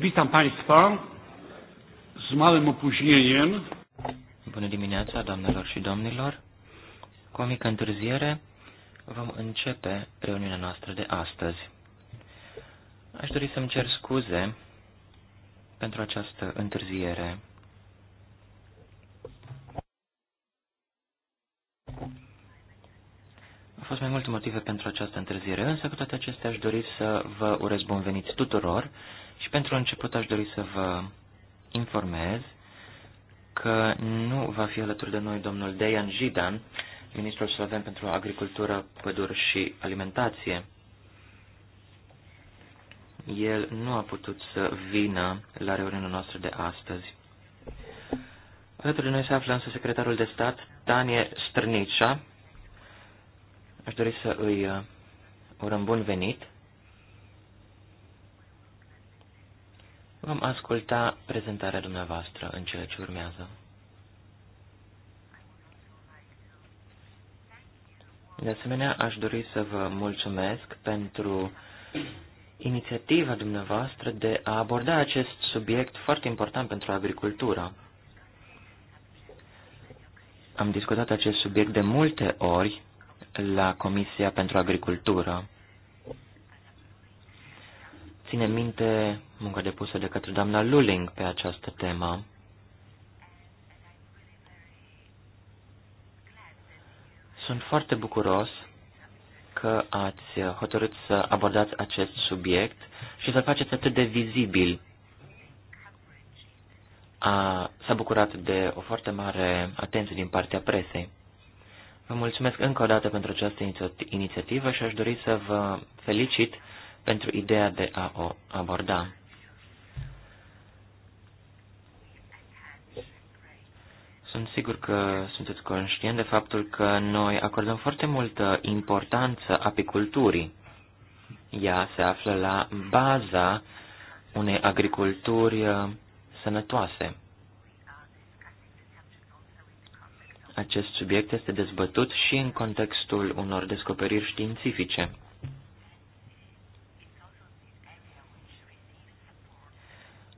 Witam Państwa z małym opóźnieniem. Bună dimineața, doamnelor și domnilor. Cu o mică întârziere vom începe reuniunea noastră de astăzi. Aș dori să-mi cer scuze pentru această întârziere. Au fost mai multe motive pentru această întârziere, însă cu toate acestea aș dori să vă urez bun venit tuturor și pentru început aș dori să vă informez că nu va fi alături de noi domnul Dejan Jidan, ministrul sloven pentru agricultură, păduri și alimentație. El nu a putut să vină la reuniunea noastră de astăzi. Alături de noi se află însă secretarul de stat, Tanie Strnicea. Aș dori să îi uh, urăm bun venit Vom asculta prezentarea dumneavoastră în cele ce urmează. De asemenea, aș dori să vă mulțumesc pentru inițiativa dumneavoastră de a aborda acest subiect foarte important pentru agricultură. Am discutat acest subiect de multe ori la Comisia pentru Agricultură ține minte munca depusă de către doamna Luling pe această temă. Sunt foarte bucuros că ați hotărât să abordați acest subiect și să faceți atât de vizibil. s-a bucurat de o foarte mare atenție din partea presei. Vă mulțumesc încă o dată pentru această inițiativă și aș dori să vă felicit pentru ideea de a o aborda. Sunt sigur că sunteți conștient de faptul că noi acordăm foarte multă importanță apiculturii. Ea se află la baza unei agriculturi uh, sănătoase. Acest subiect este dezbătut și în contextul unor descoperiri științifice.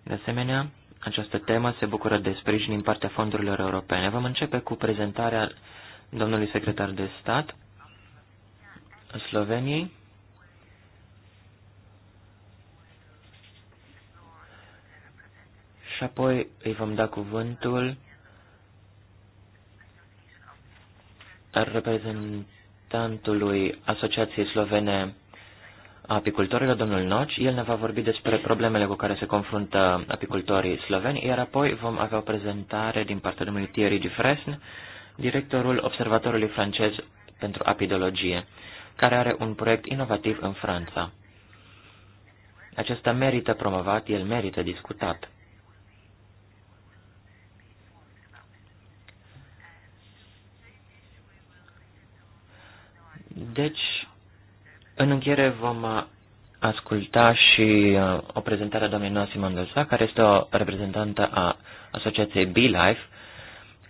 De asemenea, această temă se bucură de sprijin din partea fondurilor europene. Vom începe cu prezentarea domnului secretar de stat Sloveniei. Și apoi îi vom da cuvântul reprezentantului Asociației Slovene apicultorilor, domnul Noci. El ne va vorbi despre problemele cu care se confruntă apicultorii sloveni, iar apoi vom avea o prezentare din partea domnului Thierry Dufresne, directorul Observatorului francez pentru apidologie, care are un proiect inovativ în Franța. Acesta merită promovat, el merită discutat. Deci, în încheiere vom uh, asculta și uh, o prezentare a doamnei Noa Simondosa, care este o reprezentantă a asociației BeLife,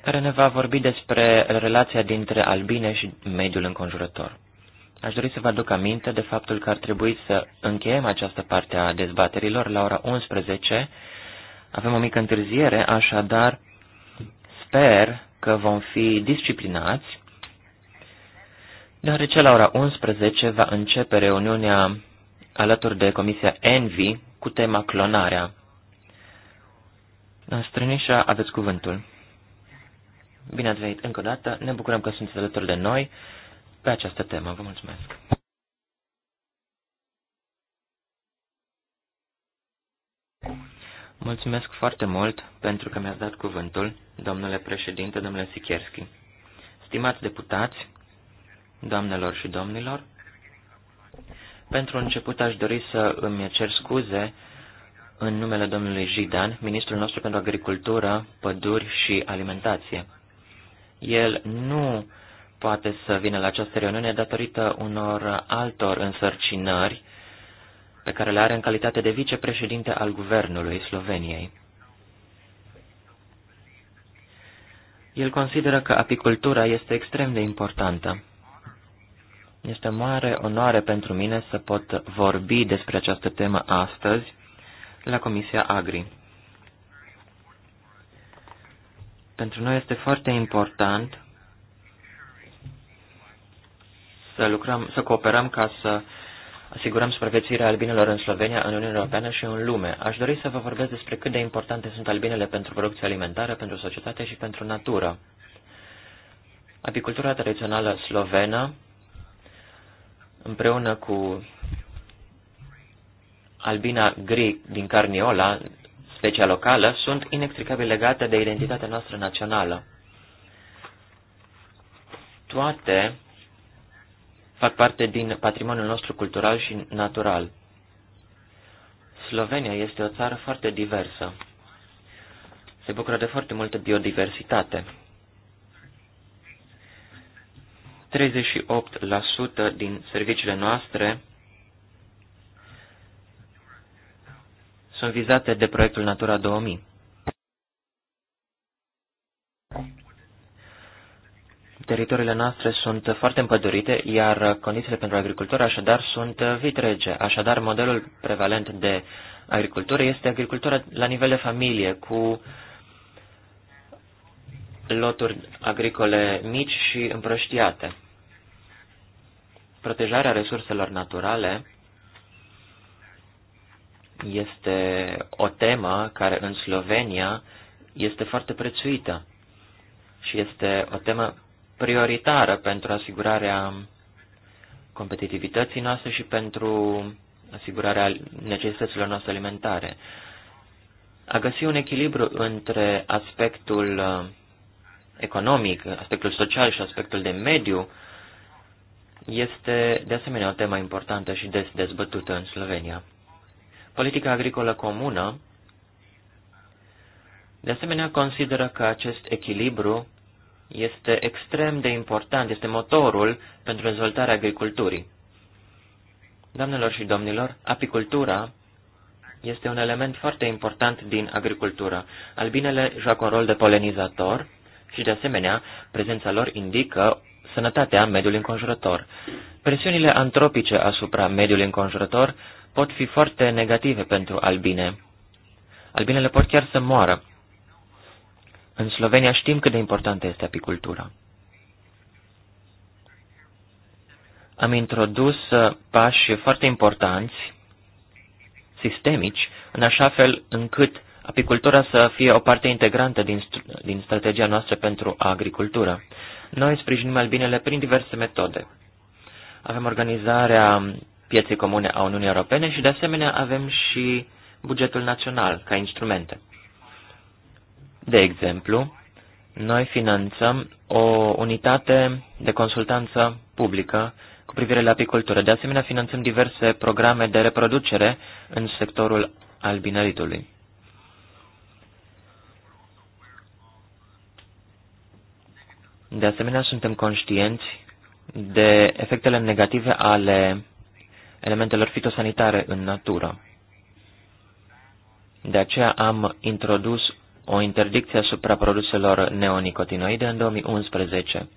care ne va vorbi despre relația dintre albine și mediul înconjurător. Aș dori să vă aduc aminte de faptul că ar trebui să încheiem această parte a dezbaterilor la ora 11. Avem o mică întârziere, așadar sper că vom fi disciplinați deoarece la ora 11 va începe reuniunea alături de Comisia Envy cu tema clonarea. Strănișa, aveți cuvântul. Bine ați venit încă o dată. Ne bucurăm că sunteți alături de noi pe această temă. Vă mulțumesc. Mulțumesc foarte mult pentru că mi-ați dat cuvântul, domnule președinte, domnule Sikierski. Stimați deputați, Doamnelor și domnilor, pentru început aș dori să îmi cer scuze în numele domnului Jidan, ministrul nostru pentru agricultură, păduri și alimentație. El nu poate să vină la această reuniune datorită unor altor însărcinări pe care le are în calitate de vicepreședinte al guvernului Sloveniei. El consideră că apicultura este extrem de importantă. Este o mare onoare pentru mine să pot vorbi despre această temă astăzi la Comisia Agri. Pentru noi este foarte important să lucrăm, să cooperăm ca să asigurăm supraviețuirea albinelor în Slovenia, în Uniunea Europeană și în lume. Aș dori să vă vorbesc despre cât de importante sunt albinele pentru producția alimentară, pentru societate și pentru natură. Apicultura tradițională slovenă împreună cu albina gri din Carniola, specia locală, sunt inextricabil legate de identitatea noastră națională. Toate fac parte din patrimoniul nostru cultural și natural. Slovenia este o țară foarte diversă. Se bucură de foarte multă biodiversitate. 38% din serviciile noastre sunt vizate de proiectul Natura 2000. Teritoriile noastre sunt foarte împădurite, iar condițiile pentru agricultură așadar sunt vitrege. Așadar, modelul prevalent de agricultură este agricultura la nivel de familie, cu loturi agricole mici și împrăștiate protejarea resurselor naturale este o temă care în Slovenia este foarte prețuită și este o temă prioritară pentru asigurarea competitivității noastre și pentru asigurarea necesităților noastre alimentare. A găsi un echilibru între aspectul economic, aspectul social și aspectul de mediu este de asemenea o temă importantă și des dezbătută în Slovenia. Politica agricolă comună, de asemenea, consideră că acest echilibru este extrem de important, este motorul pentru dezvoltarea agriculturii. Doamnelor și domnilor, apicultura este un element foarte important din agricultură. Albinele joacă un rol de polenizator și, de asemenea, prezența lor indică sănătatea mediului înconjurător. Presiunile antropice asupra mediului înconjurător pot fi foarte negative pentru albine. Albinele pot chiar să moară. În Slovenia știm cât de importantă este apicultura. Am introdus uh, pași foarte importanți, sistemici, în așa fel încât apicultura să fie o parte integrantă din, din strategia noastră pentru agricultură. Noi sprijinim albinele prin diverse metode. Avem organizarea pieței comune a Uniunii Europene și, de asemenea, avem și bugetul național ca instrumente. De exemplu, noi finanțăm o unitate de consultanță publică cu privire la apicultură. De asemenea, finanțăm diverse programe de reproducere în sectorul albinăritului. De asemenea, suntem conștienți de efectele negative ale elementelor fitosanitare în natură. De aceea am introdus o interdicție asupra produselor neonicotinoide în 2011.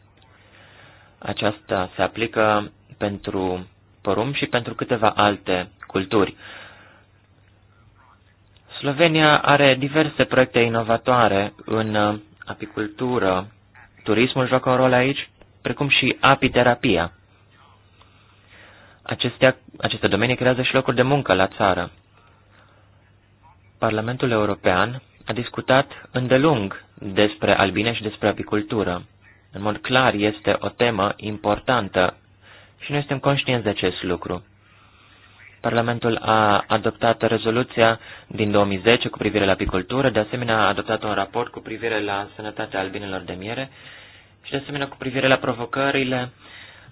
Aceasta se aplică pentru porumb și pentru câteva alte culturi. Slovenia are diverse proiecte inovatoare în apicultură Turismul joacă un rol aici, precum și apiterapia. Acestea, aceste domenii creează și locuri de muncă la țară. Parlamentul European a discutat îndelung despre albine și despre apicultură. În mod clar, este o temă importantă și noi suntem conștienți de acest lucru. Parlamentul a adoptat rezoluția din 2010 cu privire la apicultură, de asemenea a adoptat un raport cu privire la sănătatea albinelor de miere și de asemenea cu privire la provocările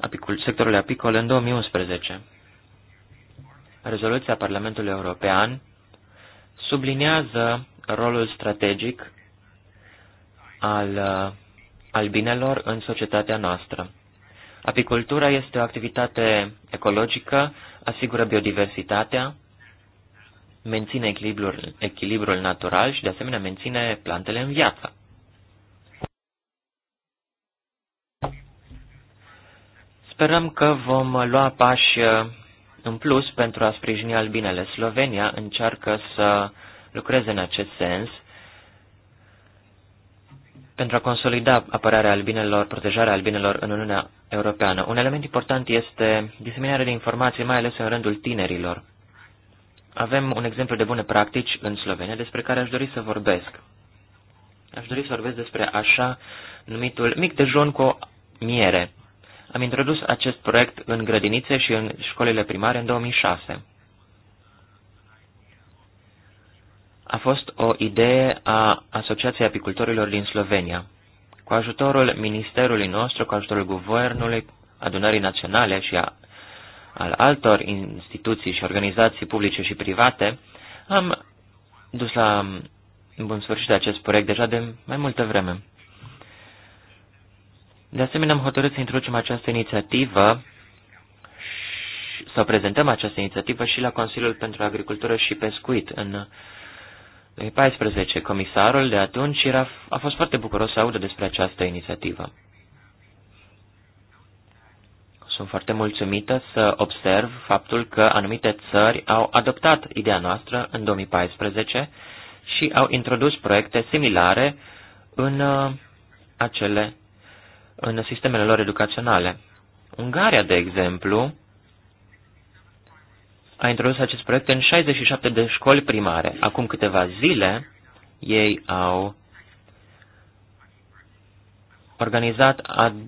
apicul, sectorului apicol în 2011. Rezoluția Parlamentului European sublinează rolul strategic al uh, albinelor în societatea noastră. Apicultura este o activitate ecologică asigură biodiversitatea, menține echilibrul, echilibrul natural și, de asemenea, menține plantele în viață. Sperăm că vom lua pași uh, în plus pentru a sprijini albinele. Slovenia încearcă să lucreze în acest sens pentru a consolida apărarea albinelor, protejarea albinelor în Uniunea europeană. Un element important este diseminarea de informații, mai ales în rândul tinerilor. Avem un exemplu de bune practici în Slovenia despre care aș dori să vorbesc. Aș dori să vorbesc despre așa numitul mic dejun cu miere. Am introdus acest proiect în grădinițe și în școlile primare în 2006. A fost o idee a Asociației Apicultorilor din Slovenia. Cu ajutorul ministerului nostru, cu ajutorul guvernului, adunării naționale și a, al altor instituții și organizații publice și private, am dus la bun sfârșit acest proiect deja de mai multă vreme. De asemenea, am hotărât să introducem această inițiativă să prezentăm această inițiativă și la Consiliul pentru Agricultură și Pescuit în 2014. Comisarul de atunci era, a fost foarte bucuros să audă despre această inițiativă. Sunt foarte mulțumită să observ faptul că anumite țări au adoptat ideea noastră în 2014 și au introdus proiecte similare în uh, acele în sistemele lor educaționale. Ungaria, de exemplu, a introdus acest proiect în 67 de școli primare. Acum câteva zile, ei au organizat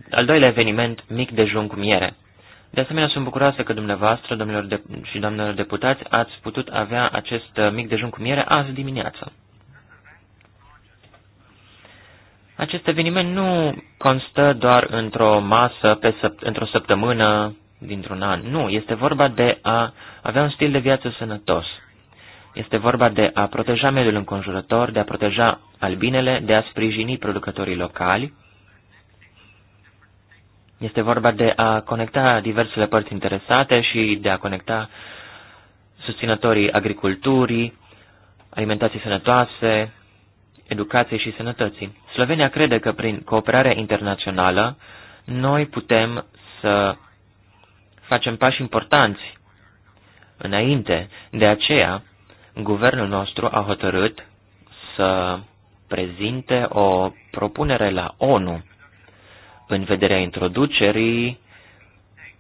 al doilea eveniment mic dejun cu miere. De asemenea, sunt bucuroasă că dumneavoastră, domnilor de- și doamnelor deputați, ați putut avea acest uh, mic dejun cu miere azi dimineață. Acest eveniment nu constă doar într-o masă, pe într-o săptămână, dintr-un an. Nu, este vorba de a avea un stil de viață sănătos. Este vorba de a proteja mediul înconjurător, de a proteja albinele, de a sprijini producătorii locali. Este vorba de a conecta diversele părți interesate și de a conecta susținătorii agriculturii, alimentației sănătoase, educației și sănătății. Slovenia crede că prin cooperarea internațională noi putem să facem pași importanți înainte. De aceea, guvernul nostru a hotărât să prezinte o propunere la ONU în vederea introducerii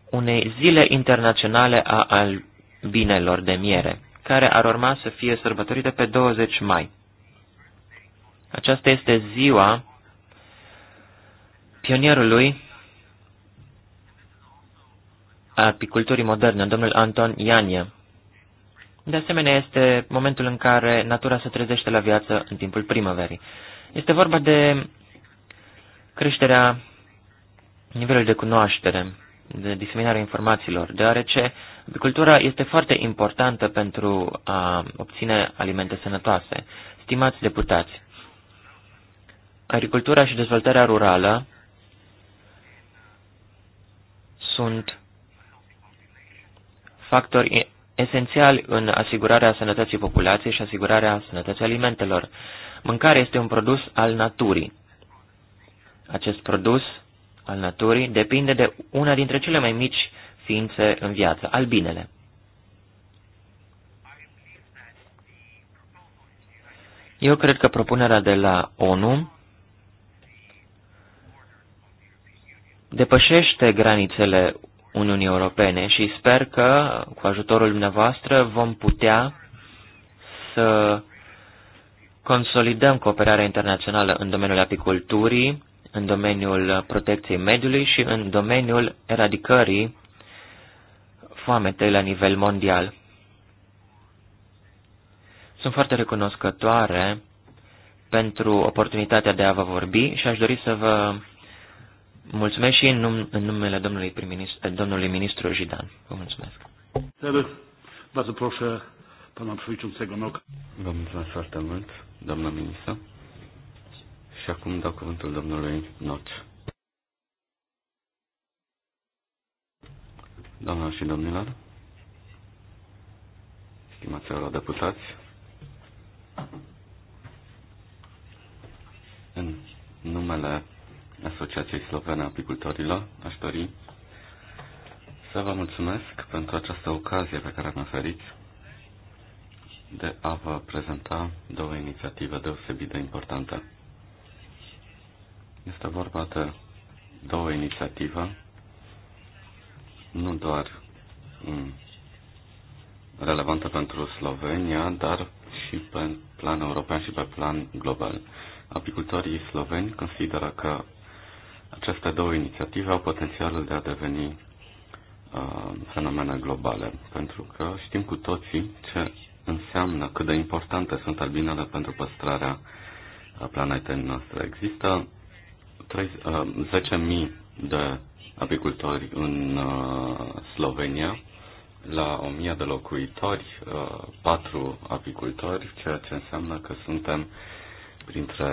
unei zile internaționale a albinelor de miere, care ar urma să fie sărbătorită pe 20 mai. Aceasta este ziua pionierului apiculturii moderne, domnul Anton Ianie. De asemenea, este momentul în care natura se trezește la viață în timpul primăverii. Este vorba de creșterea nivelului de cunoaștere, de diseminarea informațiilor, deoarece apicultura este foarte importantă pentru a obține alimente sănătoase. Stimați deputați, agricultura și dezvoltarea rurală sunt factori esențiali în asigurarea sănătății populației și asigurarea sănătății alimentelor. Mâncarea este un produs al naturii. Acest produs al naturii depinde de una dintre cele mai mici ființe în viață, albinele. Eu cred că propunerea de la ONU depășește granițele Uniunii Europene și sper că cu ajutorul dumneavoastră vom putea să consolidăm cooperarea internațională în domeniul apiculturii, în domeniul protecției mediului și în domeniul eradicării foametei la nivel mondial. Sunt foarte recunoscătoare pentru oportunitatea de a vă vorbi și aș dori să vă Mulțumesc și în, num- în numele domnului, prim-ministru, eh, domnului ministru Jidan. Vă mulțumesc. Vă mulțumesc foarte mult, doamna ministru. Și acum dau cuvântul domnului Noț. Doamnelor și domnilor, stimați eurodeputați, în numele Asociației Slovene a Apicultorilor. Aș dori să vă mulțumesc pentru această ocazie pe care am oferit de a vă prezenta două inițiative deosebit de importante. Este vorba de două inițiative, nu doar relevante pentru Slovenia, dar și pe plan european și pe plan global. Apicultorii sloveni consideră că aceste două inițiative au potențialul de a deveni uh, fenomene globale, pentru că știm cu toții ce înseamnă cât de importante sunt albinele pentru păstrarea uh, planetei noastre. Există 10.000 uh, de apicultori în uh, Slovenia, la 1000 de locuitori, 4 apicultori, ceea ce înseamnă că suntem printre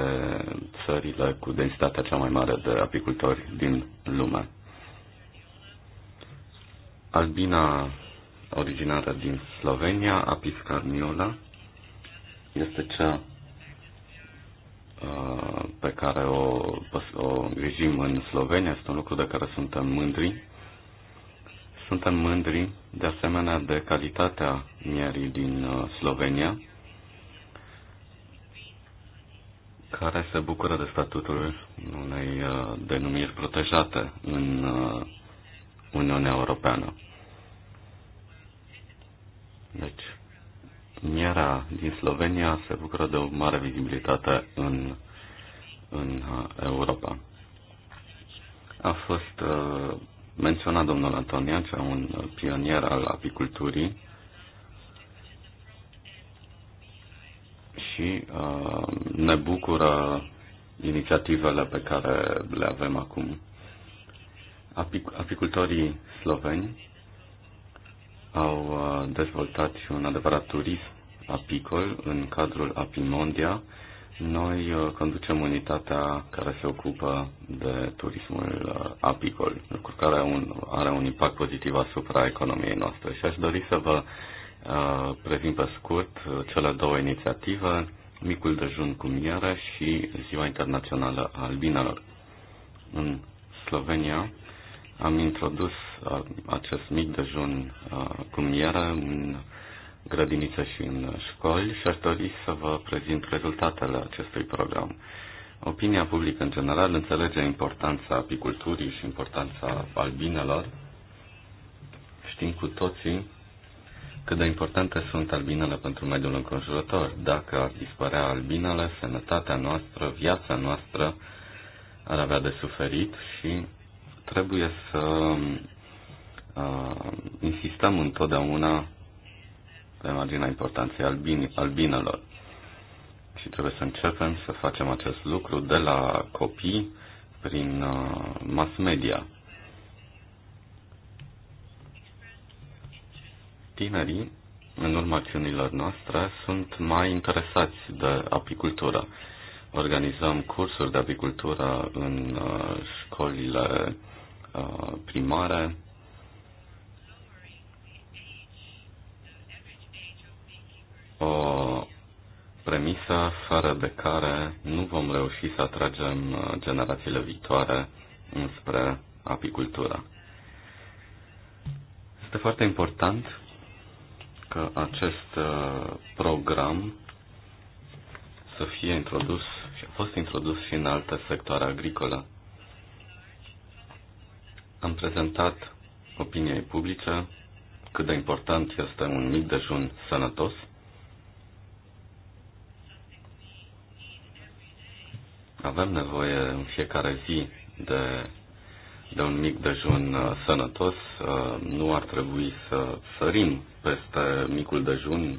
țările cu densitatea cea mai mare de apicultori din lume. Albina, originară din Slovenia, Apis carniola, este cea uh, pe care o, o grijim în Slovenia. Este un lucru de care suntem mândri. Suntem mândri, de asemenea, de calitatea mierii din uh, Slovenia care se bucură de statutul unei uh, denumiri protejate în uh, Uniunea Europeană. Deci, Miera din Slovenia se bucură de o mare vizibilitate în, în uh, Europa. A fost menționat domnul Antonian, un pionier al apiculturii, și uh, ne bucură inițiativele pe care le avem acum. Apic- apicultorii sloveni au uh, dezvoltat și un adevărat turism apicol în cadrul Apimondia. Noi uh, conducem unitatea care se ocupă de turismul uh, apicol, lucru care are un, are un impact pozitiv asupra economiei noastre. Și aș dori să vă uh, Uh, prezint pe scurt uh, cele două inițiative, Micul dejun cu miere și Ziua Internațională a Albinelor. În Slovenia am introdus uh, acest mic dejun cu miere în grădinițe și în școli și aș dori să vă prezint rezultatele acestui program. Opinia publică în general înțelege importanța apiculturii și importanța albinelor. Știm cu toții cât de importante sunt albinele pentru mediul înconjurător. Dacă ar dispărea albinele, sănătatea noastră, viața noastră ar avea de suferit și trebuie să uh, insistăm întotdeauna pe marginea importanței albini, albinelor. Și trebuie să începem să facem acest lucru de la copii prin uh, mass media. tinerii, în urma acțiunilor noastre, sunt mai interesați de apicultură. Organizăm cursuri de apicultură în uh, școlile uh, primare, o premisă fără de care nu vom reuși să atragem uh, generațiile viitoare înspre apicultură. Este foarte important că acest uh, program să fie introdus și a fost introdus și în alte sectoare agricole. Am prezentat opiniei publice cât de important este un mic dejun sănătos. Avem nevoie în fiecare zi de de un mic dejun uh, sănătos, uh, nu ar trebui să sărim peste micul dejun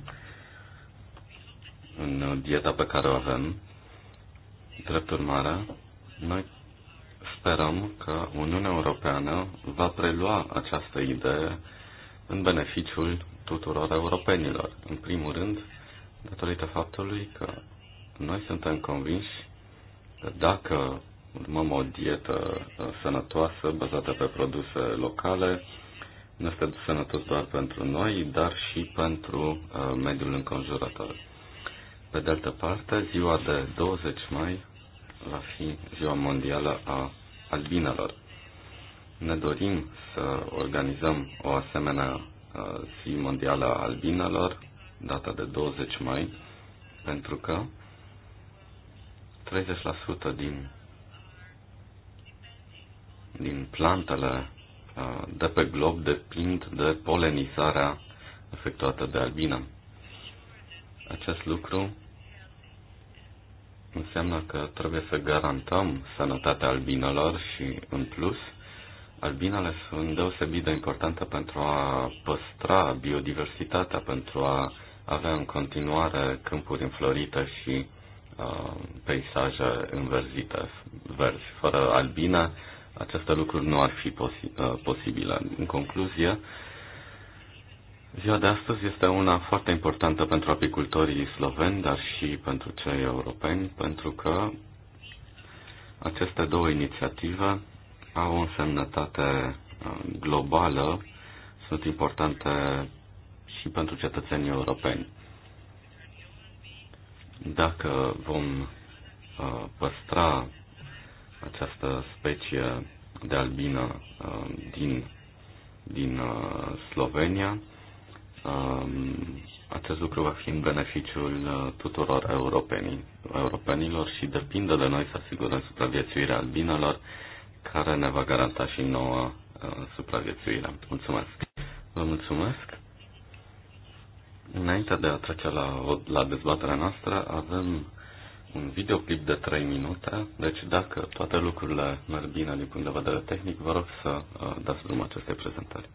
în uh, dieta pe care o avem. Drept urmare, noi sperăm că Uniunea Europeană va prelua această idee în beneficiul tuturor europenilor. În primul rând, datorită faptului că noi suntem convinși că dacă urmăm o dietă uh, sănătoasă bazată pe produse locale. Nu este sănătos doar pentru noi, dar și pentru uh, mediul înconjurător. Pe de altă parte, ziua de 20 mai va fi ziua mondială a albinelor. Ne dorim să organizăm o asemenea uh, zi mondială a albinelor, data de 20 mai, pentru că 30% din din plantele uh, de pe glob depind de polenizarea efectuată de albină. Acest lucru înseamnă că trebuie să garantăm sănătatea albinelor și, în plus, albinele sunt deosebit de importante pentru a păstra biodiversitatea, pentru a avea în continuare câmpuri înflorite și uh, peisaje înverzite, verzi. Fără albine, aceste lucruri nu ar fi posi- uh, posibile. În concluzie, ziua de astăzi este una foarte importantă pentru apicultorii sloveni, dar și pentru cei europeni, pentru că aceste două inițiative au o însemnătate uh, globală, sunt importante și pentru cetățenii europeni. Dacă vom uh, păstra această specie de albină uh, din, din uh, Slovenia. Um, acest lucru va fi în beneficiul uh, tuturor europenii, europenilor și depinde de noi să asigurăm supraviețuirea albinelor, care ne va garanta și nouă supraviețuirea. Mulțumesc! Vă mulțumesc! Înainte de a trece la, la dezbaterea noastră, avem un videoclip de 3 minute, deci dacă toate lucrurile merg bine din punct de vedere tehnic, vă rog să uh, dați drumul acestei prezentări.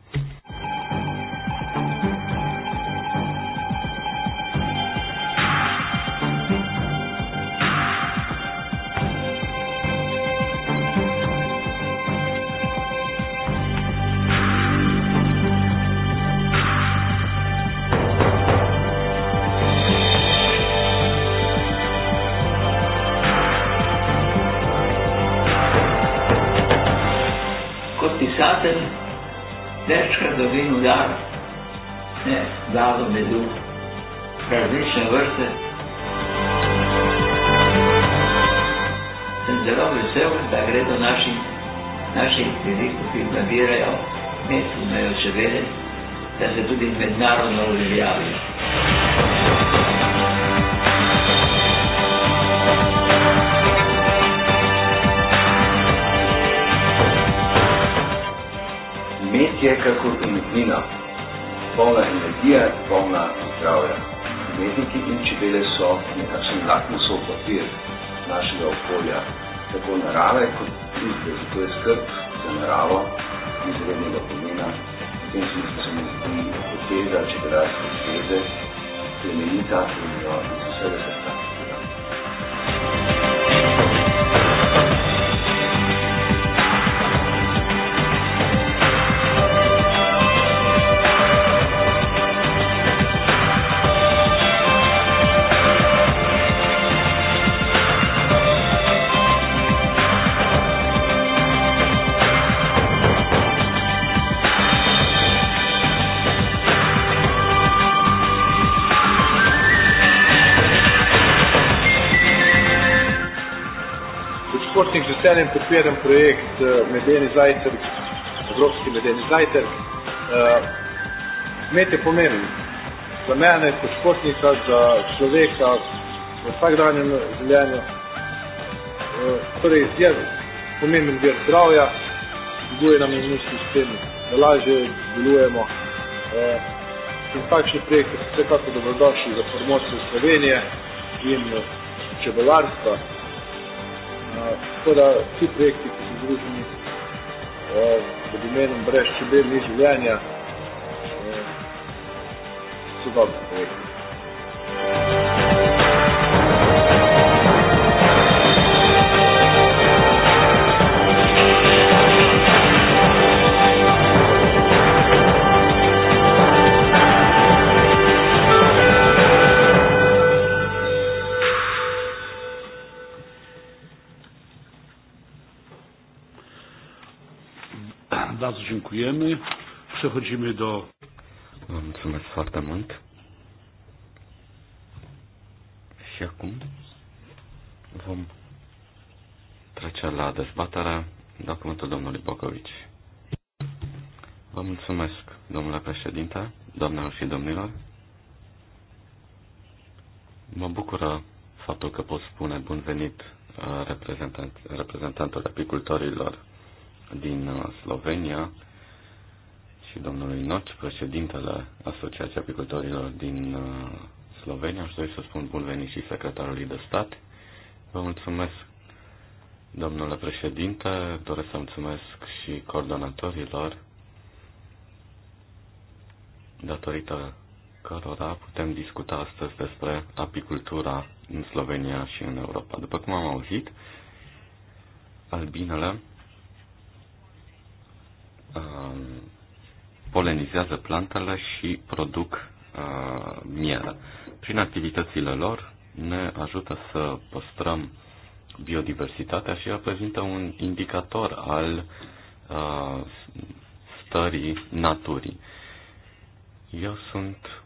slavă de Duh, prăjit și în vârstă, rog său, dar cred că nașii, fizicul fizic plăbire au mesul meu vede, dar se duc din mednarul noului diavol. Medje kako in knjiga polna energija, polna zdravja. Mediki in čebele so nekakšen lakmusov papir našega okolja, tako narave kot tiste, zato je skrb za naravo izrednega pomena. V tem smislu se mi zdi poteza čebelarske zveze plemenita in jo iz vsega srca transportnih z veseljem podpiram projekt uh, Medeni zajtrk, Evropski medeni zajtrk. Uh, Med je pomemben. Za mene, kot športnika, za človeka, uh, v vsakdanjem življenju. Torej, je pomemben vir zdravja, dviguje nam imunski sistem, da lažje delujemo. In takšni projekti so vsekakor dobrodošli za promocijo Slovenije in čebelarstva. Tako da ti projekti, ki so združeni pod imenom Brez čebel ni življenja, so dobri projekti. dziękujemy. Przechodzimy do... Mulțumesc foarte mult. Și acum vom trece la dezbaterea documentul domnului Bocovici. Vă mulțumesc, domnule președinte, doamnelor și domnilor. Mă bucură faptul că pot spune bun venit reprezentant, uh, reprezentantul apicultorilor din uh, Slovenia, și domnului Noci, președintele Asociației Apicultorilor din uh, Slovenia. Aș dori să spun bun venit și secretarului de stat. Vă mulțumesc, domnule președinte. Doresc să mulțumesc și coordonatorilor datorită cărora putem discuta astăzi despre apicultura în Slovenia și în Europa. După cum am auzit, albinele um, polenizează plantele și produc uh, miere. Prin activitățile lor ne ajută să păstrăm biodiversitatea și reprezintă un indicator al uh, stării naturii. Eu sunt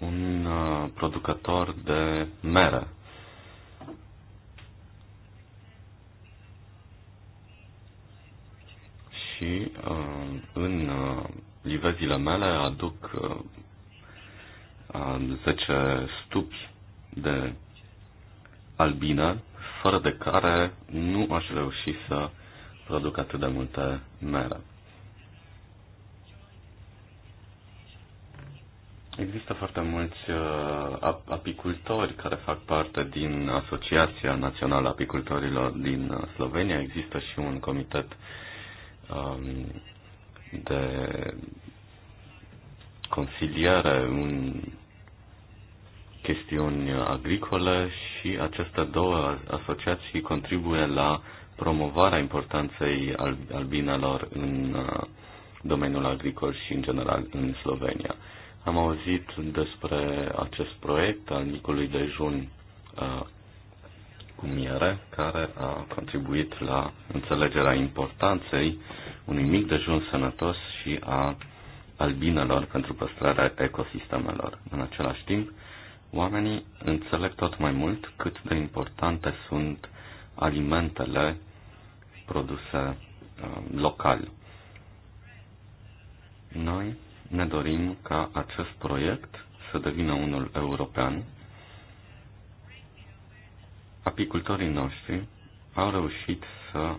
un uh, producător de mere. Și uh, în uh, livezile mele aduc uh, 10 uh, stupi de albine, fără de care nu aș reuși să produc atât de multe mere. Există foarte mulți uh, apicultori care fac parte din Asociația Națională a Apicultorilor din uh, Slovenia. Există și un comitet um, de consiliere în chestiuni agricole și aceste două asociații contribuie la promovarea importanței albinelor în uh, domeniul agricol și în general în Slovenia. Am auzit despre acest proiect al micului dejun uh, cu miere, care a contribuit la înțelegerea importanței unui mic dejun sănătos și a albinelor pentru păstrarea ecosistemelor. În același timp, oamenii înțeleg tot mai mult cât de importante sunt alimentele produse um, local. Noi ne dorim ca acest proiect să devină unul european. Apicultorii noștri au reușit să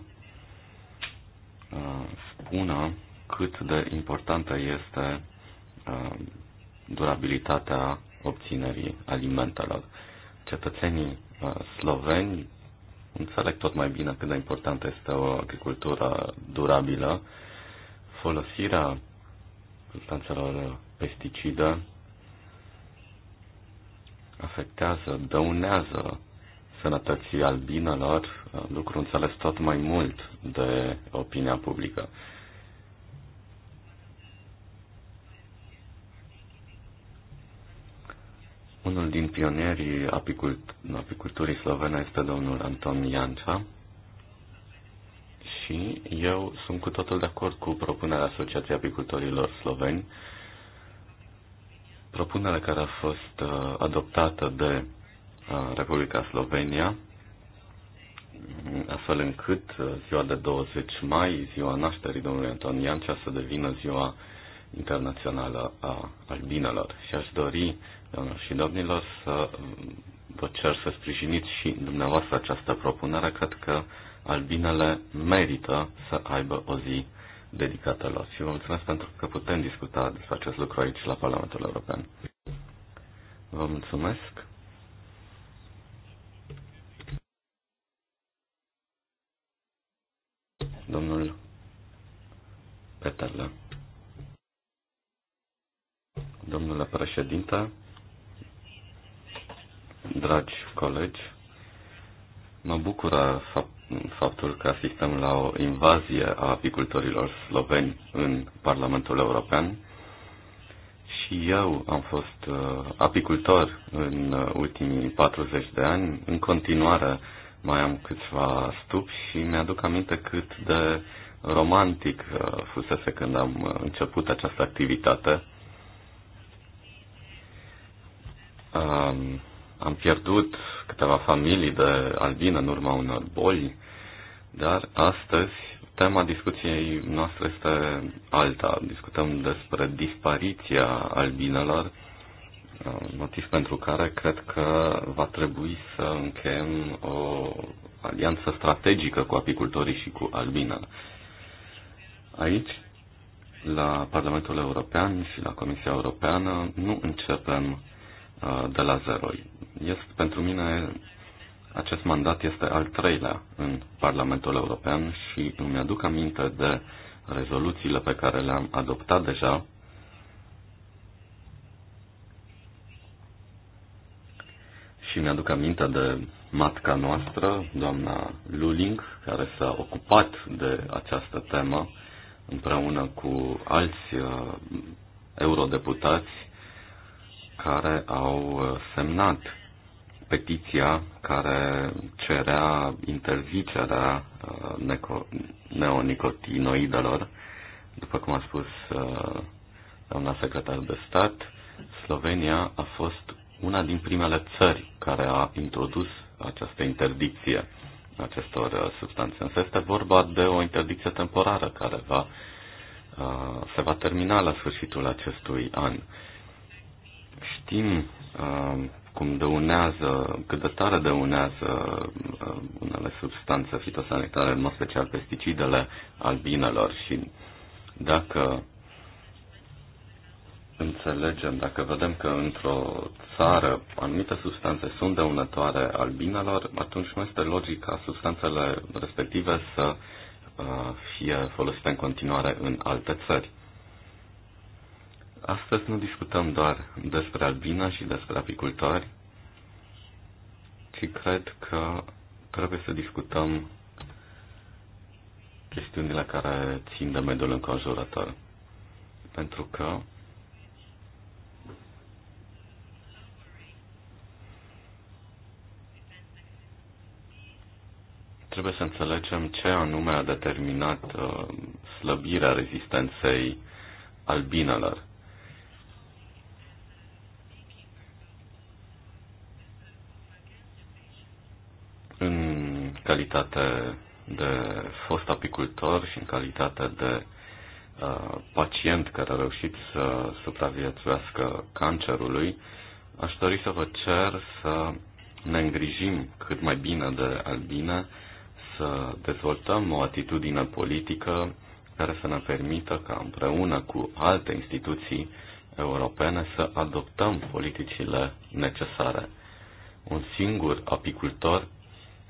spună cât de importantă este uh, durabilitatea obținerii alimentelor. Cetățenii uh, sloveni înțeleg tot mai bine cât de importantă este o agricultură durabilă. Folosirea substanțelor pesticide afectează, dăunează sănătății albinelor, lucru înțeles tot mai mult de opinia publică. Unul din pionierii apicult- apiculturii slovene este domnul Anton Iancea și eu sunt cu totul de acord cu propunerea Asociației Apicultorilor Sloveni, propunerea care a fost uh, adoptată de Uh, Republica Slovenia, astfel încât uh, ziua de 20 mai, ziua nașterii domnului Anton Iancea, să devină ziua internațională a albinelor. Și aș dori, doamnelor și domnilor, să vă cer să sprijiniți și dumneavoastră această propunere. Cred că albinele merită să aibă o zi dedicată lor. Și vă mulțumesc pentru că putem discuta despre acest lucru aici la Parlamentul European. Vă mulțumesc. Domnul Peterle. Domnule președinte, dragi colegi, mă bucură faptul că asistăm la o invazie a apicultorilor sloveni în Parlamentul European. Și eu am fost uh, apicultor în uh, ultimii 40 de ani. În continuare mai am câțiva stup și mi-aduc aminte cât de romantic uh, fusese când am uh, început această activitate. Um, am pierdut câteva familii de albine în urma unor boli, dar astăzi tema discuției noastre este alta. Discutăm despre dispariția albinelor Uh, motiv pentru care cred că va trebui să încheiem o alianță strategică cu apicultorii și cu albina. Aici, la Parlamentul European și la Comisia Europeană, nu începem uh, de la zero. Este, pentru mine acest mandat este al treilea în Parlamentul European și îmi aduc aminte de rezoluțiile pe care le-am adoptat deja și mi-aduc aminte de matca noastră, doamna Luling, care s-a ocupat de această temă împreună cu alți uh, eurodeputați care au uh, semnat petiția care cerea interzicerea uh, neonicotinoidelor. După cum a spus uh, doamna secretar de stat, Slovenia a fost una din primele țări care a introdus această interdicție acestor uh, substanțe. Însă este vorba de o interdicție temporară care va, uh, se va termina la sfârșitul acestui an. Știm uh, cum dăunează, cât de tare dăunează unele substanțe fitosanitare, în mod special pesticidele albinelor și dacă înțelegem, dacă vedem că într-o țară anumite substanțe sunt dăunătoare albinelor, atunci nu este logic ca substanțele respective să uh, fie folosite în continuare în alte țări. Astăzi nu discutăm doar despre albina și despre apicultori, ci cred că trebuie să discutăm chestiunile care țin de mediul înconjurător. Pentru că Trebuie să înțelegem ce anume a determinat uh, slăbirea rezistenței albinelor. În calitate de fost apicultor și în calitate de uh, pacient care a reușit să supraviețuiască cancerului, aș dori să vă cer să ne îngrijim cât mai bine de albine să dezvoltăm o atitudine politică care să ne permită ca împreună cu alte instituții europene să adoptăm politicile necesare. Un singur apicultor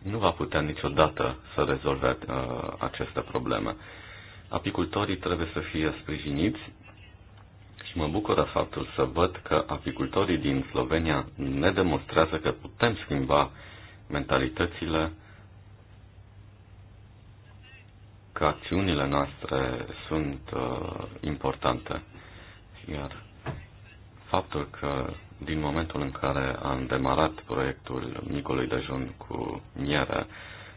nu va putea niciodată să rezolve uh, aceste probleme. Apicultorii trebuie să fie sprijiniți și mă bucură faptul să văd că apicultorii din Slovenia ne demonstrează că putem schimba mentalitățile că acțiunile noastre sunt uh, importante. Iar faptul că din momentul în care am demarat proiectul micului dejun cu miere,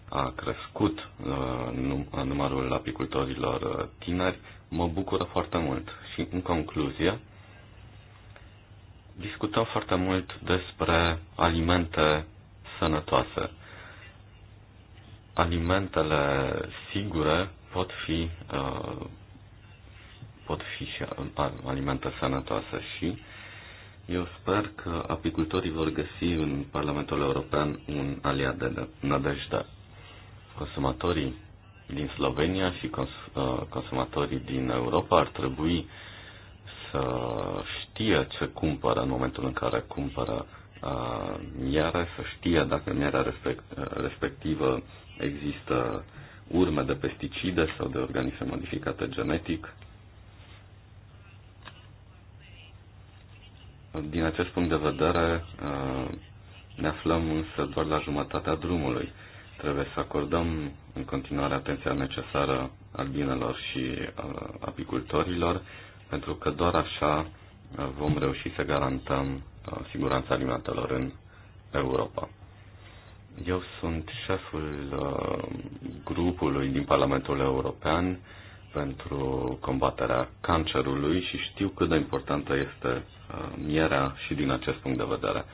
a crescut uh, num numărul apicultorilor tineri, mă bucură foarte mult. Și în concluzie, discutăm foarte mult despre alimente sănătoase alimentele sigure pot fi, uh, pot fi și uh, alimente sănătoase și eu sper că apicultorii vor găsi în Parlamentul European un aliat de nădejde. Consumatorii din Slovenia și uh, consumatorii din Europa ar trebui să știe ce cumpără în momentul în care cumpără miere, să știe dacă mierea respect, respectivă există urme de pesticide sau de organisme modificate genetic. Din acest punct de vedere, uh, ne aflăm însă doar la jumătatea drumului. Trebuie să acordăm în continuare atenția necesară albinelor și uh, apicultorilor, pentru că doar așa uh, vom reuși să garantăm siguranța alimentelor în Europa. Eu sunt șeful uh, grupului din Parlamentul European pentru combaterea cancerului și știu cât de importantă este uh, mierea și din acest punct de vedere.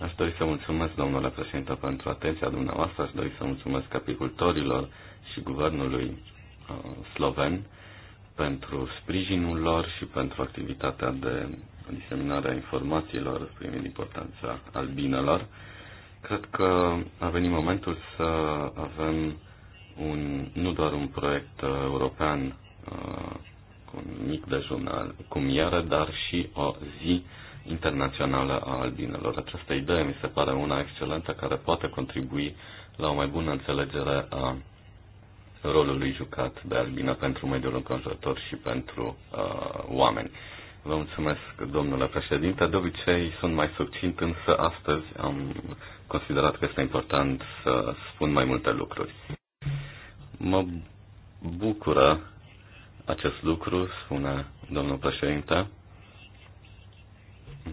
Aș dori să mulțumesc, domnule președinte, pentru atenția dumneavoastră, aș dori să mulțumesc apicultorilor și guvernului uh, sloven pentru sprijinul lor și pentru activitatea de diseminare a informațiilor privind importanța albinelor Cred că a venit momentul să avem un, nu doar un proiect uh, european uh, cu un mic dejun cum iară, dar și o zi internațională a albinelor. Această idee mi se pare una excelentă care poate contribui la o mai bună înțelegere a rolului jucat de albină pentru mediul înconjurător și pentru uh, oameni. Vă mulțumesc, domnule președinte. De obicei sunt mai succint, însă astăzi am considerat că este important să spun mai multe lucruri. Mă bucură acest lucru, spune domnul președinte.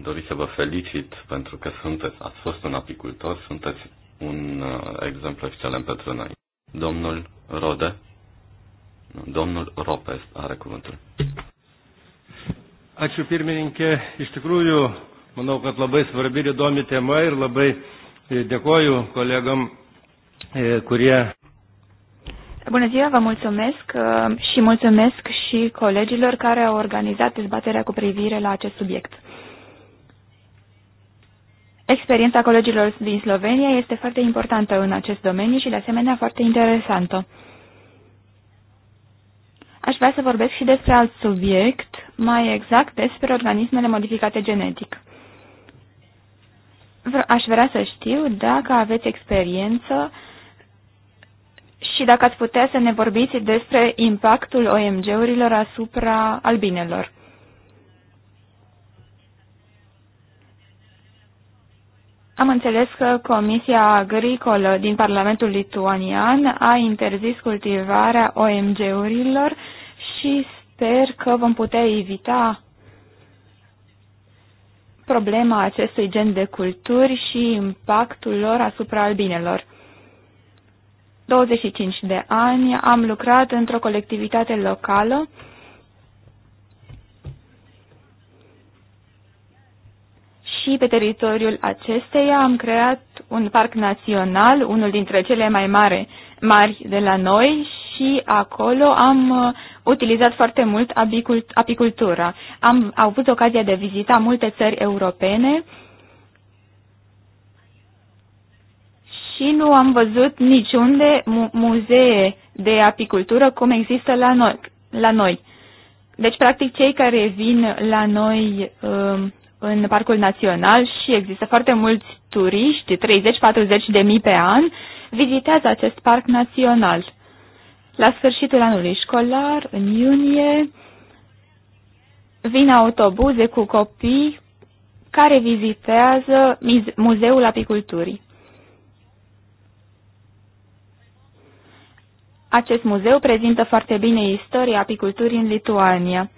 Dori să vă felicit pentru că sunteți, ați fost un apicultor, sunteți un uh, exemplu excelent pentru noi. Domnul Rode, domnul Ropest are cuvântul. Ačiū pirmininkė. Iš tikrųjų, manau, kad labai svarbi ir įdomi tema ir labai dėkoju kolegam, kurie. Bună ziua, vă mulțumesc și mulțumesc și colegilor care au organizat dezbaterea cu privire la acest subiect. Experiența colegilor din Slovenia este foarte importantă în acest domeniu și de asemenea foarte interesantă. Aș vrea să vorbesc și despre alt subiect mai exact despre organismele modificate genetic. Aș vrea să știu dacă aveți experiență și dacă ați putea să ne vorbiți despre impactul OMG-urilor asupra albinelor. Am înțeles că Comisia Agricolă din Parlamentul Lituanian a interzis cultivarea OMG-urilor și Sper că vom putea evita problema acestui gen de culturi și impactul lor asupra albinelor. 25 de ani am lucrat într-o colectivitate locală și pe teritoriul acesteia am creat un parc național, unul dintre cele mai mare, mari de la noi și acolo am uh, utilizat foarte mult apicultura. Am avut ocazia de vizita multe țări europene și nu am văzut niciunde muzee de apicultură cum există la noi. La noi. Deci, practic, cei care vin la noi um, în Parcul Național și există foarte mulți turiști, 30-40 de mii pe an, vizitează acest parc național. La sfârșitul anului școlar, în iunie, vin autobuze cu copii care vizitează Muzeul Apiculturii. Acest muzeu prezintă foarte bine istoria apiculturii în Lituania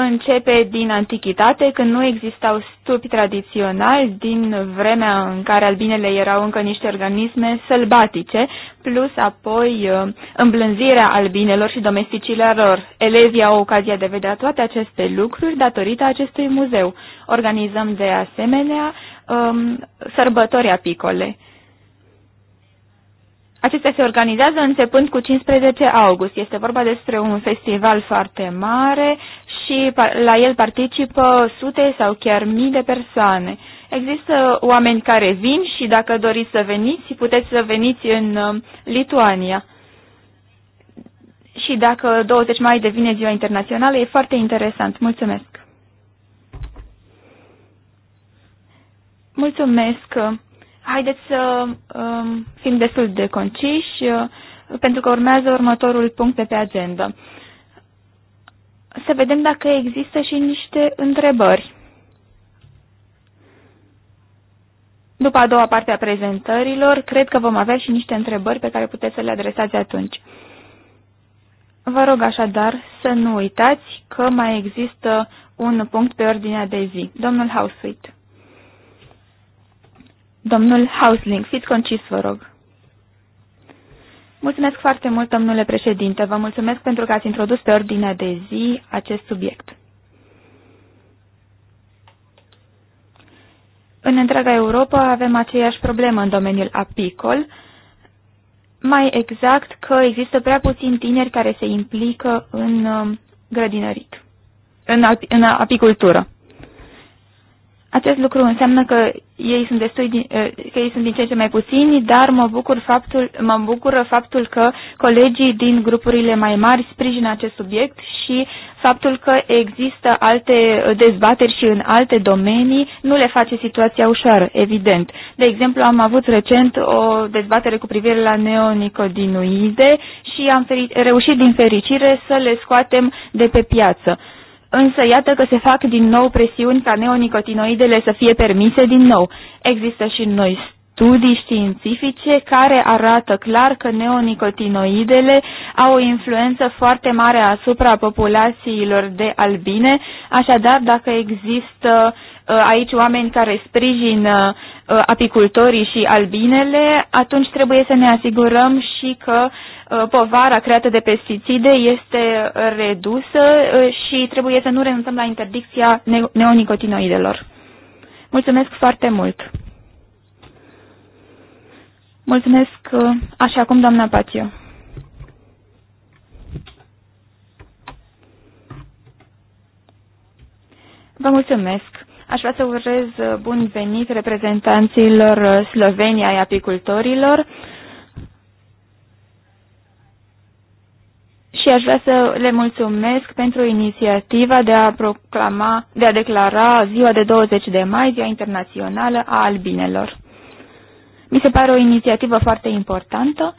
începe din antichitate, când nu existau stupi tradiționali, din vremea în care albinele erau încă niște organisme sălbatice, plus apoi uh, îmblânzirea albinelor și domesticilor lor. Elevii au ocazia de vedea toate aceste lucruri datorită acestui muzeu. Organizăm de asemenea um, sărbători apicole. Acestea se organizează începând cu 15 august. Este vorba despre un festival foarte mare și la el participă sute sau chiar mii de persoane. Există oameni care vin și dacă doriți să veniți, puteți să veniți în um, Lituania. Și dacă 20 mai devine ziua internațională, e foarte interesant. Mulțumesc! Mulțumesc! Haideți să um, fim destul de conciși, uh, pentru că urmează următorul punct de pe agenda să vedem dacă există și niște întrebări. După a doua parte a prezentărilor, cred că vom avea și niște întrebări pe care puteți să le adresați atunci. Vă rog așadar să nu uitați că mai există un punct pe ordinea de zi. Domnul Housewit. Domnul Housling, fiți concis, vă rog. Mulțumesc foarte mult, domnule președinte. Vă mulțumesc pentru că ați introdus pe ordinea de zi acest subiect. În întreaga Europa avem aceeași problemă în domeniul apicol, mai exact că există prea puțini tineri care se implică în um, grădinărit, în, în apicultură. Acest lucru înseamnă că ei sunt, destui din, eh, că ei sunt din ce în ce mai puțini, dar mă, bucur faptul, mă bucură faptul că colegii din grupurile mai mari sprijină acest subiect și faptul că există alte dezbateri și în alte domenii nu le face situația ușoară, evident. De exemplu, am avut recent o dezbatere cu privire la neonicodinoide și am reușit din fericire să le scoatem de pe piață. Însă iată că se fac din nou presiuni ca neonicotinoidele să fie permise din nou. Există și noi studii științifice care arată clar că neonicotinoidele au o influență foarte mare asupra populațiilor de albine, așadar dacă există uh, aici oameni care sprijină uh, apicultorii și albinele, atunci trebuie să ne asigurăm și că uh, Uh, povara creată de pesticide este redusă uh, și trebuie să nu renunțăm la interdicția neonicotinoidelor. Mulțumesc foarte mult! Mulțumesc uh, așa cum doamna Patio. Vă mulțumesc! Aș vrea să urez bun venit reprezentanților Sloveniei apicultorilor. și aș vrea să le mulțumesc pentru inițiativa de a proclama, de a declara ziua de 20 de mai, Ziua Internațională a Albinelor. Mi se pare o inițiativă foarte importantă,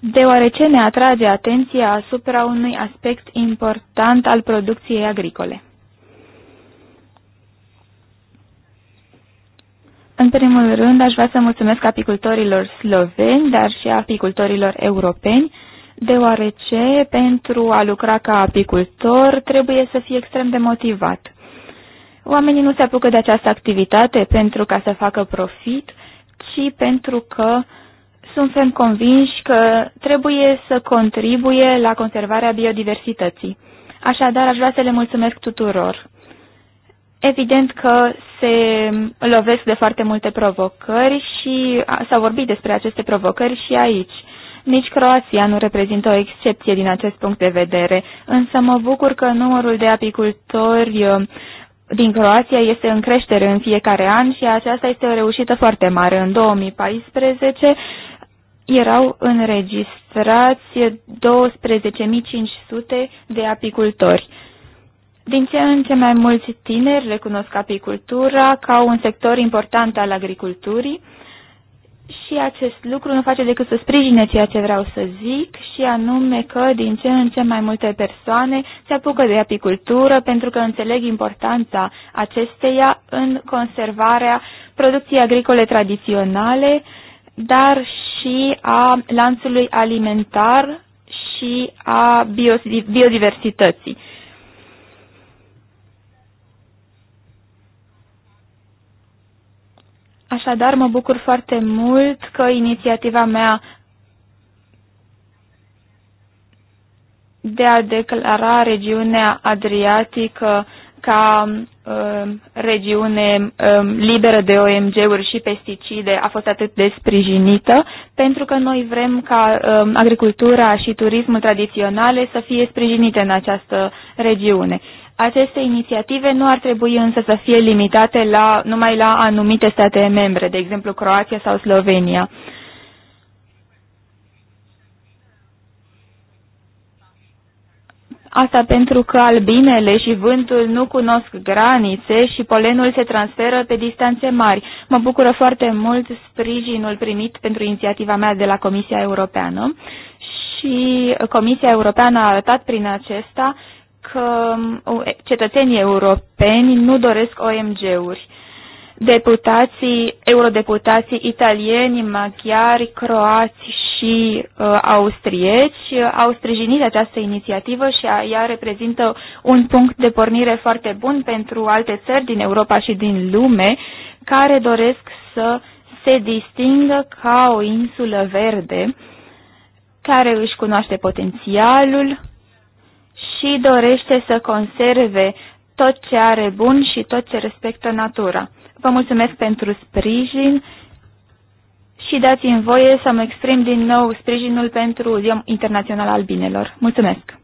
deoarece ne atrage atenția asupra unui aspect important al producției agricole. În primul rând, aș vrea să mulțumesc apicultorilor sloveni, dar și apicultorilor europeni, deoarece pentru a lucra ca apicultor trebuie să fie extrem de motivat. Oamenii nu se apucă de această activitate pentru ca să facă profit, ci pentru că sunt ferm convinși că trebuie să contribuie la conservarea biodiversității. Așadar, aș vrea să le mulțumesc tuturor. Evident că se lovesc de foarte multe provocări și s-a vorbit despre aceste provocări și aici. Nici Croația nu reprezintă o excepție din acest punct de vedere, însă mă bucur că numărul de apicultori uh, din Croația este în creștere în fiecare an și aceasta este o reușită foarte mare. În 2014 erau înregistrați 12.500 de apicultori. Din ce în ce mai mulți tineri recunosc apicultura ca un sector important al agriculturii și acest lucru nu face decât să sprijine ceea ce vreau să zic și anume că din ce în ce mai multe persoane se apucă de apicultură pentru că înțeleg importanța acesteia în conservarea producției agricole tradiționale, dar și a lanțului alimentar și a biodiversității. Așadar, mă bucur foarte mult că inițiativa mea de a declara regiunea Adriatică ca uh, regiune uh, liberă de OMG-uri și pesticide a fost atât de sprijinită, pentru că noi vrem ca uh, agricultura și turismul tradiționale să fie sprijinite în această regiune. Aceste inițiative nu ar trebui însă să fie limitate la, numai la anumite state membre, de exemplu Croația sau Slovenia. Asta pentru că albinele și vântul nu cunosc granițe și polenul se transferă pe distanțe mari. Mă bucură foarte mult sprijinul primit pentru inițiativa mea de la Comisia Europeană și Comisia Europeană a arătat prin acesta că cetățenii europeni nu doresc OMG-uri. Deputații, eurodeputații italieni, maghiari, croați și uh, austrieci au sprijinit această inițiativă și a, ea reprezintă un punct de pornire foarte bun pentru alte țări din Europa și din lume care doresc să se distingă ca o insulă verde care își cunoaște potențialul și dorește să conserve tot ce are bun și tot ce respectă natura. Vă mulțumesc pentru sprijin și dați-mi voie să mă exprim din nou sprijinul pentru Ziua Internațională al Binelor. Mulțumesc!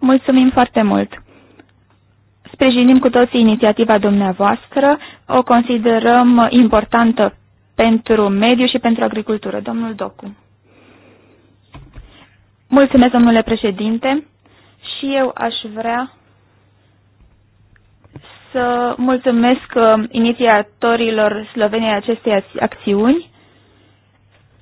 Mulțumim foarte mult! Sprijinim cu toții inițiativa dumneavoastră, o considerăm importantă pentru mediu și pentru agricultură. Domnul Docu. Mulțumesc, domnule președinte, și eu aș vrea să mulțumesc uh, inițiatorilor Sloveniei acestei acțiuni,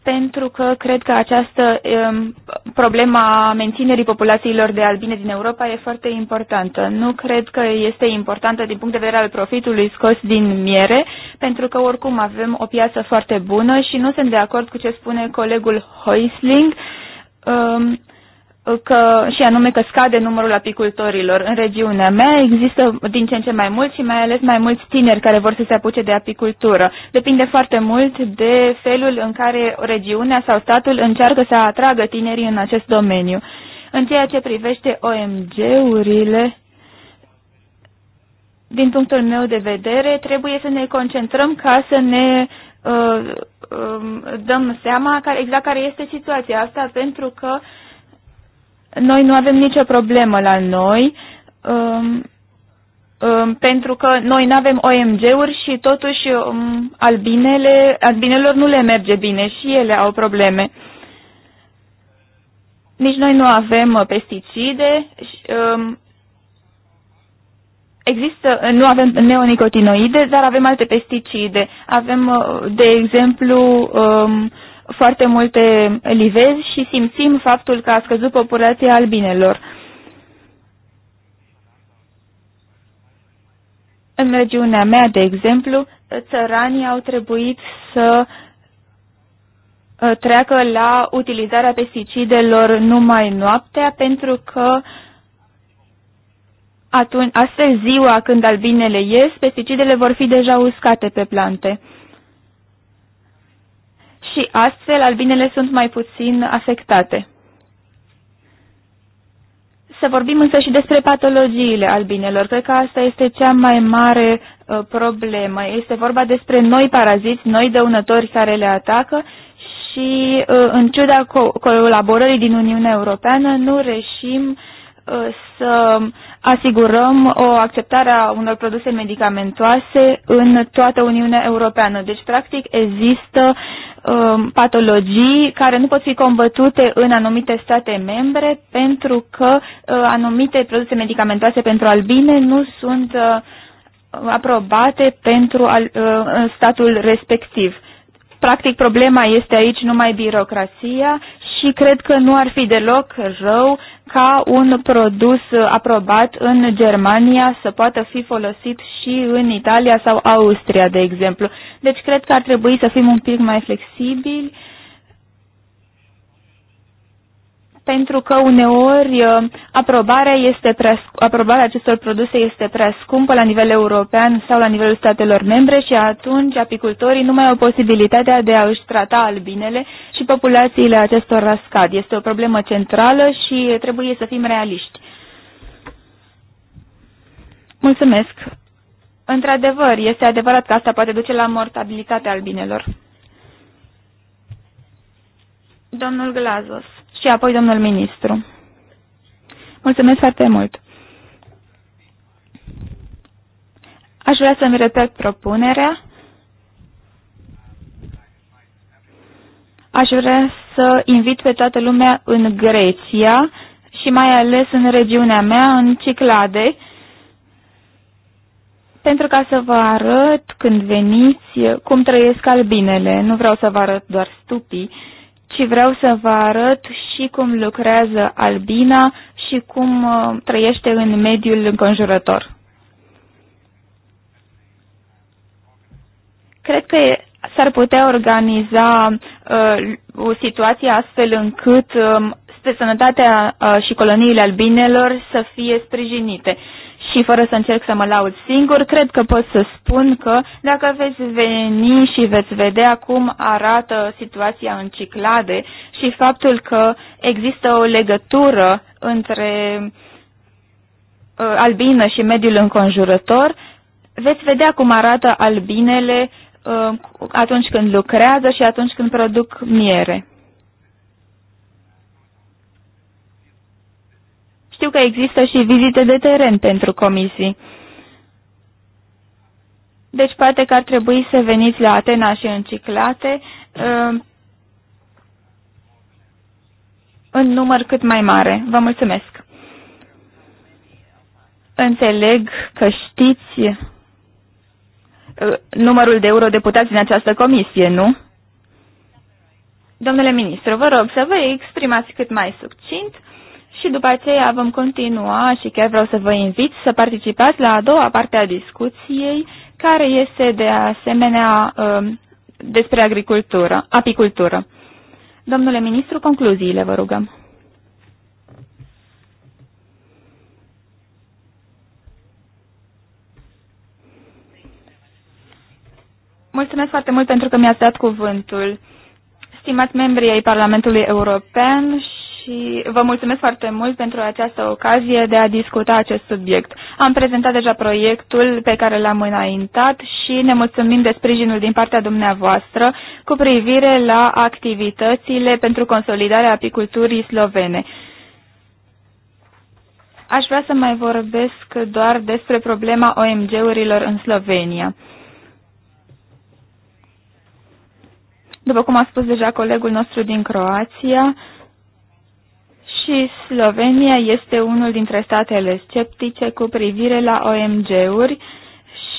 pentru că cred că această um, problema menținerii populațiilor de albine din Europa e foarte importantă. Nu cred că este importantă din punct de vedere al profitului scos din miere, pentru că oricum avem o piață foarte bună și nu sunt de acord cu ce spune colegul Hoisling, uh, Um, că, și anume că scade numărul apicultorilor în regiunea mea. Există din ce în ce mai mulți și mai ales mai mulți tineri care vor să se apuce de apicultură. Depinde foarte mult de felul în care regiunea sau statul încearcă să atragă tinerii în acest domeniu. În ceea ce privește OMG-urile, din punctul meu de vedere, trebuie să ne concentrăm ca să ne Uh, um, dăm seama exact care este situația asta, pentru că noi nu avem nicio problemă la noi, um, um, pentru că noi nu avem OMG-uri și totuși albinele, albinelor nu le merge bine și ele au probleme. Nici noi nu avem pesticide, Există, nu avem neonicotinoide, dar avem alte pesticide. Avem, uh, de exemplu, um, foarte multe livezi și simțim faptul că a scăzut populația albinelor. În regiunea mea, de exemplu, țăranii au trebuit să uh, treacă la utilizarea pesticidelor numai noaptea pentru că uh, atunci, astfel ziua când albinele ies, pesticidele vor fi deja uscate pe plante. Și astfel albinele sunt mai puțin afectate. Să vorbim însă și despre patologiile albinelor. Cred că asta este cea mai mare uh, problemă. Este vorba despre noi paraziți, noi dăunători care le atacă și, uh, în ciuda co colaborării din Uniunea Europeană, nu reșim uh, să asigurăm o acceptare a unor produse medicamentoase în toată Uniunea Europeană. Deci, practic, există um, patologii care nu pot fi combătute în anumite state membre pentru că uh, anumite produse medicamentoase pentru albine nu sunt uh, aprobate pentru al, uh, statul respectiv practic problema este aici numai birocrația și cred că nu ar fi deloc rău ca un produs aprobat în Germania să poată fi folosit și în Italia sau Austria, de exemplu. Deci cred că ar trebui să fim un pic mai flexibili pentru că uneori uh, aprobarea, este prea, aprobarea acestor produse este prea scumpă la nivel european sau la nivelul statelor membre și atunci apicultorii nu mai au posibilitatea de a și trata albinele și populațiile acestor rascad. Este o problemă centrală și trebuie să fim realiști. Mulțumesc. Într-adevăr, este adevărat că asta poate duce la mortabilitatea albinelor. Domnul Glazos și apoi domnul ministru. Mulțumesc foarte mult! Aș vrea să-mi repet propunerea. Aș vrea să invit pe toată lumea în Grecia și mai ales în regiunea mea, în Ciclade, pentru ca să vă arăt când veniți cum trăiesc albinele. Nu vreau să vă arăt doar stupii, și vreau să vă arăt și cum lucrează albina și cum uh, trăiește în mediul înconjurător. Cred că s-ar putea organiza uh, o situație astfel încât uh, sănătatea uh, și coloniile albinelor să fie sprijinite. Uh, și fără să încerc să mă laud singur, cred că pot să spun că dacă veți veni și veți vedea cum arată situația în Ciclade și faptul că există o legătură între uh, albină și mediul înconjurător, veți vedea cum arată albinele uh, atunci când lucrează și atunci când produc miere. Știu că există și vizite de teren pentru comisii. Deci poate că ar trebui să veniți la Atena și în Ciclate uh, în număr cât mai mare. Vă mulțumesc! Înțeleg că știți uh, numărul de eurodeputați din această comisie, nu? Domnule ministru, vă rog să vă exprimați cât mai succint și după aceea vom continua și chiar vreau să vă invit să participați la a doua parte a discuției, care este de asemenea um, despre agricultură, apicultură. Domnule ministru, concluziile vă rugăm. Mulțumesc foarte mult pentru că mi-ați dat cuvântul. Stimați membrii ai Parlamentului European și vă mulțumesc foarte mult pentru această ocazie de a discuta acest subiect. Am prezentat deja proiectul pe care l-am înaintat și ne mulțumim de sprijinul din partea dumneavoastră cu privire la activitățile pentru consolidarea apiculturii slovene. Aș vrea să mai vorbesc doar despre problema OMG-urilor în Slovenia. După cum a spus deja colegul nostru din Croația, și Slovenia este unul dintre statele sceptice cu privire la OMG-uri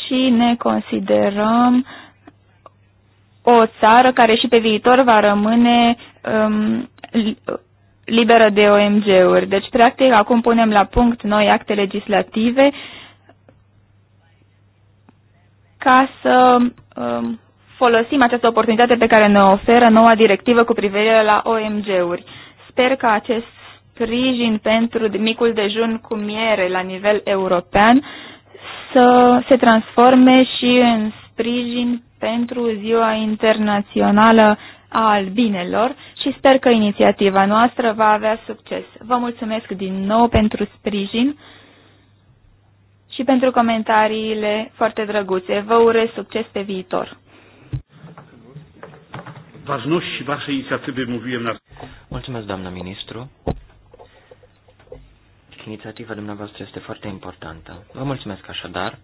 și ne considerăm o țară care și pe viitor va rămâne um, liberă de OMG-uri. Deci, practic, acum punem la punct noi acte legislative ca să um, folosim această oportunitate pe care ne oferă noua directivă cu privire la OMG-uri. Sper că acest sprijin pentru micul dejun cu miere la nivel european să se transforme și în sprijin pentru Ziua Internațională a Albinelor și sper că inițiativa noastră va avea succes. Vă mulțumesc din nou pentru sprijin și pentru comentariile foarte drăguțe. Vă urez succes pe viitor. Mulțumesc, doamnă ministru. Inițiativa dumneavoastră este foarte importantă. Vă mulțumesc așadar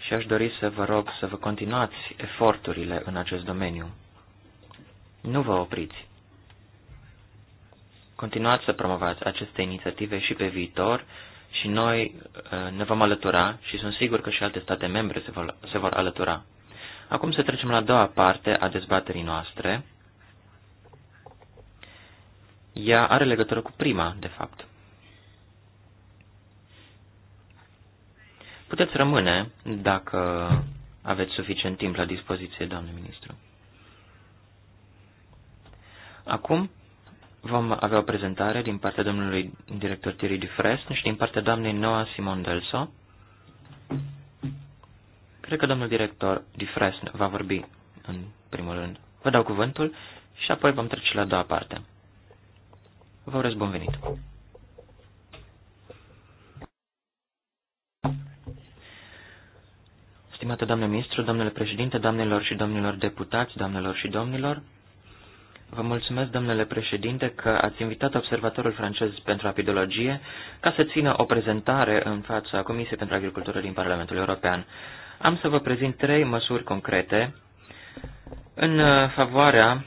și aș dori să vă rog să vă continuați eforturile în acest domeniu. Nu vă opriți. Continuați să promovați aceste inițiative și pe viitor și noi uh, ne vom alătura și sunt sigur că și alte state membre se vor, se vor alătura. Acum să trecem la a doua parte a dezbaterii noastre ea are legătură cu prima, de fapt. Puteți rămâne dacă aveți suficient timp la dispoziție, doamne ministru. Acum vom avea o prezentare din partea domnului director Thierry Dufresne și din partea doamnei Noa Simon Delso. Cred că domnul director Dufresne va vorbi în primul rând. Vă dau cuvântul și apoi vom trece la a doua parte. Vă urez bun venit! Stimată doamnă ministru, domnule președinte, doamnelor și domnilor deputați, doamnelor și domnilor, vă mulțumesc, domnule președinte, că ați invitat observatorul francez pentru apidologie ca să țină o prezentare în fața Comisiei pentru Agricultură din Parlamentul European. Am să vă prezint trei măsuri concrete în favoarea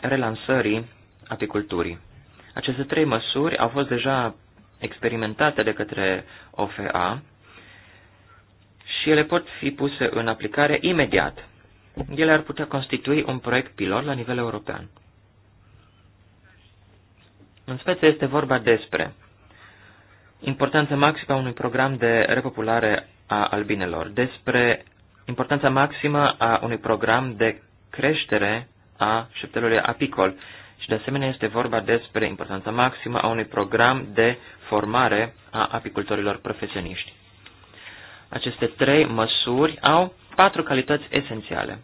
relansării apiculturii. Aceste trei măsuri au fost deja experimentate de către OFA și ele pot fi puse în aplicare imediat. Ele ar putea constitui un proiect pilot la nivel european. În speță este vorba despre importanța maximă a unui program de repopulare a albinelor, despre importanța maximă a unui program de creștere a șeptelului apicol și de asemenea este vorba despre importanța maximă a unui program de formare a apicultorilor profesioniști. Aceste trei măsuri au patru calități esențiale.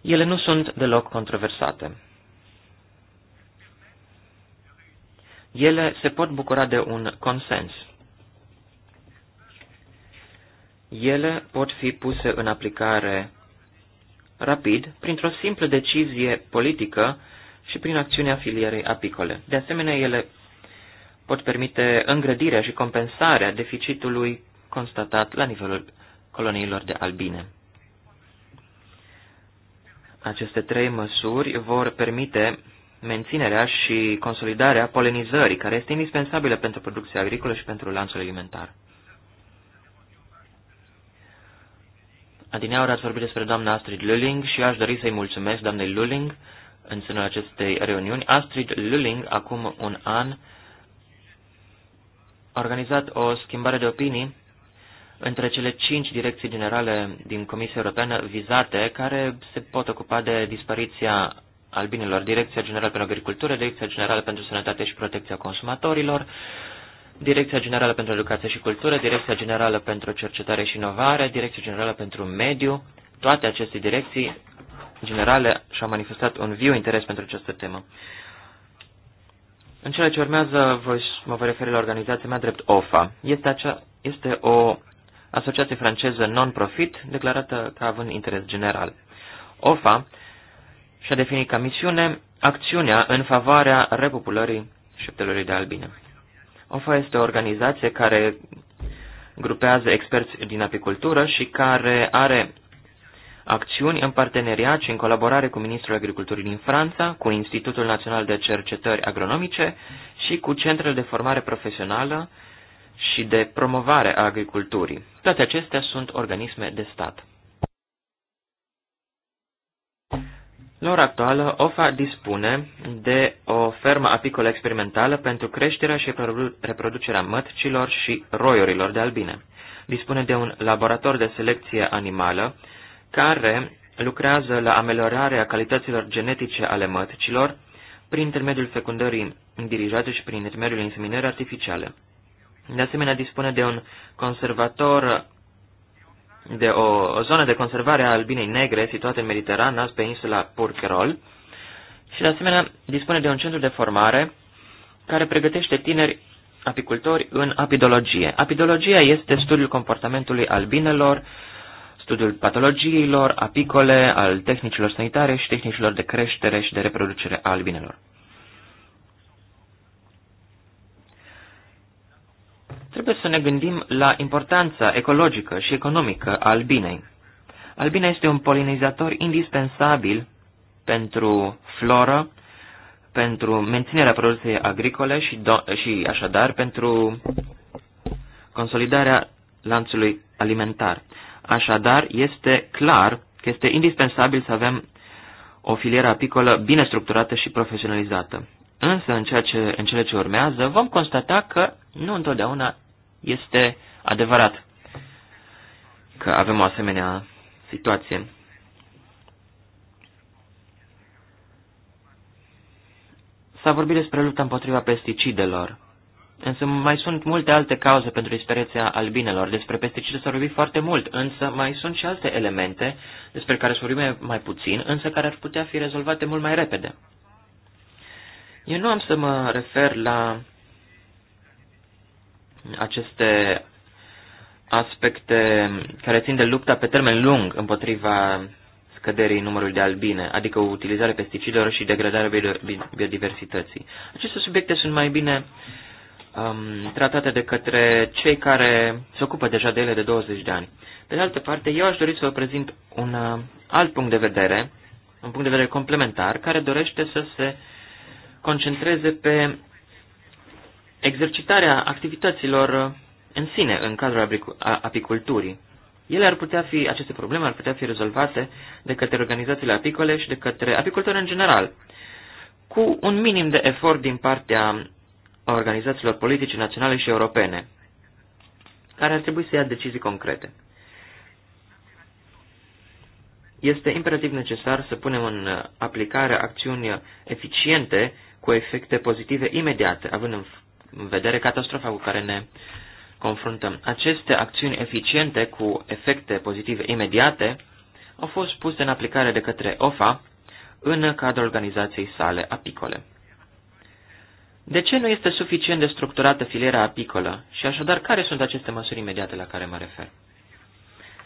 Ele nu sunt deloc controversate. Ele se pot bucura de un consens. Ele pot fi puse în aplicare rapid, printr-o simplă decizie politică și prin acțiunea filierei apicole. De asemenea, ele pot permite îngrădirea și compensarea deficitului constatat la nivelul coloniilor de albine. Aceste trei măsuri vor permite menținerea și consolidarea polenizării, care este indispensabilă pentru producția agricolă și pentru lanțul alimentar. Adineaur ați vorbit despre doamna Astrid Lulling și aș dori să-i mulțumesc doamnei Lulling în sânul acestei reuniuni. Astrid Lulling, acum un an, a organizat o schimbare de opinii între cele cinci direcții generale din Comisia Europeană vizate, care se pot ocupa de dispariția albinilor, Direcția Generală pentru Agricultură, Direcția Generală pentru Sănătate și Protecția Consumatorilor, Direcția Generală pentru Educație și Cultură, Direcția Generală pentru Cercetare și Inovare, Direcția Generală pentru Mediu, toate aceste direcții generale și-au manifestat un viu interes pentru această temă. În cele ce urmează voi, mă voi referi la organizația mea drept OFA. Este, acea, este o asociație franceză non-profit declarată ca având interes general. OFA și-a definit ca misiune acțiunea în favoarea repopulării șeptelorii de albine. OFA este o organizație care grupează experți din apicultură și care are acțiuni în parteneriat și în colaborare cu Ministrul Agriculturii din Franța, cu Institutul Național de Cercetări Agronomice și cu centrele de formare profesională și de promovare a agriculturii. Toate acestea sunt organisme de stat. La ora actuală, OFA dispune de o fermă apicolă experimentală pentru creșterea și reproducerea mătcilor și roiurilor de albine. Dispune de un laborator de selecție animală care lucrează la ameliorarea calităților genetice ale mătcilor prin intermediul fecundării dirijate și prin intermediul inseminării artificiale. De asemenea, dispune de un conservator de o, zonă de conservare a albinei negre situată în Mediterana, pe insula Purcherol, și de asemenea dispune de un centru de formare care pregătește tineri apicultori în apidologie. Apidologia este studiul comportamentului albinelor, studiul patologiilor apicole, al tehnicilor sanitare și tehnicilor de creștere și de reproducere a albinelor. Trebuie să ne gândim la importanța ecologică și economică a albinei. Albina este un polinizator indispensabil pentru floră, pentru menținerea producției agricole și, și așadar pentru consolidarea lanțului alimentar. Așadar, este clar că este indispensabil să avem o filieră apicolă bine structurată și profesionalizată. Însă, în, ceea ce, în cele ce urmează, vom constata că nu întotdeauna este adevărat că avem o asemenea situație. S-a vorbit despre lupta împotriva pesticidelor, însă mai sunt multe alte cauze pentru dispereția albinelor. Despre pesticide s-a vorbit foarte mult, însă mai sunt și alte elemente despre care s-a vorbit mai puțin, însă care ar putea fi rezolvate mult mai repede. Eu nu am să mă refer la aceste aspecte care țin de lupta pe termen lung împotriva scăderii numărului de albine, adică utilizarea pesticidelor și degradarea biodiversității. Aceste subiecte sunt mai bine um, tratate de către cei care se ocupă deja de ele de 20 de ani. Pe de altă parte, eu aș dori să vă prezint un uh, alt punct de vedere, un punct de vedere complementar, care dorește să se concentreze pe exercitarea activităților uh, în sine în cadrul apiculturii. Ele ar putea fi, aceste probleme ar putea fi rezolvate de către organizațiile apicole și de către apicultori în general, cu un minim de efort din partea organizațiilor politice naționale și europene, care ar trebui să ia decizii concrete. Este imperativ necesar să punem în aplicare acțiuni eficiente cu efecte pozitive imediate, având în în vedere catastrofa cu care ne confruntăm. Aceste acțiuni eficiente cu efecte pozitive imediate au fost puse în aplicare de către OFA în cadrul organizației sale apicole. De ce nu este suficient de structurată filiera apicolă și așadar care sunt aceste măsuri imediate la care mă refer?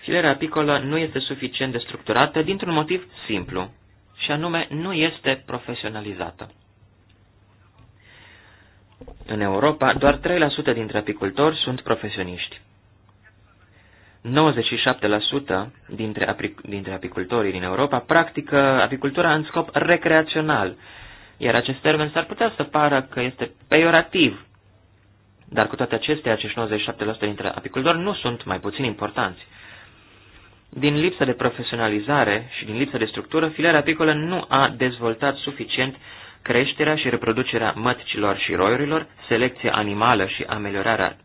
Filiera apicolă nu este suficient de structurată dintr-un motiv simplu, și anume nu este profesionalizată. În Europa, doar 3% dintre apicultori sunt profesioniști. 97% dintre, apic dintre apicultorii din Europa practică apicultura în scop recreațional, iar acest termen s-ar putea să pară că este peiorativ, dar cu toate acestea, acești 97% dintre apicultori nu sunt mai puțin importanți. Din lipsa de profesionalizare și din lipsa de structură, filiera apicolă nu a dezvoltat suficient creșterea și reproducerea măticilor și roiurilor, selecția animală și ameliorarea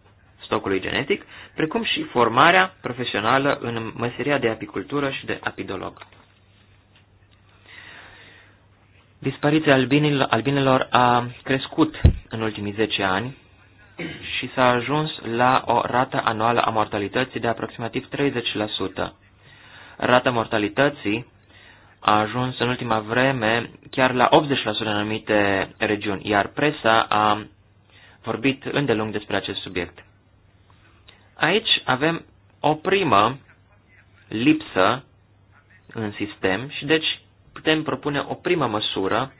stocului genetic, precum și formarea profesională în meseria de apicultură și de apidolog. Dispariția albinelor a crescut în ultimii 10 ani și s-a ajuns la o rată anuală a mortalității de aproximativ 30%. Rata mortalității a ajuns în ultima vreme chiar la 80% în anumite regiuni, iar presa a vorbit îndelung despre acest subiect. Aici avem o primă lipsă în sistem și deci putem propune o primă măsură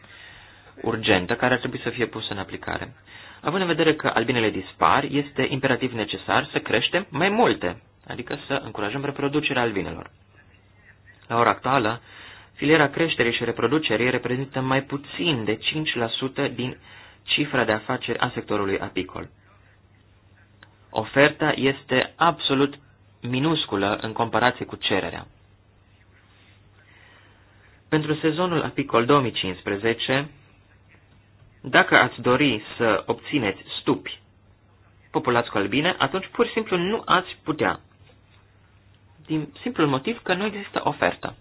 urgentă care ar trebui să fie pusă în aplicare. Având în vedere că albinele dispar, este imperativ necesar să creștem mai multe, adică să încurajăm reproducerea albinelor. La ora actuală, Filiera creșterii și reproducerii reprezintă mai puțin de 5% din cifra de afaceri a sectorului apicol. Oferta este absolut minusculă în comparație cu cererea. Pentru sezonul apicol 2015, dacă ați dori să obțineți stupi populați cu albine, atunci pur și simplu nu ați putea. Din simplul motiv că nu există ofertă.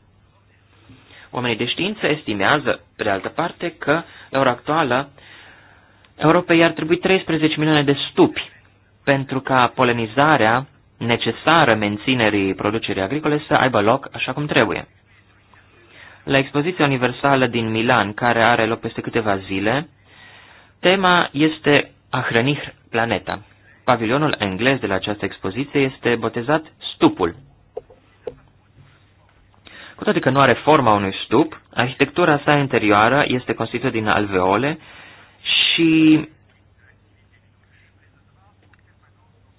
Oamenii de știință estimează, pe de altă parte, că la ora actuală Europei ar trebui 13 milioane de stupi pentru ca polenizarea necesară menținerii producerii agricole să aibă loc așa cum trebuie. La expoziția universală din Milan, care are loc peste câteva zile, tema este A hrăni planeta. Pavilionul englez de la această expoziție este botezat Stupul, cu toate că nu are forma unui stup, arhitectura sa interioară este constituită din alveole și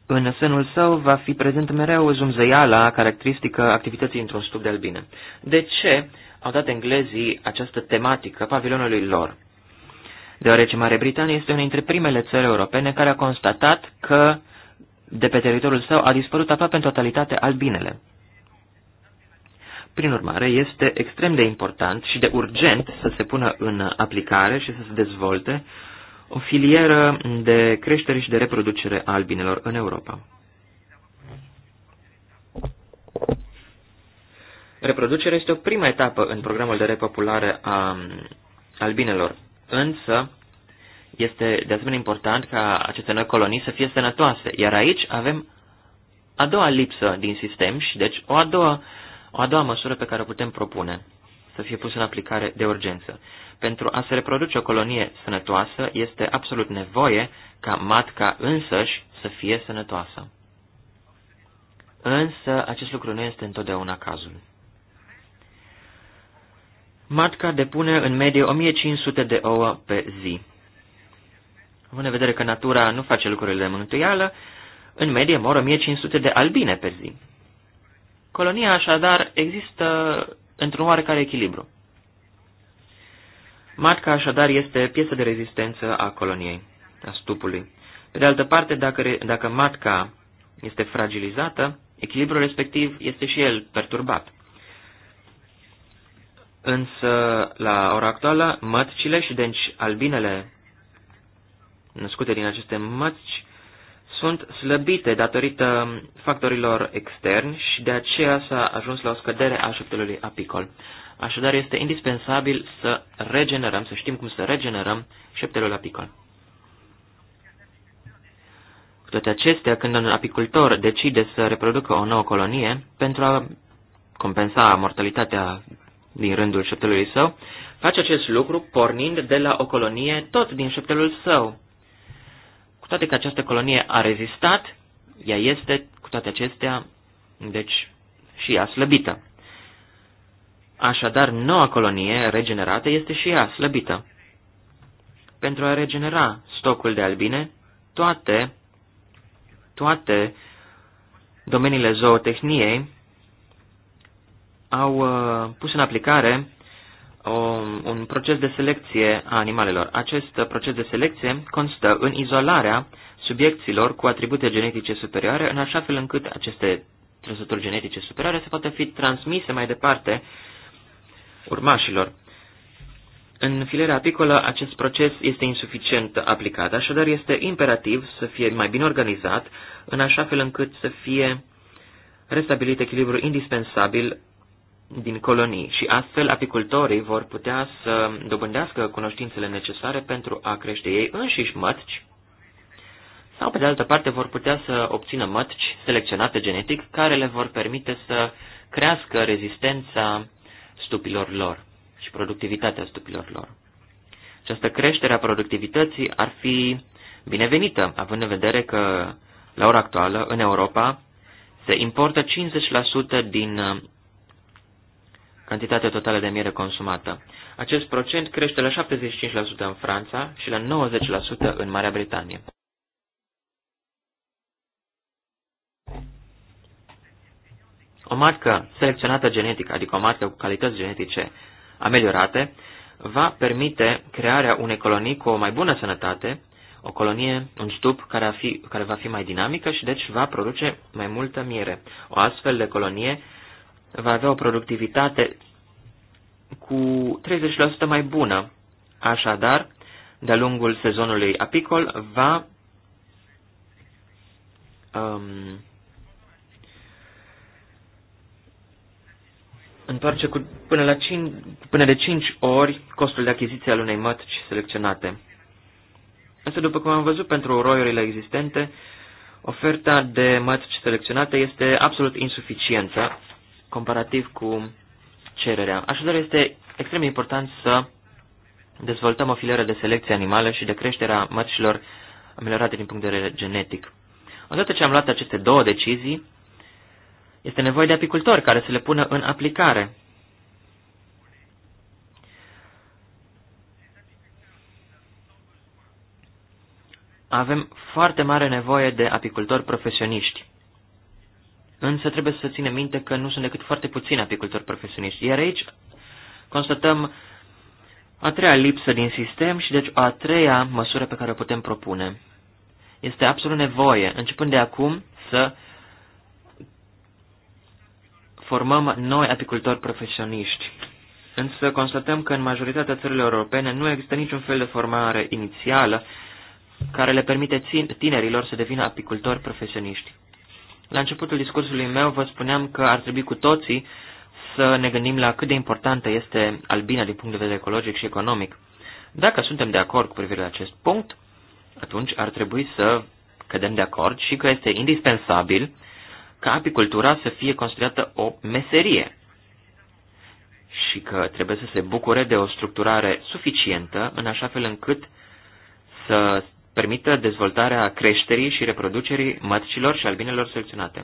în sânul său va fi prezent mereu zumzeiala caracteristică activității într-un stup de albine. De ce au dat englezii această tematică pavilionului lor? Deoarece Marea Britanie este una dintre primele țări europene care a constatat că de pe teritoriul său a dispărut aproape în totalitate albinele. Prin urmare, este extrem de important și de urgent să se pună în aplicare și să se dezvolte o filieră de creștere și de reproducere a albinelor în Europa. Reproducerea este o primă etapă în programul de repopulare a um, albinelor, însă este de asemenea important ca aceste noi colonii să fie sănătoase, iar aici avem a doua lipsă din sistem și deci o a doua o a doua măsură pe care o putem propune să fie pusă în aplicare de urgență. Pentru a se reproduce o colonie sănătoasă, este absolut nevoie ca matca însăși să fie sănătoasă. Însă, acest lucru nu este întotdeauna cazul. Matca depune în medie 1500 de ouă pe zi. Având în vedere că natura nu face lucrurile de mântuială, în medie mor 1500 de albine pe zi. Colonia, așadar, există într-un oarecare echilibru. Matca, așadar, este piesă de rezistență a coloniei, a stupului. Pe de altă parte, dacă, dacă matca este fragilizată, echilibrul respectiv este și el perturbat. Însă, la ora actuală, mătcile și deci albinele născute din aceste mătci sunt slăbite datorită factorilor externi și de aceea s-a ajuns la o scădere a șeptelului apicol. Așadar, este indispensabil să regenerăm, să știm cum să regenerăm șeptelul apicol. Cu toate acestea, când un apicultor decide să reproducă o nouă colonie, pentru a compensa mortalitatea din rândul șeptelului său, face acest lucru pornind de la o colonie tot din șeptelul său. Cu toate că această colonie a rezistat, ea este, cu toate acestea, deci și ea slăbită. Așadar, noua colonie regenerată este și ea slăbită. Pentru a regenera stocul de albine, toate, toate domeniile zootehniei au uh, pus în aplicare o, um, un proces de selecție a animalelor. Acest proces de selecție constă în izolarea subiecților cu atribute genetice superioare, în așa fel încât aceste trăsături genetice superioare să poată fi transmise mai departe urmașilor. În filiera apicolă, acest proces este insuficient aplicat, așadar este imperativ să fie mai bine organizat, în așa fel încât să fie restabilit echilibrul indispensabil din colonii și astfel apicultorii vor putea să dobândească cunoștințele necesare pentru a crește ei înșiși mătci sau, pe de altă parte, vor putea să obțină mătci selecționate genetic care le vor permite să crească rezistența stupilor lor și productivitatea stupilor lor. Această creștere a productivității ar fi binevenită, având în vedere că, la ora actuală, în Europa, se importă 50% din cantitatea totală de miere consumată. Acest procent crește la 75% în Franța și la 90% în Marea Britanie. O marcă selecționată genetic, adică o marcă cu calități genetice ameliorate, va permite crearea unei colonii cu o mai bună sănătate, o colonie, un stup care, a fi, care va fi mai dinamică și deci va produce mai multă miere. O astfel de colonie va avea o productivitate cu 30% mai bună. Așadar, de-a lungul sezonului apicol, va um, întoarce cu până, la 5, până de 5 ori costul de achiziție al unei mătci selecționate. Asta, după cum am văzut, pentru roiurile existente, oferta de mătci selecționate este absolut insuficientă comparativ cu cererea. Așadar, este extrem de important să dezvoltăm o filieră de selecție animală și de creșterea mărcilor ameliorate din punct de vedere genetic. Odată ce am luat aceste două decizii, este nevoie de apicultori care să le pună în aplicare. Avem foarte mare nevoie de apicultori profesioniști. Însă trebuie să ținem minte că nu sunt decât foarte puțini apicultori profesioniști. Iar aici constatăm a treia lipsă din sistem și deci a treia măsură pe care o putem propune. Este absolut nevoie, începând de acum, să formăm noi apicultori profesioniști. Însă constatăm că în majoritatea țărilor europene nu există niciun fel de formare inițială care le permite tinerilor să devină apicultori profesioniști. La începutul discursului meu vă spuneam că ar trebui cu toții să ne gândim la cât de importantă este albina din punct de vedere ecologic și economic. Dacă suntem de acord cu privire la acest punct, atunci ar trebui să cădem de acord și că este indispensabil ca apicultura să fie considerată o meserie și că trebuie să se bucure de o structurare suficientă în așa fel încât să permită dezvoltarea creșterii și reproducerii măticilor și albinelor selecționate.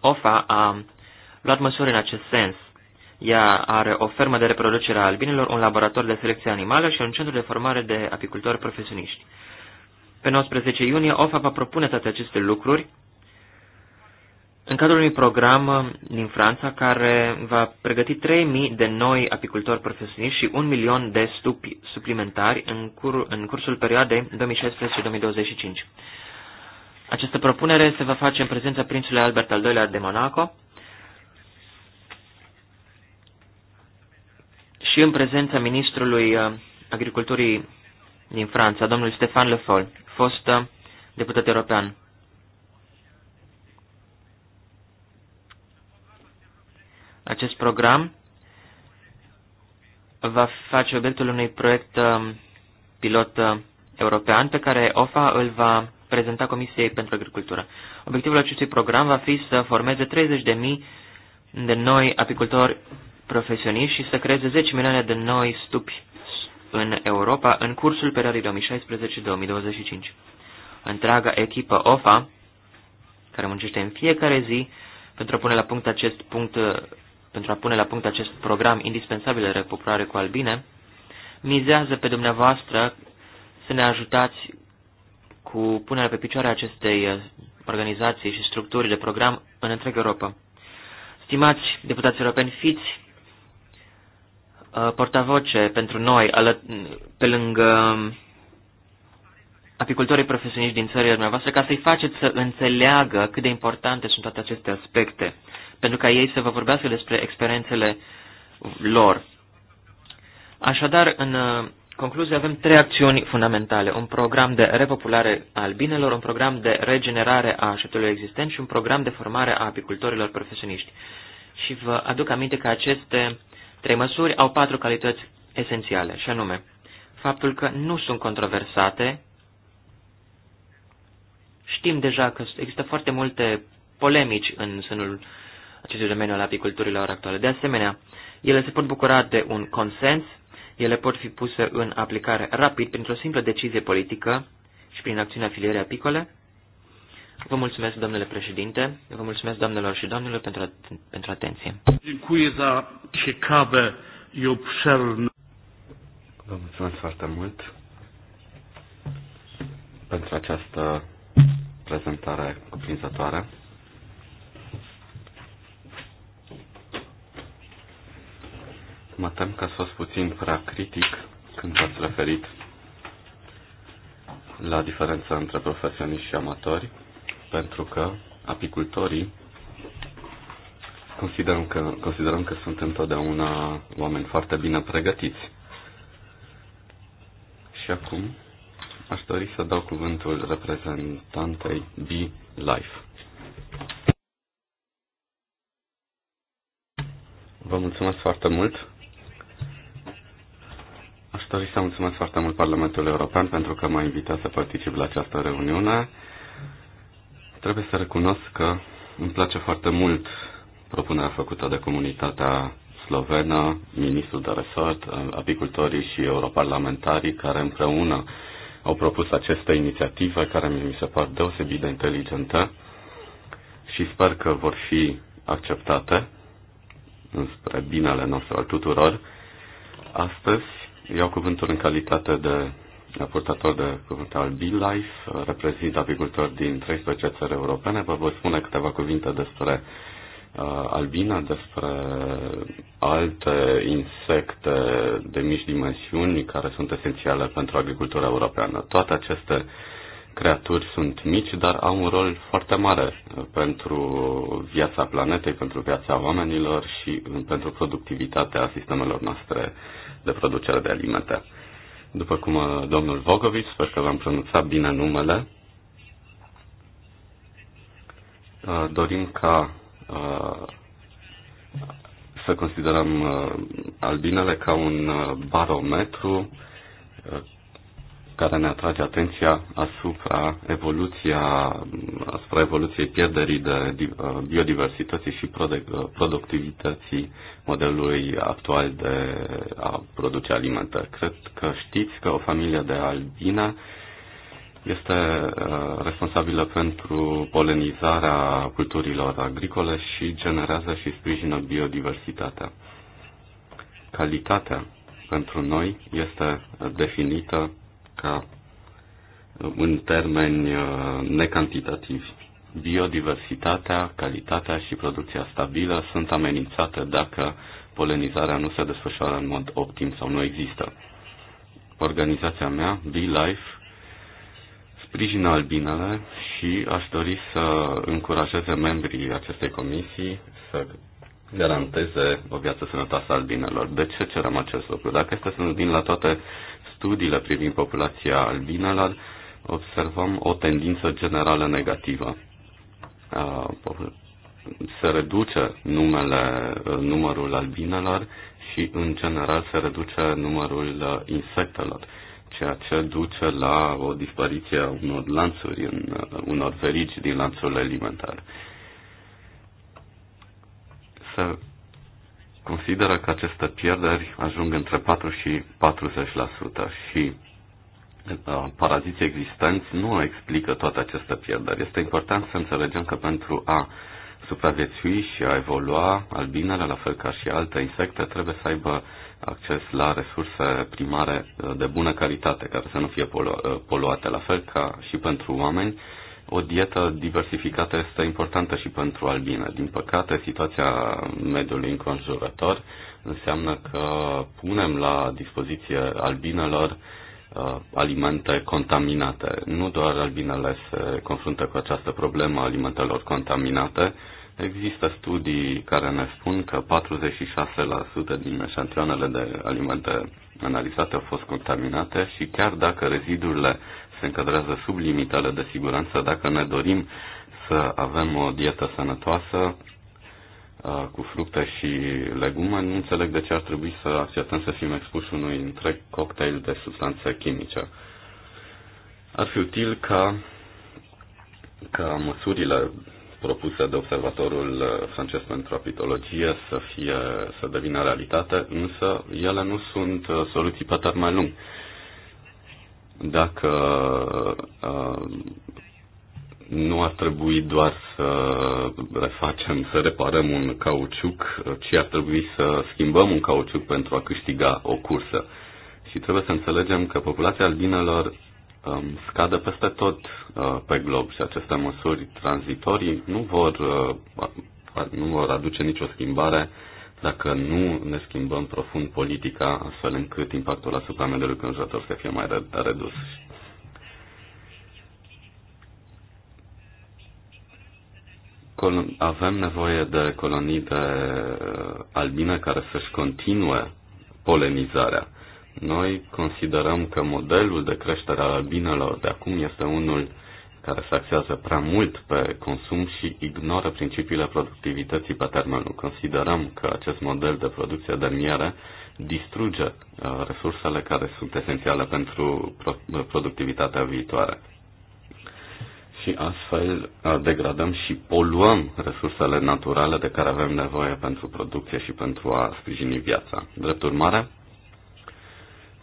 OFA a luat măsuri în acest sens. Ea are o fermă de reproducere a albinelor, un laborator de selecție animală și un centru de formare de apicultori profesioniști. Pe 19 iunie, OFA va propune toate aceste lucruri în cadrul unui program um, din Franța care va pregăti 3.000 de noi apicultori profesioniști și 1 milion de stupi suplimentari în, cur, în cursul perioadei 2016-2025. Această propunere se va face în prezența prințului Albert al II-lea de Monaco și în prezența ministrului um, agriculturii din Franța, domnul Stefan Le Foll, fost um, deputat european. Acest program va face obiectul unui proiect um, pilot uh, european pe care OFA îl va prezenta Comisiei pentru Agricultură. Obiectivul acestui program va fi să formeze 30.000 de noi apicultori profesioniști și să creeze 10 milioane de noi stupi în Europa în cursul perioadei 2016-2025. Întreaga echipă OFA, care muncește în fiecare zi pentru a pune la punct acest punct uh, pentru a pune la punct acest program indispensabil de repopulare cu albine, mizează pe dumneavoastră să ne ajutați cu punerea pe picioare a acestei uh, organizații și structuri de program în întreaga Europa. Stimați deputați europeni, fiți uh, portavoce pentru noi, pe lângă um, apicultorii profesioniști din țările dumneavoastră, ca să-i faceți să înțeleagă cât de importante sunt toate aceste aspecte pentru ca ei să vă vorbească despre experiențele lor. Așadar, în uh, concluzie, avem trei acțiuni fundamentale. Un program de repopulare al binelor, un program de regenerare a șeptelui existent și un program de formare a apicultorilor profesioniști. Și vă aduc aminte că aceste trei măsuri au patru calități esențiale, și anume faptul că nu sunt controversate. Știm deja că există foarte multe polemici în sânul acestui domeniu al apiculturii la ora actuală. De asemenea, ele se pot bucura de un consens, ele pot fi puse în aplicare rapid printr-o simplă decizie politică și prin acțiunea filierei apicole. Vă mulțumesc, domnule președinte, vă mulțumesc, doamnelor și domnilor, pentru, pentru atenție. Vă mulțumesc foarte mult pentru această prezentare cuprinzătoare. Mă tem că ați fost puțin prea critic când v-ați referit la diferența între profesioniști și amatori, pentru că apicultorii considerăm că, considerăm că sunt întotdeauna oameni foarte bine pregătiți. Și acum aș dori să dau cuvântul reprezentantei B-Life. Vă mulțumesc foarte mult Aș dori să mulțumesc foarte mult Parlamentul European pentru că m-a invitat să particip la această reuniune. Trebuie să recunosc că îmi place foarte mult propunerea făcută de comunitatea slovenă, ministrul de resort, apicultorii și europarlamentarii care împreună au propus această inițiativă care mi se par deosebit de inteligentă și sper că vor fi acceptate înspre binele nostru al tuturor. Astăzi Iau cuvântul în calitate de purtător de cuvânt al BeLife, reprezint apicultori din 13 țări europene. Vă voi spune câteva cuvinte despre uh, albina, despre alte insecte de mici dimensiuni care sunt esențiale pentru agricultura europeană. Toate aceste creaturi sunt mici, dar au un rol foarte mare uh, pentru viața planetei, pentru viața oamenilor și uh, pentru productivitatea sistemelor noastre uh, de producere de alimente. După cum uh, domnul Vogovic, sper că v-am pronunțat bine numele, uh, dorim ca uh, să considerăm albinele ca un barometru care ne atrage atenția asupra evoluția, asupra evoluției pierderii de uh, biodiversității și uh, productivității modelului actual de a produce alimente. Cred că știți că o familie de albine este uh, responsabilă pentru polenizarea culturilor agricole și generează și sprijină biodiversitatea. Calitatea pentru noi este definită ca în termeni uh, necantitativi. Biodiversitatea, calitatea și producția stabilă sunt amenințate dacă polenizarea nu se desfășoară în mod optim sau nu există. Organizația mea, Life, sprijină albinele și aș dori să încurajeze membrii acestei comisii să garanteze o viață sănătoasă albinelor. De ce cerem acest lucru? Dacă este să din la toate studiile privind populația albinelor, observăm o tendință generală negativă. Se reduce numele, numărul albinelor și, în general, se reduce numărul uh, insectelor, ceea ce duce la o dispariție a unor lanțuri, în, uh, unor verigi din lanțul alimentar. Să consideră că aceste pierderi ajung între 4 și 40% și uh, paraziții existenți nu explică toate aceste pierderi. Este important să înțelegem că pentru a supraviețui și a evolua albinele, la fel ca și alte insecte, trebuie să aibă acces la resurse primare uh, de bună calitate, care să nu fie uh, poluate, la fel ca și pentru oameni o dietă diversificată este importantă și pentru albine. Din păcate, situația mediului înconjurător înseamnă că punem la dispoziție albinelor uh, alimente contaminate. Nu doar albinele se confruntă cu această problemă a alimentelor contaminate. Există studii care ne spun că 46% din eșantioanele de alimente analizate au fost contaminate și chiar dacă rezidurile se încadrează sub limitele de siguranță dacă ne dorim să avem o dietă sănătoasă cu fructe și legume, nu înțeleg de ce ar trebui să acceptăm să fim expuși unui întreg cocktail de substanțe chimice. Ar fi util ca, ca măsurile propuse de observatorul francez pentru apitologie să, fie, să devină realitate, însă ele nu sunt soluții pe termen lung dacă uh, nu ar trebui doar să refacem, să reparăm un cauciuc, ci ar trebui să schimbăm un cauciuc pentru a câștiga o cursă. Și trebuie să înțelegem că populația albinelor scadă um, scade peste tot uh, pe glob și aceste măsuri tranzitorii nu vor, uh, nu vor aduce nicio schimbare dacă nu ne schimbăm profund politica, astfel încât impactul asupra mediului conjurător să fie mai redus. Avem nevoie de colonii de uh, albine care să-și continue polenizarea. Noi considerăm că modelul de creștere al albinelor de acum este unul care se axează prea mult pe consum și ignoră principiile productivității pe termen lung. Considerăm că acest model de producție de miere distruge uh, resursele care sunt esențiale pentru uh, productivitatea viitoare. Și astfel uh, degradăm și poluăm resursele naturale de care avem nevoie pentru producție și pentru a sprijini viața. Drept urmare,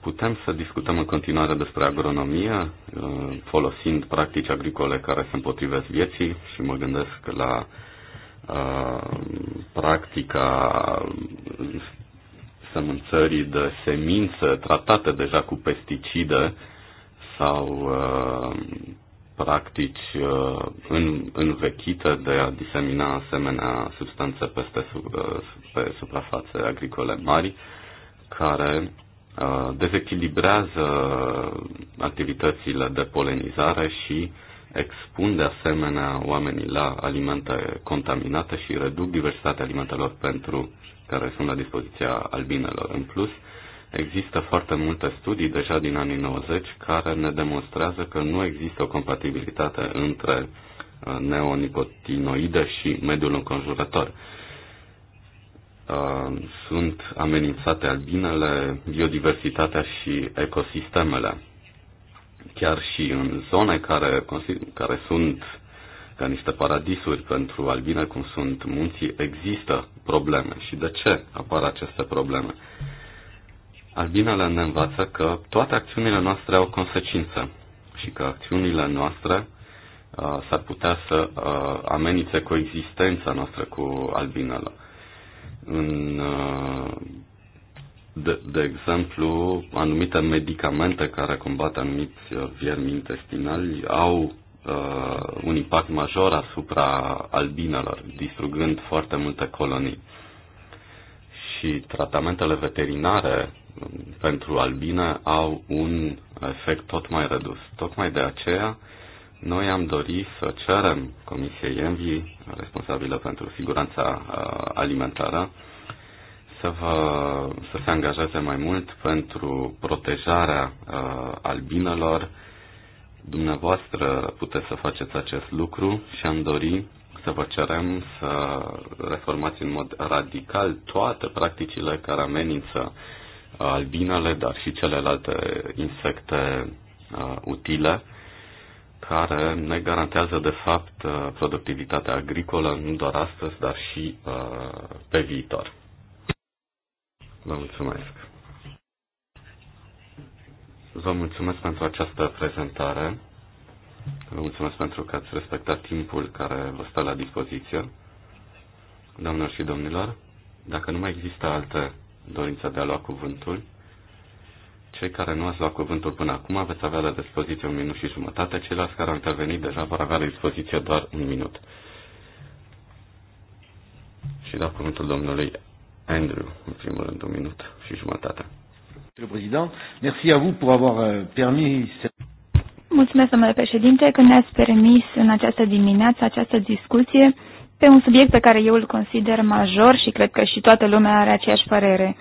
Putem să discutăm în continuare despre agronomie, uh, folosind practici agricole care se împotrivesc vieții și mă gândesc la uh, practica sămânțării de semințe tratate deja cu pesticide sau uh, practici uh, în, învechite de a disemina asemenea substanțe peste, uh, pe suprafațe agricole mari care Uh, dezechilibrează activitățile de polenizare și expun de asemenea oamenii la alimente contaminate și reduc diversitatea alimentelor pentru care sunt la dispoziția albinelor. În plus, există foarte multe studii deja din anii 90 care ne demonstrează că nu există o compatibilitate între uh, neonicotinoide și mediul înconjurător. Uh, sunt amenințate albinele, biodiversitatea și ecosistemele. Chiar și în zone care, care sunt ca niște paradisuri pentru albine, cum sunt munții, există probleme. Și de ce apar aceste probleme? Albinele ne învață că toate acțiunile noastre au consecință și că acțiunile noastre uh, s-ar putea să uh, amenințe coexistența noastră cu albinele în, uh, de, de exemplu, anumite medicamente care combat anumiți viermi intestinali au uh, un impact major asupra albinelor, distrugând foarte multe colonii. Și tratamentele veterinare um, pentru albine au un efect tot mai redus. Tocmai de aceea, uh, noi am dorit să cerem Comisiei Envi, responsabilă pentru siguranța uh, alimentară, să, vă, să se angajeze mai mult pentru protejarea uh, albinelor. Dumneavoastră puteți să faceți acest lucru și am dori să vă cerem să reformați în mod radical toate practicile care amenință uh, albinele, dar și celelalte insecte uh, utile care ne garantează, de fapt, uh, productivitatea agricolă, nu doar astăzi, dar și uh, pe viitor. Vă mulțumesc! Vă mulțumesc pentru această prezentare. Vă mulțumesc pentru că ați respectat timpul care vă stă la dispoziție. Doamnelor și domnilor, dacă nu mai există alte dorințe de a lua cuvântul, cei care nu ați luat cuvântul până acum veți avea la dispoziție un minut și jumătate, ceilalți care au intervenit deja vor avea la dispoziție doar un minut. Și dau cuvântul domnului Andrew, în primul rând, un minut și jumătate. Euh, Mulțumesc, domnule președinte, că ne-ați permis în această dimineață această discuție pe un subiect pe care eu îl consider major și cred că și toată lumea are aceeași părere.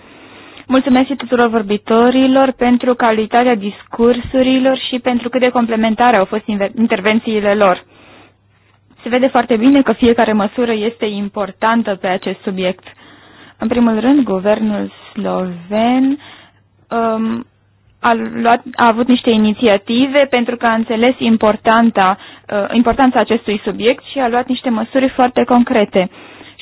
Mulțumesc și tuturor vorbitorilor pentru calitatea discursurilor și pentru cât de complementare au fost intervențiile lor. Se vede foarte bine că fiecare măsură este importantă pe acest subiect. În primul rând, guvernul sloven um, a, luat, a avut niște inițiative pentru că a înțeles importanța, uh, importanța acestui subiect și a luat niște măsuri foarte concrete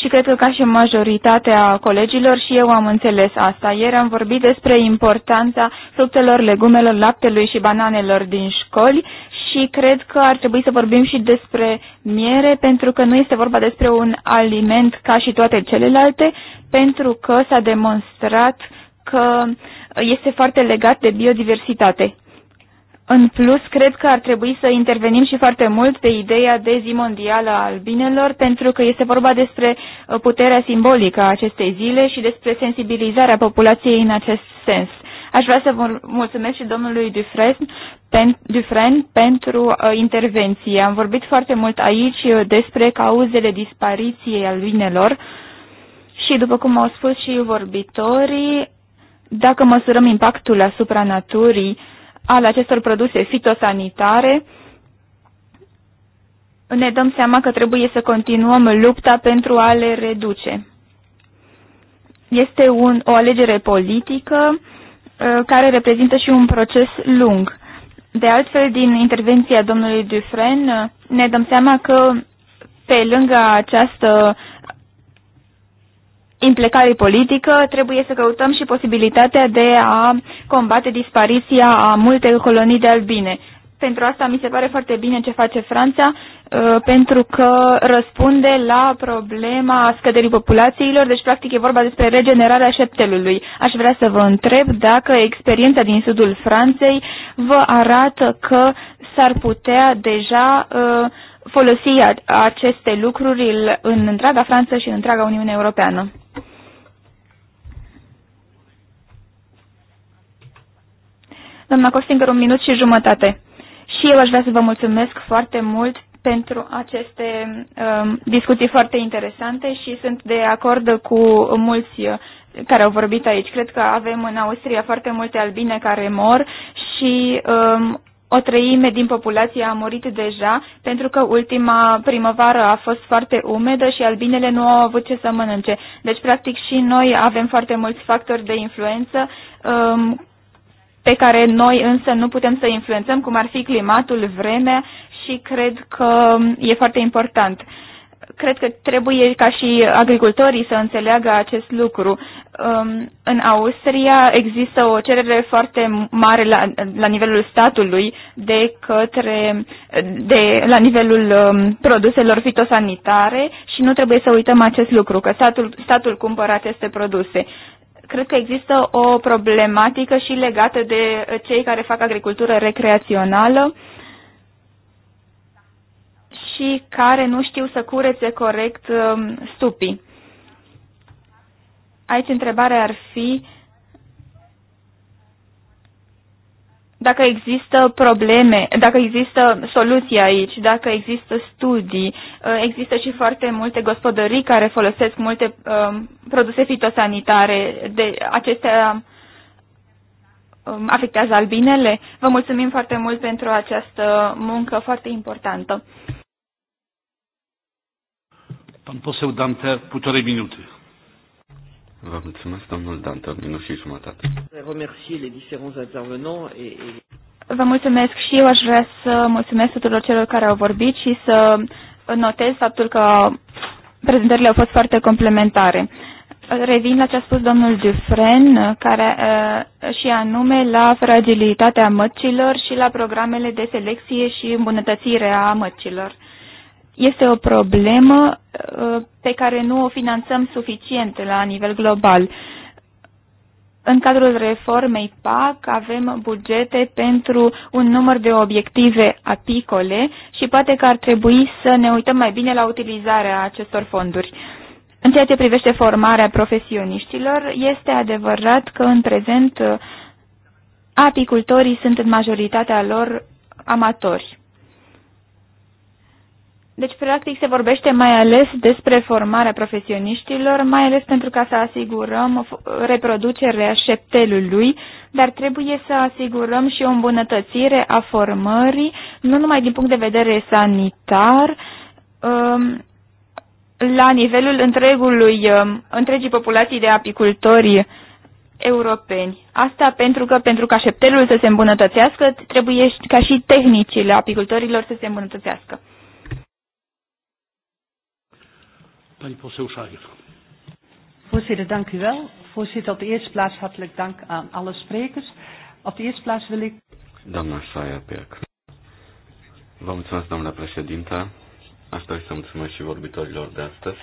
și cred că ca și majoritatea colegilor și eu am înțeles asta. Ieri am vorbit despre importanța fructelor, legumelor, laptelui și bananelor din școli și cred că ar trebui să vorbim și despre miere, pentru că nu este vorba despre un aliment ca și toate celelalte, pentru că s-a demonstrat că este foarte legat de biodiversitate. În plus, cred că ar trebui să intervenim și foarte mult pe ideea de zi mondială a albinelor, pentru că este vorba despre uh, puterea simbolică a acestei zile și despre sensibilizarea populației în acest sens. Aș vrea să vă mulțumesc și domnului Dufresne, pen, Dufresne pentru uh, intervenție. Am vorbit foarte mult aici uh, despre cauzele dispariției albinelor și, după cum au spus și vorbitorii, dacă măsurăm impactul asupra naturii, uh, ale acestor produse fitosanitare, ne dăm seama că trebuie să continuăm lupta pentru a le reduce. Este un, o alegere politică uh, care reprezintă și un proces lung. De altfel, din intervenția domnului Dufresne, uh, ne dăm seama că pe lângă această implicare politică, trebuie să căutăm și posibilitatea de a combate dispariția a multe colonii de albine. Pentru asta mi se pare foarte bine ce face Franța, uh, pentru că răspunde la problema scăderii populațiilor, deci practic e vorba despre regenerarea șeptelului. Aș vrea să vă întreb dacă experiența din sudul Franței vă arată că s-ar putea deja uh, folosi aceste lucruri în întreaga Franță și în întreaga Uniune Europeană. Doamna Costinger, un minut și jumătate. Și eu aș vrea să vă mulțumesc foarte mult pentru aceste um, discuții foarte interesante și sunt de acord cu mulți uh, care au vorbit aici. Cred că avem în Austria foarte multe albine care mor și um, o treime din populație a murit deja pentru că ultima primăvară a fost foarte umedă și albinele nu au avut ce să mănânce. Deci, practic, și noi avem foarte mulți factori de influență um, pe care noi însă nu putem să influențăm, cum ar fi climatul, vremea și cred că e foarte important cred că trebuie ca și agricultorii să înțeleagă acest lucru. Um, în Austria există o cerere foarte mare la, la nivelul statului de către de, la nivelul um, produselor fitosanitare și nu trebuie să uităm acest lucru, că statul, statul cumpără aceste produse. Cred că există o problematică și legată de cei care fac agricultură recreațională. Uh, și care nu știu să curețe corect um, stupii. Aici întrebarea ar fi dacă există probleme, dacă există soluții aici, dacă există studii. Uh, există și foarte multe gospodării care folosesc multe um, produse fitosanitare. De acestea um, afectează albinele. Vă mulțumim foarte mult pentru această muncă foarte importantă. Pan poseł Dante, półtorej minuty. Vă mulțumesc, domnul Dante, minut și jumătate. Vă mulțumesc și eu aș vrea să mulțumesc tuturor celor care au vorbit și să notez faptul că prezentările au fost foarte complementare. Revin la ce a spus domnul Dufren, care eh, și anume la fragilitatea măcilor și la programele de selecție și îmbunătățire a măcilor este o problemă uh, pe care nu o finanțăm suficient la nivel global. În cadrul reformei PAC avem bugete pentru un număr de obiective apicole și poate că ar trebui să ne uităm mai bine la utilizarea acestor fonduri. În ceea ce privește formarea profesioniștilor, este adevărat că în prezent apicultorii sunt în majoritatea lor amatori. Deci, practic, se vorbește mai ales despre formarea profesioniștilor, mai ales pentru ca să asigurăm reproducerea șeptelului, dar trebuie să asigurăm și o îmbunătățire a formării, nu numai din punct de vedere sanitar, um, la nivelul întregului, um, întregii populații de apicultori europeni. Asta pentru că pentru ca șeptelul să se îmbunătățească, trebuie ca și tehnicile apicultorilor să se îmbunătățească. Pani poseł Szajew. Voorzitter, dank u wel. Voorzitter, op de eerste plaats hartelijk dank aan alle sprekers. Op de eerste plaats wil ik... Doamna Saia Pirc. Vă mulțumesc, doamna președintă. Aș dori să mulțumesc și vorbitorilor de astăzi.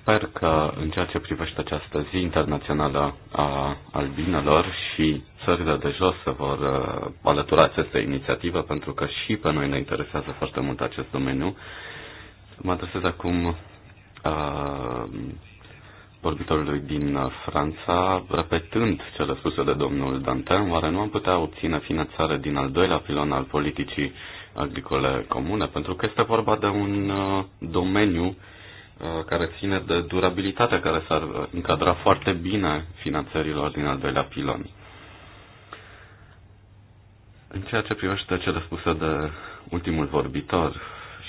Sper că în ceea ce privește această zi internațională a albinelor și țările de jos se vor uh, alătura aceste inițiative, pentru că și pe noi ne interesează foarte mult acest domeniu Mă adresez acum uh, vorbitorului din Franța, repetând cele spuse de domnul Dantin, oare nu am putea obține finanțare din al doilea pilon al politicii agricole comune? Pentru că este vorba de un uh, domeniu uh, care ține de durabilitate, care s-ar încadra foarte bine finanțărilor din al doilea pilon. În ceea ce privește cele spuse de ultimul vorbitor,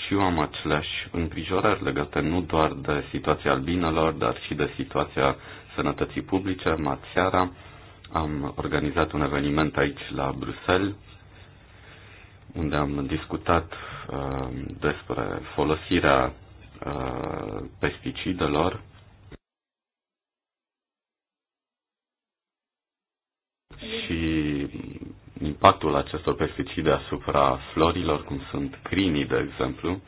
și eu am aceleași îngrijorări legate nu doar de situația albinelor, dar și de situația sănătății publice. Mațiara am organizat un eveniment aici la Bruxelles, unde am discutat uh, despre folosirea uh, pesticidelor și impactul acestor pesticide asupra florilor, cum sunt crinii, de exemplu,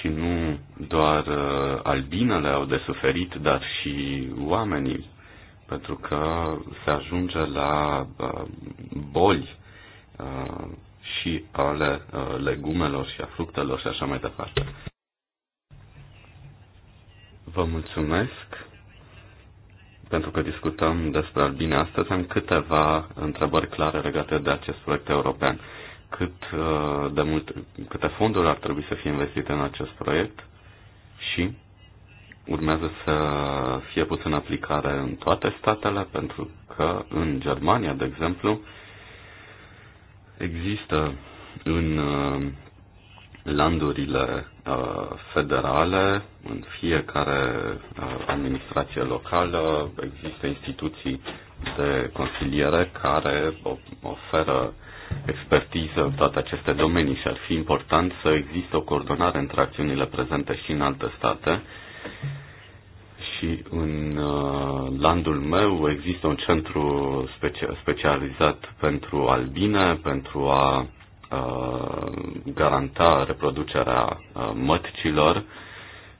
și nu doar uh, albinele au de suferit, dar și oamenii, pentru că se ajunge la uh, boli uh, și ale legumelor și a fructelor și așa mai departe. Vă mulțumesc pentru că discutăm despre albine astăzi, am câteva întrebări clare legate de acest proiect european. Cât uh, de mult, câte fonduri ar trebui să fie investite în acest proiect și urmează să fie pus în aplicare în toate statele, pentru că în Germania, de exemplu, există în uh, landurile Uh, federale, în fiecare uh, administrație locală există instituții de consiliere care oferă expertiză în toate aceste domenii și ar fi important să existe o coordonare între acțiunile prezente și în alte state. Și în uh, landul meu există un centru specializat pentru albine, pentru a Uh, garanta reproducerea uh, mătcilor,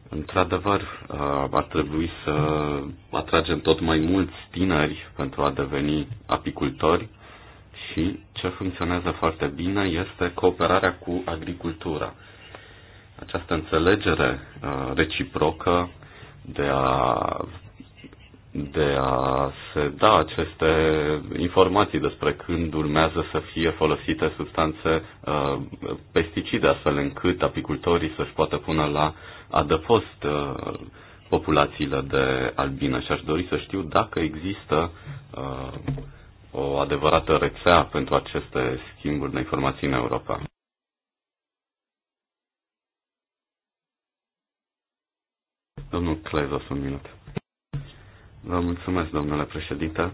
într-adevăr uh, ar trebui să atragem tot mai mulți tineri pentru a deveni apicultori și ce funcționează foarte bine este cooperarea cu agricultura. Această înțelegere reciprocă de a de a se da aceste informații despre când urmează să fie folosite substanțe uh, pesticide, astfel încât apicultorii să-și poată pune la adăpost uh, populațiile de albine. Și aș dori să știu dacă există uh, o adevărată rețea pentru aceste schimburi de informații în Europa. Domnul Cleza, un minut. Vă mulțumesc, domnule președinte.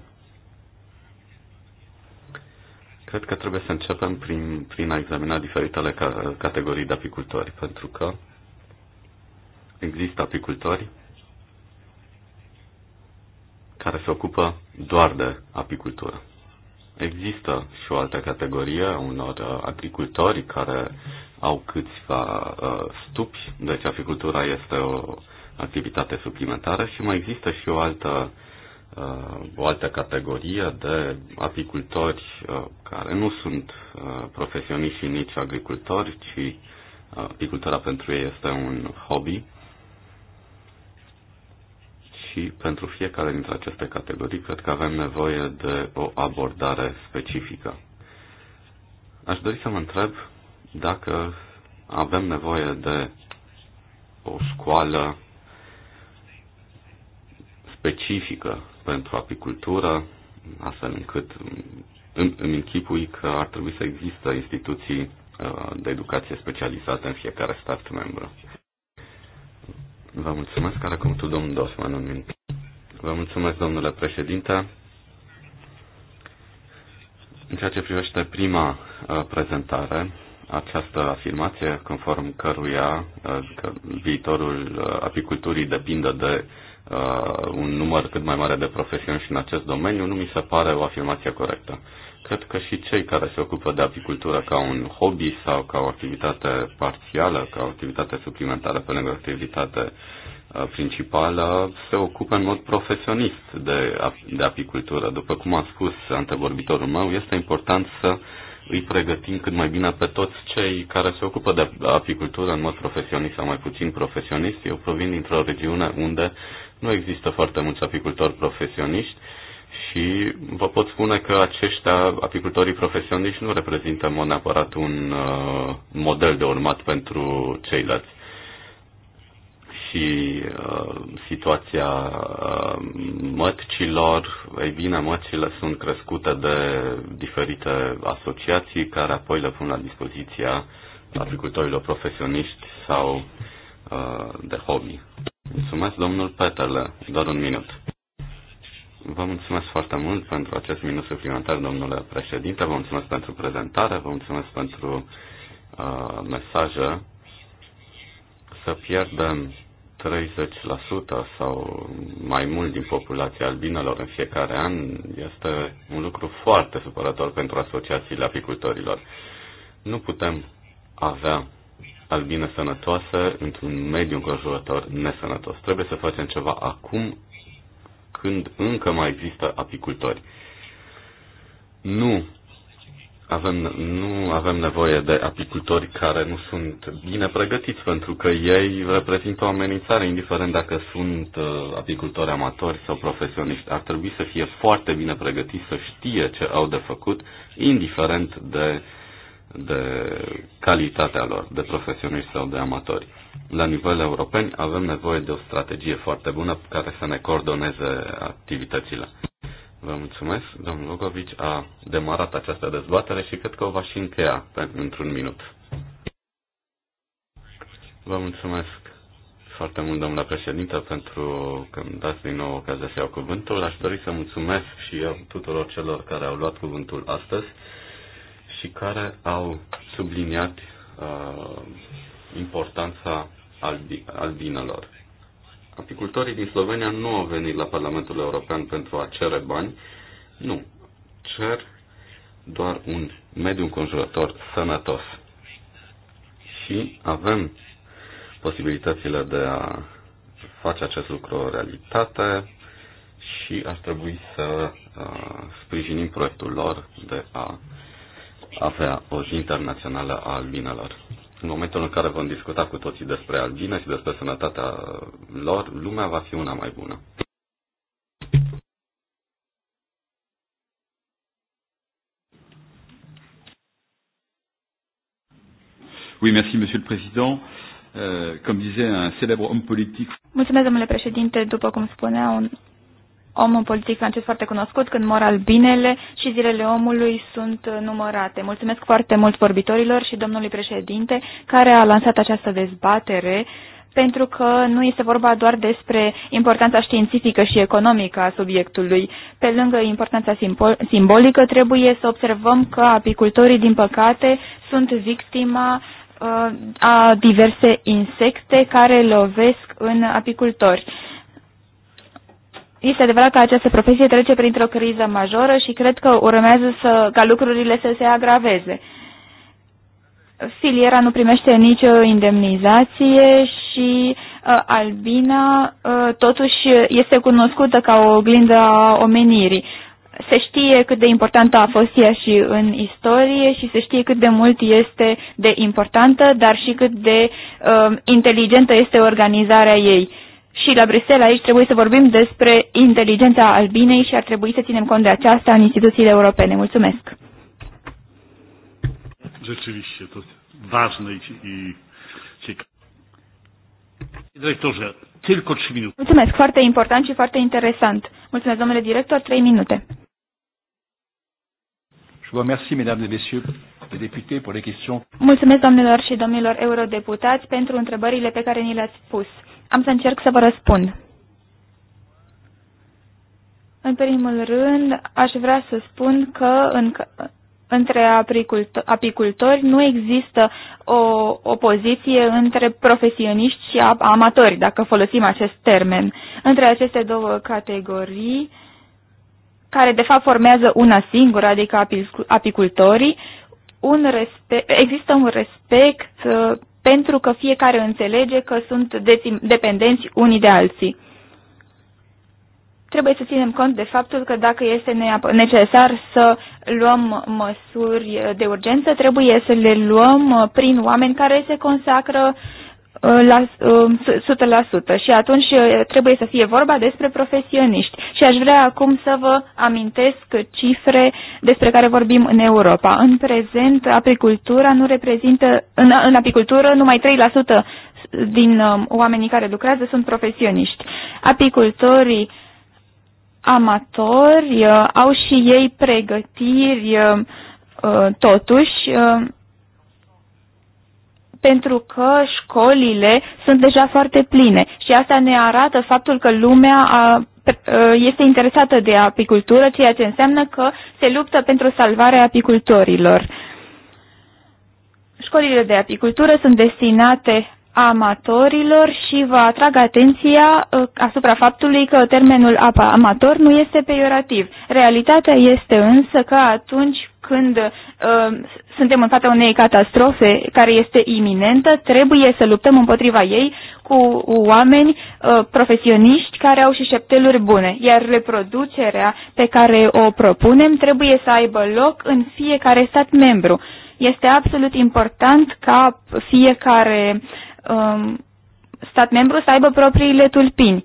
Cred că trebuie să începem prin, prin a examina diferitele ca, categorii de apicultori, pentru că există apicultori care se ocupă doar de apicultură. Există și o altă categorie, unor uh, agricultori care au câțiva uh, stupi, deci apicultura este o activitate suplimentară și mai există și o altă, uh, o altă categorie de apicultori uh, care nu sunt uh, profesioniști și nici agricultori, ci apicultura pentru ei este un hobby și pentru fiecare dintre aceste categorii cred că avem nevoie de o abordare specifică. Aș dori să mă întreb dacă avem nevoie de o școală specifică pentru apicultură, astfel încât îmi, închipui că ar trebui să există instituții uh, de educație specializată în fiecare stat membru. Vă mulțumesc, cum tu, domnul Dosman în minte. Vă mulțumesc, domnule președinte. În ceea ce privește prima uh, prezentare, această afirmație conform căruia uh, că viitorul apiculturii depinde de uh, un număr cât mai mare de profesioni și în acest domeniu, nu mi se pare o afirmație corectă. Cred că și cei care se ocupă de apicultură ca un hobby sau ca o activitate parțială, ca o activitate suplimentară pe lângă activitate uh, principală, se ocupă în mod profesionist de, de apicultură. După cum a spus antevorbitorul meu, este important să îi pregătim cât mai bine pe toți cei care se ocupă de apicultură în mod profesionist sau mai puțin profesionist. Eu provin dintr-o regiune unde nu există foarte mulți apicultori profesioniști și vă pot spune că aceștia, apicultorii profesioniști, nu reprezintă în mod neapărat un uh, model de urmat pentru ceilalți și uh, situația uh, măcilor, Ei bine, măcile sunt crescute de diferite asociații care apoi le pun la dispoziția agricultorilor profesioniști sau uh, de hobby. Mulțumesc, domnul Peterle. Doar un minut. Vă mulțumesc foarte mult pentru acest minut suplimentar, domnule președinte. Vă mulțumesc pentru prezentare, vă mulțumesc pentru uh, mesaje. Să pierdem 30% sau mai mult din populația albinelor în fiecare an este un lucru foarte supărător pentru asociațiile apicultorilor. Nu putem avea albină sănătoase într-un mediu înconjurător nesănătos. Trebuie să facem ceva acum când încă mai există apicultori. Nu avem, nu avem nevoie de apicultori care nu sunt bine pregătiți, pentru că ei reprezintă o amenințare, indiferent dacă sunt uh, apicultori amatori sau profesioniști. Ar trebui să fie foarte bine pregătiți, să știe ce au de făcut, indiferent de de calitatea lor, de profesioniști sau de amatori. La nivel european avem nevoie de o strategie foarte bună care să ne coordoneze activitățile. Vă mulțumesc, domnul Lugovici a demarat această dezbatere și cred că o va și încheia într-un minut. Vă mulțumesc foarte mult, domnule președinte, pentru că îmi dați din nou ocazia să iau cuvântul. Aș dori să mulțumesc și eu tuturor celor care au luat cuvântul astăzi și care au subliniat uh, importanța albi, albinelor. Apicultorii din Slovenia nu au venit la Parlamentul European pentru a cere bani, nu, cer doar un mediu înconjurător sănătos. Și avem posibilitățile de a face acest lucru o realitate și ar trebui să uh, sprijinim proiectul lor de a avea o zi internațională a albinelor. În momentul în care vom discuta cu toții despre albine și despre sănătatea lor, lumea va fi una mai bună. Oui, merci, Monsieur le Président. Euh, comme disait un célèbre homme politique. Mulțumesc, domnule președinte. După cum spunea un om politic francez foarte cunoscut, când mor albinele și zilele omului sunt numărate. Mulțumesc foarte mult vorbitorilor și domnului președinte care a lansat această dezbatere pentru că nu este vorba doar despre importanța științifică și economică a subiectului. Pe lângă importanța simbolică, trebuie să observăm că apicultorii, din păcate, sunt victima uh, a diverse insecte care lovesc în apicultori. Uh, este adevărat că această profesie trece printr-o criză majoră și cred că urmează să, ca lucrurile să se agraveze. Filiera nu primește nicio indemnizație și uh, Albina uh, totuși este cunoscută ca o oglindă a omenirii. Se știe cât de importantă a fost ea și în istorie și se știe cât de mult este de importantă, dar și cât de uh, inteligentă este organizarea ei. Uh, și la Bruxelles aici trebuie să vorbim despre inteligența albinei și ar trebui să ținem cont de aceasta în instituțiile europene. Mulțumesc! Mulțumesc, foarte important și foarte interesant. Mulțumesc, domnule director, trei minute. Mulțumesc, domnilor și domnilor eurodeputați, pentru întrebările pe care ni le-ați pus. Am să încerc să vă răspund. În primul rând, aș vrea să spun că în, între apicultori nu există o opoziție între profesioniști și amatori, dacă folosim acest termen. Între aceste două categorii, care de fapt formează una singură, adică apicultorii, un respect, există un respect uh, pentru că fiecare înțelege că sunt dependenți unii de alții. Trebuie să ținem cont de faptul că dacă este necesar să luăm măsuri de urgență, trebuie să le luăm uh, prin oameni care se consacră uh, Uh, la, 100% uh, și atunci uh, trebuie să fie vorba despre profesioniști. Și aș vrea acum să vă amintesc cifre despre care vorbim în Europa. În prezent, apicultura nu reprezintă, în, în apicultură numai 3% din um, oamenii care lucrează sunt profesioniști. Apicultorii amatori au și ei pregătiri totuși pentru că școlile sunt deja foarte pline și asta ne arată faptul că lumea a, ă, este interesată de apicultură, ceea ce înseamnă că se luptă pentru salvarea apicultorilor. Școlile de apicultură sunt destinate amatorilor și vă atrag atenția uh, asupra faptului că termenul apa amator nu este peiorativ. Realitatea este însă că atunci când uh, suntem în fața unei catastrofe care este iminentă, trebuie să luptăm împotriva ei cu oameni uh, profesioniști care au și șepteluri bune, iar reproducerea pe care o propunem trebuie să aibă loc în fiecare stat membru. Este absolut important ca fiecare um, stat membru să aibă propriile tulpini.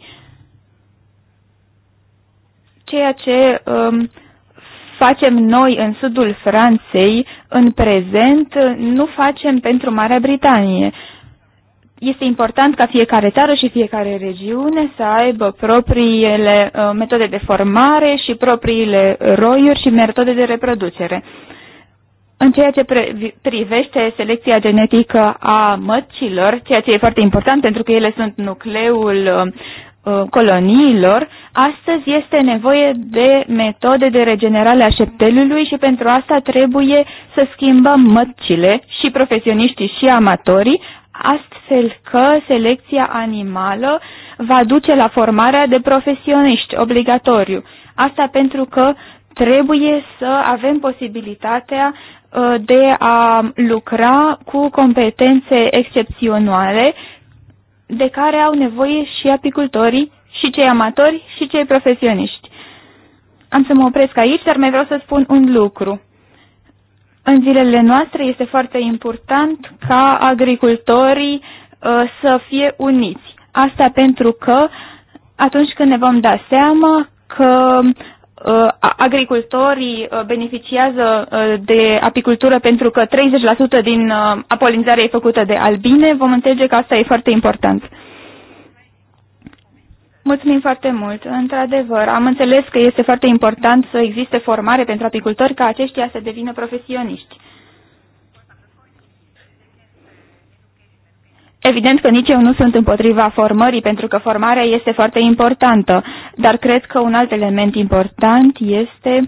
Ceea ce um, facem noi în sudul Franței în prezent nu facem pentru Marea Britanie. Este important ca fiecare țară și fiecare regiune să aibă propriile uh, metode de formare și propriile roiuri și metode de reproducere. În ceea ce privește selecția genetică a măcilor, ceea ce e foarte important pentru că ele sunt nucleul uh, uh, coloniilor, astăzi este nevoie de metode de regenerare a șeptelului și pentru asta trebuie să schimbăm măcile și profesioniștii și amatorii, astfel că selecția animală va duce la formarea de profesioniști obligatoriu. Asta pentru că trebuie să avem posibilitatea Uh, de a lucra cu competențe excepționale de care au nevoie și apicultorii, și cei amatori, și cei profesioniști. Am să mă opresc aici, dar mai vreau să spun un lucru. În zilele noastre este foarte important ca agricultorii uh, să fie uniți. Asta pentru că atunci când ne vom da seama că agricultorii uh, beneficiază uh, de apicultură pentru că 30% din uh, apolinizare e făcută de albine, vom înțelege că asta e foarte important. Mulțumim foarte mult. Într-adevăr, am înțeles că este foarte important să existe formare pentru apicultori ca aceștia să devină profesioniști. Evident că nici eu nu sunt împotriva formării, pentru că formarea este foarte importantă, dar cred că un alt element important este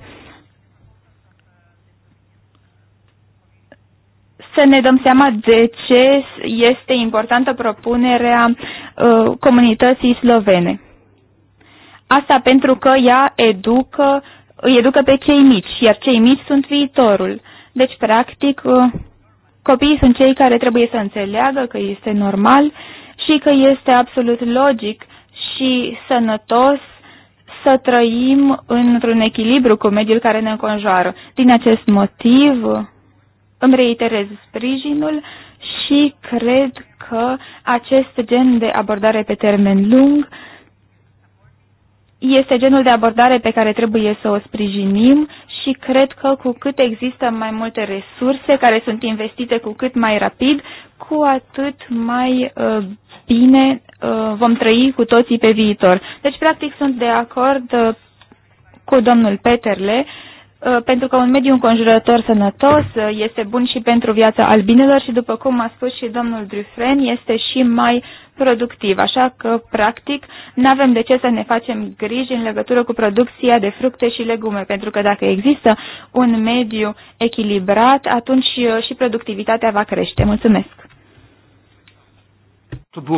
să ne dăm seama de ce este importantă propunerea uh, comunității slovene. Asta pentru că ea educă, îi educă pe cei mici, iar cei mici sunt viitorul. Deci, practic, uh, Copiii sunt cei care trebuie să înțeleagă că este normal și că este absolut logic și sănătos să trăim într-un echilibru cu mediul care ne înconjoară. Din acest motiv îmi reiterez sprijinul și cred că acest gen de abordare pe termen lung este genul de abordare pe care trebuie să o sprijinim și cred că cu cât există mai multe resurse care sunt investite cu cât mai rapid, cu atât mai uh, bine uh, vom trăi cu toții pe viitor. Deci, practic, sunt de acord uh, cu domnul Peterle uh, Uh, pentru că un mediu înconjurător sănătos uh, este bun și pentru viața albinelor și, după cum a spus și domnul Dufren, este și mai productiv. Așa că, practic, nu avem de ce să ne facem griji în legătură cu producția de fructe și legume, pentru că dacă există un mediu echilibrat, atunci uh, și productivitatea va crește. Mulțumesc!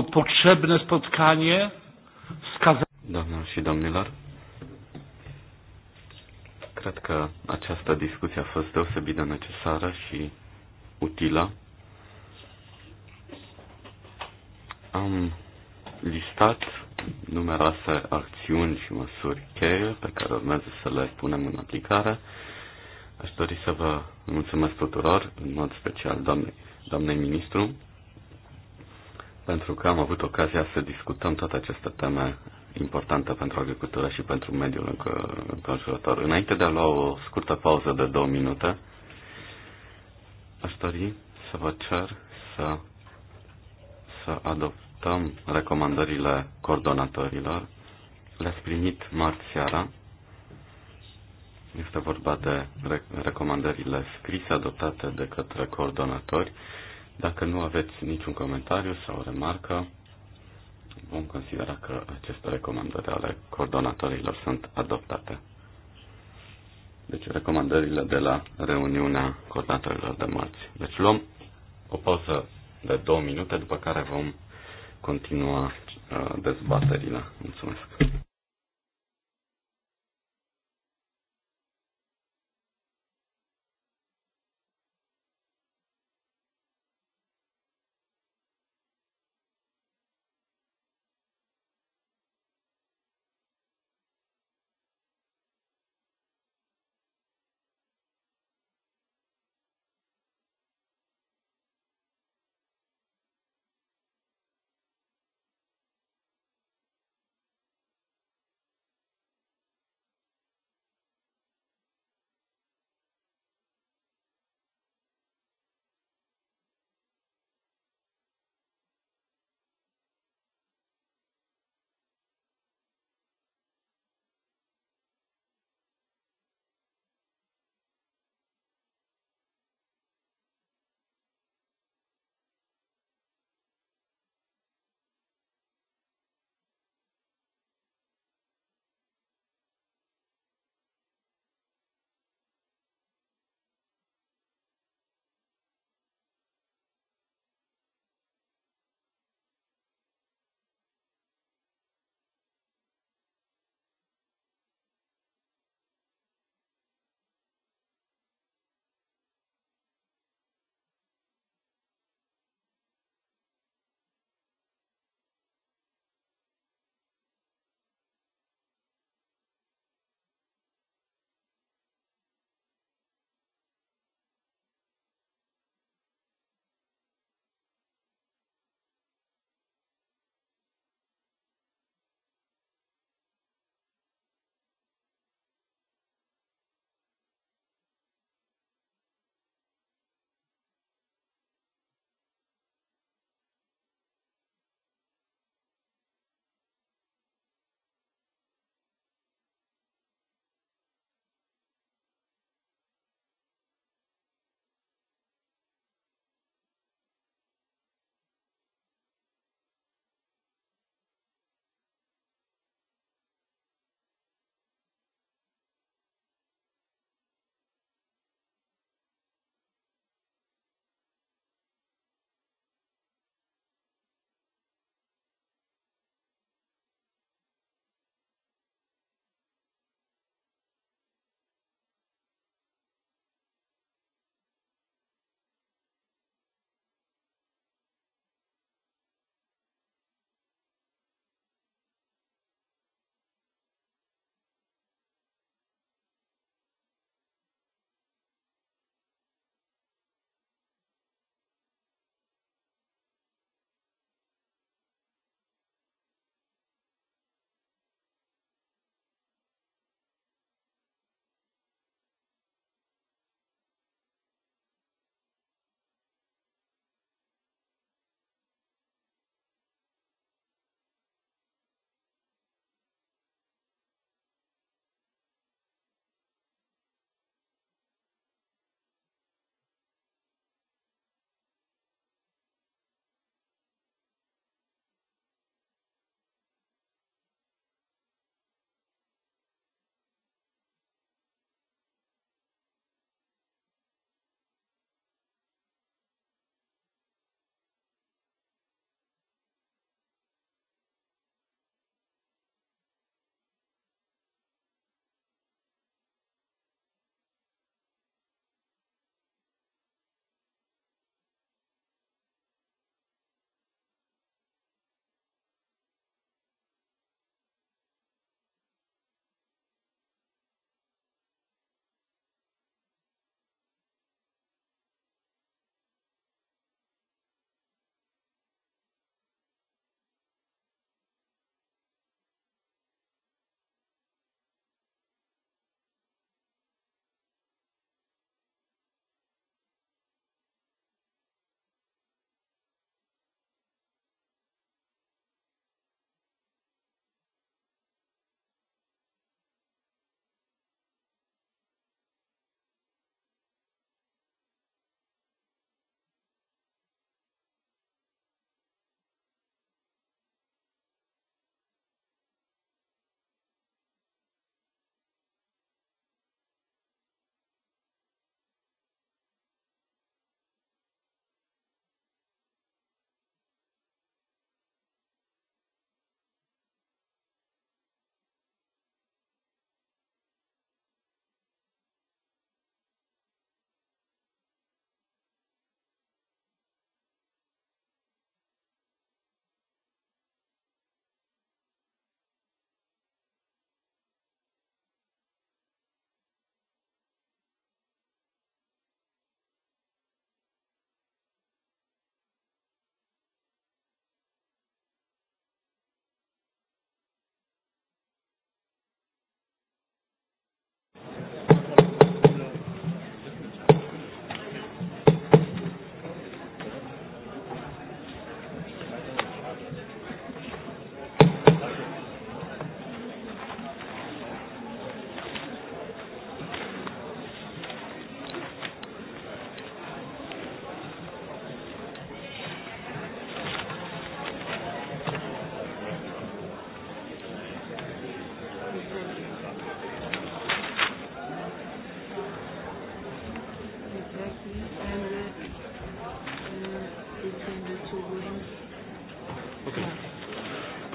To și domnilor, Cred că această discuție a fost deosebit de necesară și utilă. Am listat numeroase acțiuni și măsuri cheie pe care urmează să le punem în aplicare. Aș dori să vă mulțumesc tuturor, în mod special doamnei, doamnei ministru, pentru că am avut ocazia să discutăm toate aceste teme importantă pentru agricultură și pentru mediul înconjurător. Înainte de a lua o scurtă pauză de două minute, aș dori să vă cer să, să adoptăm recomandările coordonatorilor. Le-ați primit marți seara. Este vorba de recomandările scrise adoptate de către coordonatori. Dacă nu aveți niciun comentariu sau remarcă, vom considera că aceste recomandări ale coordonatorilor sunt adoptate. Deci recomandările de la reuniunea coordonatorilor de marți. Deci luăm o pauză de două minute, după care vom continua uh, dezbaterile. Mulțumesc!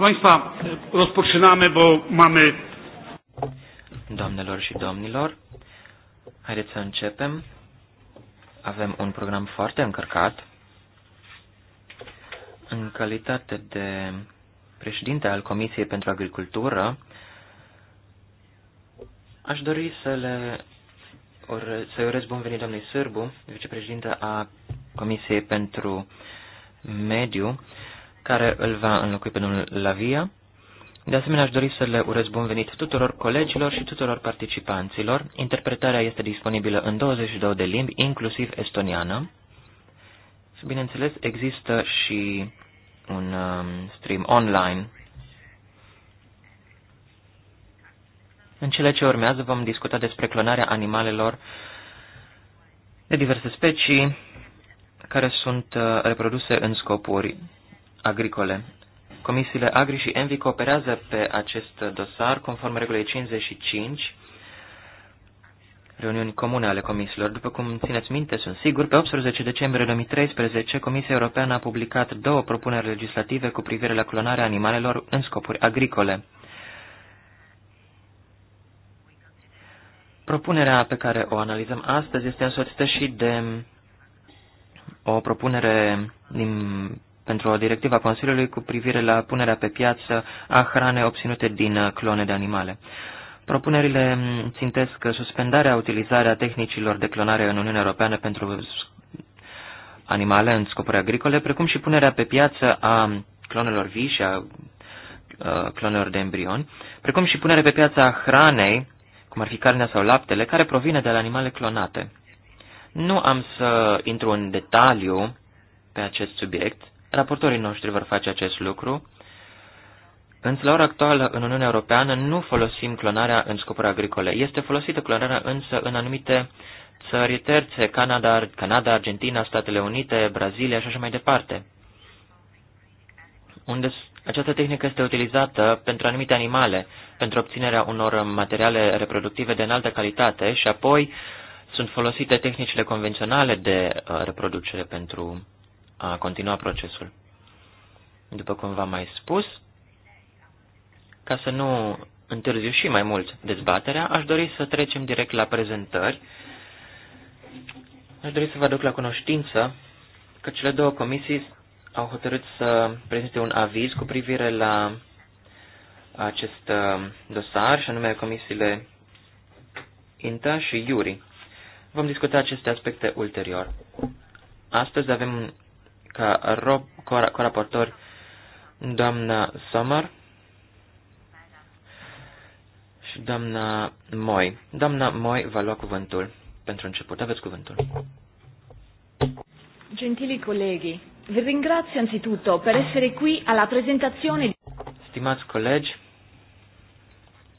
Państwa, rozpoczynamy, bo mamy... Doamnelor și domnilor, haideți să începem. Avem un program foarte încărcat. În calitate de președinte al Comisiei pentru Agricultură, aș dori să le să-i urez bun venit doamnei Sârbu, vicepreședinte a Comisiei pentru Mediu care îl va înlocui pe domnul Lavia. De asemenea, aș dori să le urez bun venit tuturor colegilor și tuturor participanților. Interpretarea este disponibilă în 22 de limbi, inclusiv estoniană. Și, bineînțeles, există și un um, stream online. În cele ce urmează vom discuta despre clonarea animalelor de diverse specii care sunt uh, reproduse în scopuri agricole. Comisiile Agri și Envi cooperează pe acest dosar conform regulii 55, reuniuni comune ale comisiilor. După cum țineți minte, sunt sigur, pe 18 decembrie 2013, Comisia Europeană a publicat două propuneri legislative cu privire la clonarea animalelor în scopuri agricole. Propunerea pe care o analizăm astăzi este însoțită și de o propunere din pentru o directivă a Consiliului cu privire la punerea pe piață a hrane obținute din uh, clone de animale. Propunerile mm, țintesc suspendarea utilizarea tehnicilor de clonare în Uniunea Europeană pentru animale în scopuri agricole, precum și punerea pe piață a clonelor vii și a uh, clonelor de embrion, precum și punerea pe piață a hranei, cum ar fi carnea sau laptele, care provine de la animale clonate. Nu am să intru în detaliu pe acest subiect, Raportorii noștri vor face acest lucru, însă la ora actuală în Uniunea Europeană nu folosim clonarea în scopuri agricole. Este folosită clonarea însă în anumite țări terțe, Canada, Canada, Argentina, Statele Unite, Brazilia și așa mai departe, unde această tehnică este utilizată pentru anumite animale, pentru obținerea unor materiale reproductive de înaltă calitate și apoi sunt folosite tehnicile convenționale de uh, reproducere pentru a continua procesul. După cum v-am mai spus, ca să nu întârziu și mai mult dezbaterea, aș dori să trecem direct la prezentări. Aș dori să vă aduc la cunoștință că cele două comisii au hotărât să prezinte un aviz cu privire la acest uh, dosar, și anume comisiile INTA și IURI. Vom discuta aceste aspecte ulterior. Astăzi avem ca Rob, coraportor doamna Sommer și doamna Moi. Doamna Moi va lua cuvântul. Pentru început, aveți cuvântul. Gentili colegi, vi ringrazio anzitutto per essere qui alla presentazione. Stimați colegi,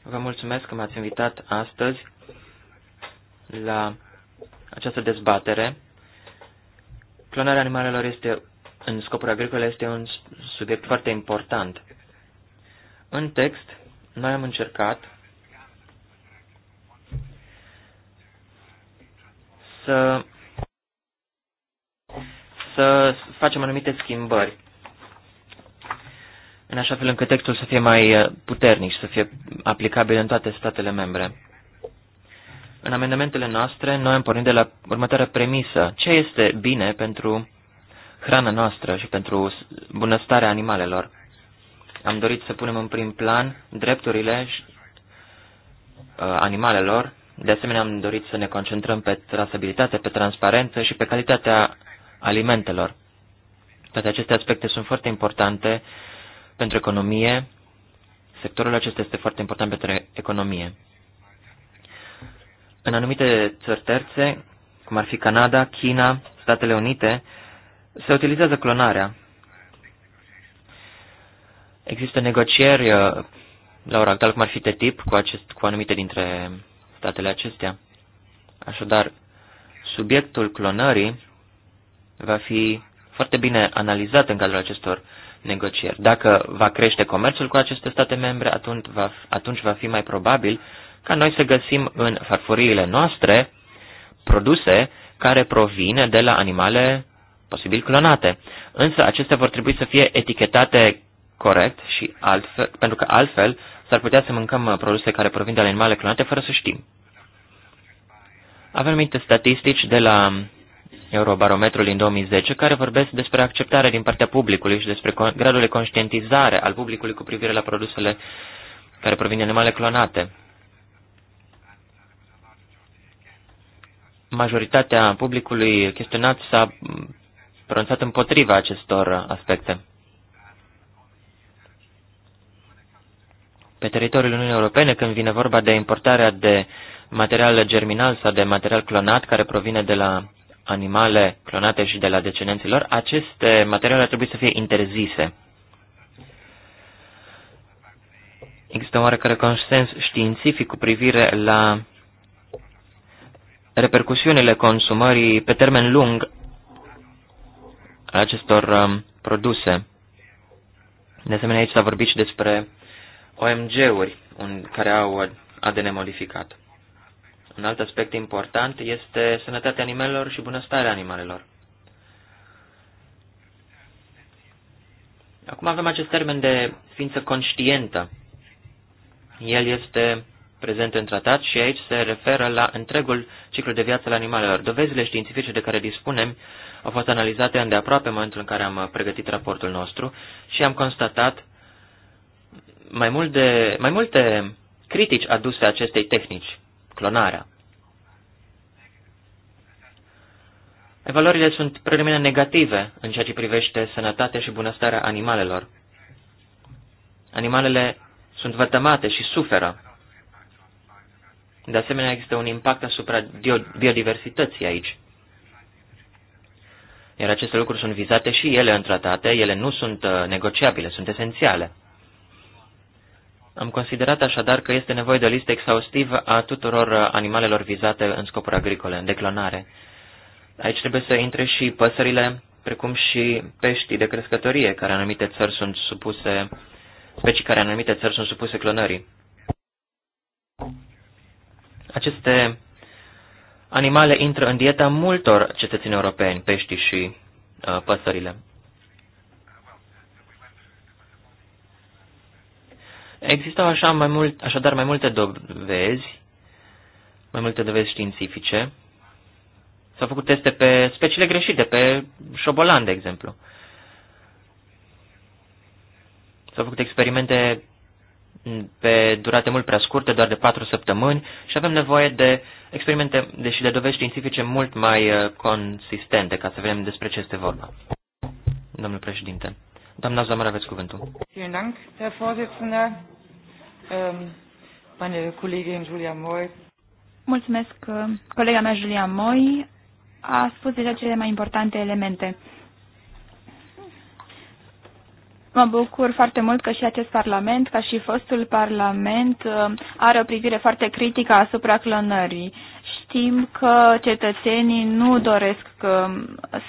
vă mulțumesc că m-ați invitat astăzi la această dezbatere Clonarea animalelor este, în scopuri agricole este un subiect foarte important. În text, noi am încercat să, să facem anumite schimbări, în așa fel încât textul să fie mai uh, puternic și să fie aplicabil în toate statele membre. În amendamentele noastre, noi am pornit de la următoarea premisă. Ce este bine pentru hrana noastră și pentru bunăstarea animalelor? Am dorit să punem în prim plan drepturile uh, animalelor. De asemenea, am dorit să ne concentrăm pe trasabilitate, pe transparență și pe calitatea alimentelor. Toate aceste aspecte sunt foarte importante pentru economie. Sectorul acesta este foarte important pentru economie. În anumite țări terțe, cum ar fi Canada, China, Statele Unite, se utilizează clonarea. Există negocieri uh, la ora actuală, cum ar fi TTIP, cu, acest, cu anumite dintre statele acestea. Așadar, subiectul clonării va fi foarte bine analizat în cadrul acestor negocieri. Dacă va crește comerțul cu aceste state membre, atunci va, atunci va fi mai probabil ca noi să găsim în farfuriile noastre produse care provin de la animale posibil clonate. Însă acestea vor trebui să fie etichetate corect și altfel, pentru că altfel s-ar putea să mâncăm produse care provin de la animale clonate fără să știm. Avem minte statistici de la Eurobarometrul din 2010 care vorbesc despre acceptarea din partea publicului și despre gradul de conștientizare al publicului cu privire la produsele care provin de animale clonate. majoritatea publicului chestionat s-a pronunțat împotriva acestor aspecte. Pe teritoriul Uniunii Europene, când vine vorba de importarea de material germinal sau de material clonat care provine de la animale clonate și de la decenenților, aceste materiale trebuie să fie interzise. Există un oarecare consens științific cu privire la repercusiunile consumării pe termen lung a acestor um, produse. De asemenea, aici s-a vorbit și despre OMG-uri care au ADN modificat. Un alt aspect important este sănătatea animalelor și bunăstarea animalelor. Acum avem acest termen de ființă conștientă. El este prezent în tratat și aici se referă la întregul ciclul de viață al animalelor. Dovezile științifice de care dispunem au fost analizate îndeaproape în momentul în care am uh, pregătit raportul nostru și am constatat mai, mult de, mai multe critici aduse acestei tehnici, clonarea. Evaluările sunt preliminar negative în ceea ce privește sănătatea și bunăstarea animalelor. Animalele sunt vătămate și suferă. De asemenea, există un impact asupra biodiversității aici. Iar aceste lucruri sunt vizate și ele în tratate, ele nu sunt uh, negociabile, sunt esențiale. Am considerat așadar că este nevoie de o listă exhaustivă a tuturor uh, animalelor vizate în scopuri agricole, în declonare. Aici trebuie să intre și păsările, precum și peștii de crescătorie, care în anumite țări sunt supuse, specii care în anumite țări sunt supuse clonării. Aceste animale intră în dieta multor cetățeni europeni, peștii și uh, păsările. Există așa mai mult, așadar mai multe dovezi, mai multe dovezi științifice. S-au făcut teste pe speciile greșite, pe șobolan, de exemplu. S-au făcut experimente pe durate mult prea scurte, doar de patru săptămâni, și avem nevoie de experimente deși de dovezi științifice mult mai uh, consistente, ca să vedem despre ce este vorba. Domnul președinte. Doamna Zamăr, aveți cuvântul. Vielen Dank, Herr Vorsitzender. Ähm, meine Kollegin Julia Moy. Mulțumesc. Uh, colega mea, Julia Moy, a spus deja cele mai importante elemente. Mă bucur foarte mult că și acest Parlament, ca și fostul Parlament, are o privire foarte critică asupra clonării. Știm că cetățenii nu doresc,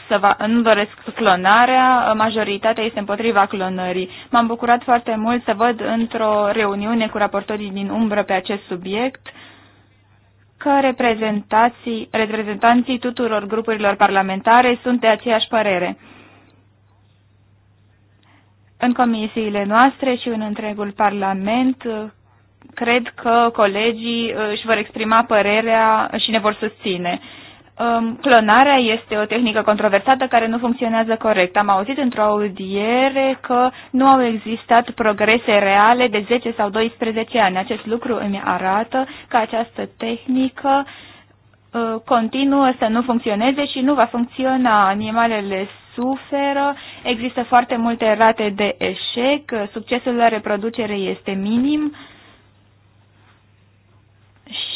să va, nu doresc clonarea, majoritatea este împotriva clonării. M-am bucurat foarte mult să văd într-o reuniune cu raportorii din umbră pe acest subiect că reprezentanții tuturor grupurilor parlamentare sunt de aceeași părere în comisiile noastre și în întregul Parlament. Cred că colegii uh, își vor exprima părerea și ne vor susține. Um, clonarea este o tehnică controversată care nu funcționează corect. Am auzit într-o audiere că nu au existat progrese reale de 10 sau 12 ani. Acest lucru îmi arată că această tehnică uh, continuă să nu funcționeze și nu va funcționa. Animalele suferă, există foarte multe rate de eșec, succesul la reproducere este minim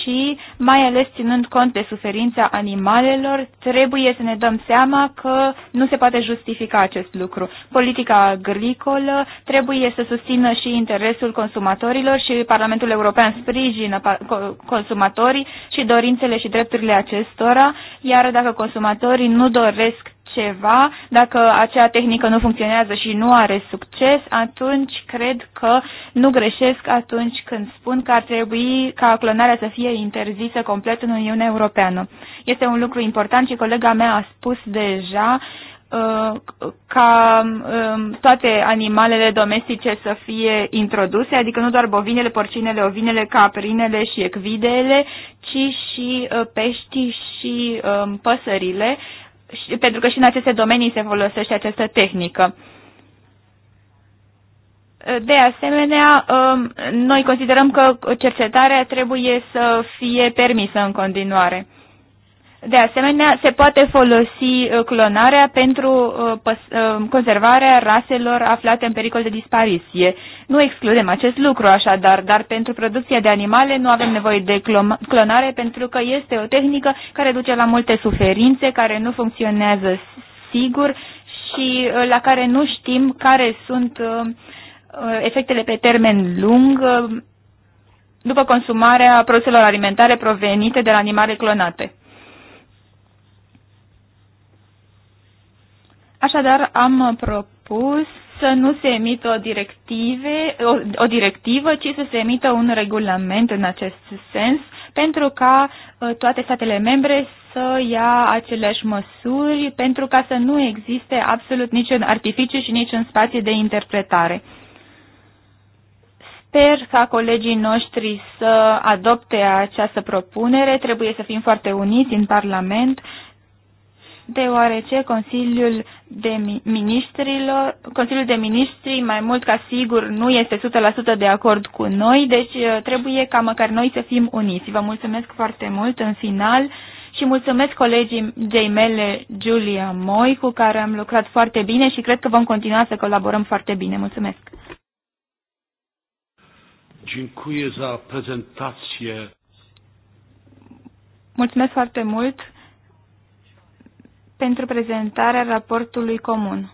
și, mai ales ținând cont de suferința animalelor, trebuie să ne dăm seama că nu se poate justifica acest lucru. Politica agricolă trebuie să susțină și interesul consumatorilor și Parlamentul European sprijină consumatorii și dorințele și drepturile acestora, iar dacă consumatorii nu doresc ceva, dacă acea tehnică nu funcționează și nu are succes, atunci cred că nu greșesc atunci când spun că ar trebui ca clonarea să fie interzisă complet în Uniunea Europeană. Este un lucru important și colega mea a spus deja uh, ca um, toate animalele domestice să fie introduse, adică nu doar bovinele, porcinele, ovinele, caprinele și ecvidele, ci și uh, peștii și um, păsările, și, pentru că și în aceste domenii se folosește această tehnică. De asemenea, um, noi considerăm că cercetarea trebuie să fie permisă în continuare. De asemenea, se poate folosi uh, clonarea pentru uh, uh, conservarea raselor aflate în pericol de dispariție. Nu excludem acest lucru așadar, dar pentru producția de animale nu avem nevoie de clonare pentru că este o tehnică care duce la multe suferințe, care nu funcționează sigur și la care nu știm care sunt efectele pe termen lung după consumarea produselor alimentare provenite de la animale clonate. Așadar, am propus să nu se emită o, directive, o, o directivă, ci să se emită un regulament în acest sens, pentru ca ă, toate statele membre să ia aceleași măsuri, pentru ca să nu existe absolut niciun artificiu și niciun spațiu de interpretare. Sper ca colegii noștri să adopte această propunere. Trebuie să fim foarte uniți în Parlament deoarece Consiliul de Ministrilor, Consiliul de Ministri mai mult ca sigur nu este 100% de acord cu noi, deci uh, trebuie ca măcar noi să fim uniți. Vă mulțumesc foarte mult în final și mulțumesc colegii Jay mele, Julia Moi, cu care am lucrat foarte bine și cred că vom continua să colaborăm foarte bine. Mulțumesc! Dziękuję za prezentację. Mulțumesc foarte mult pentru prezentarea raportului comun.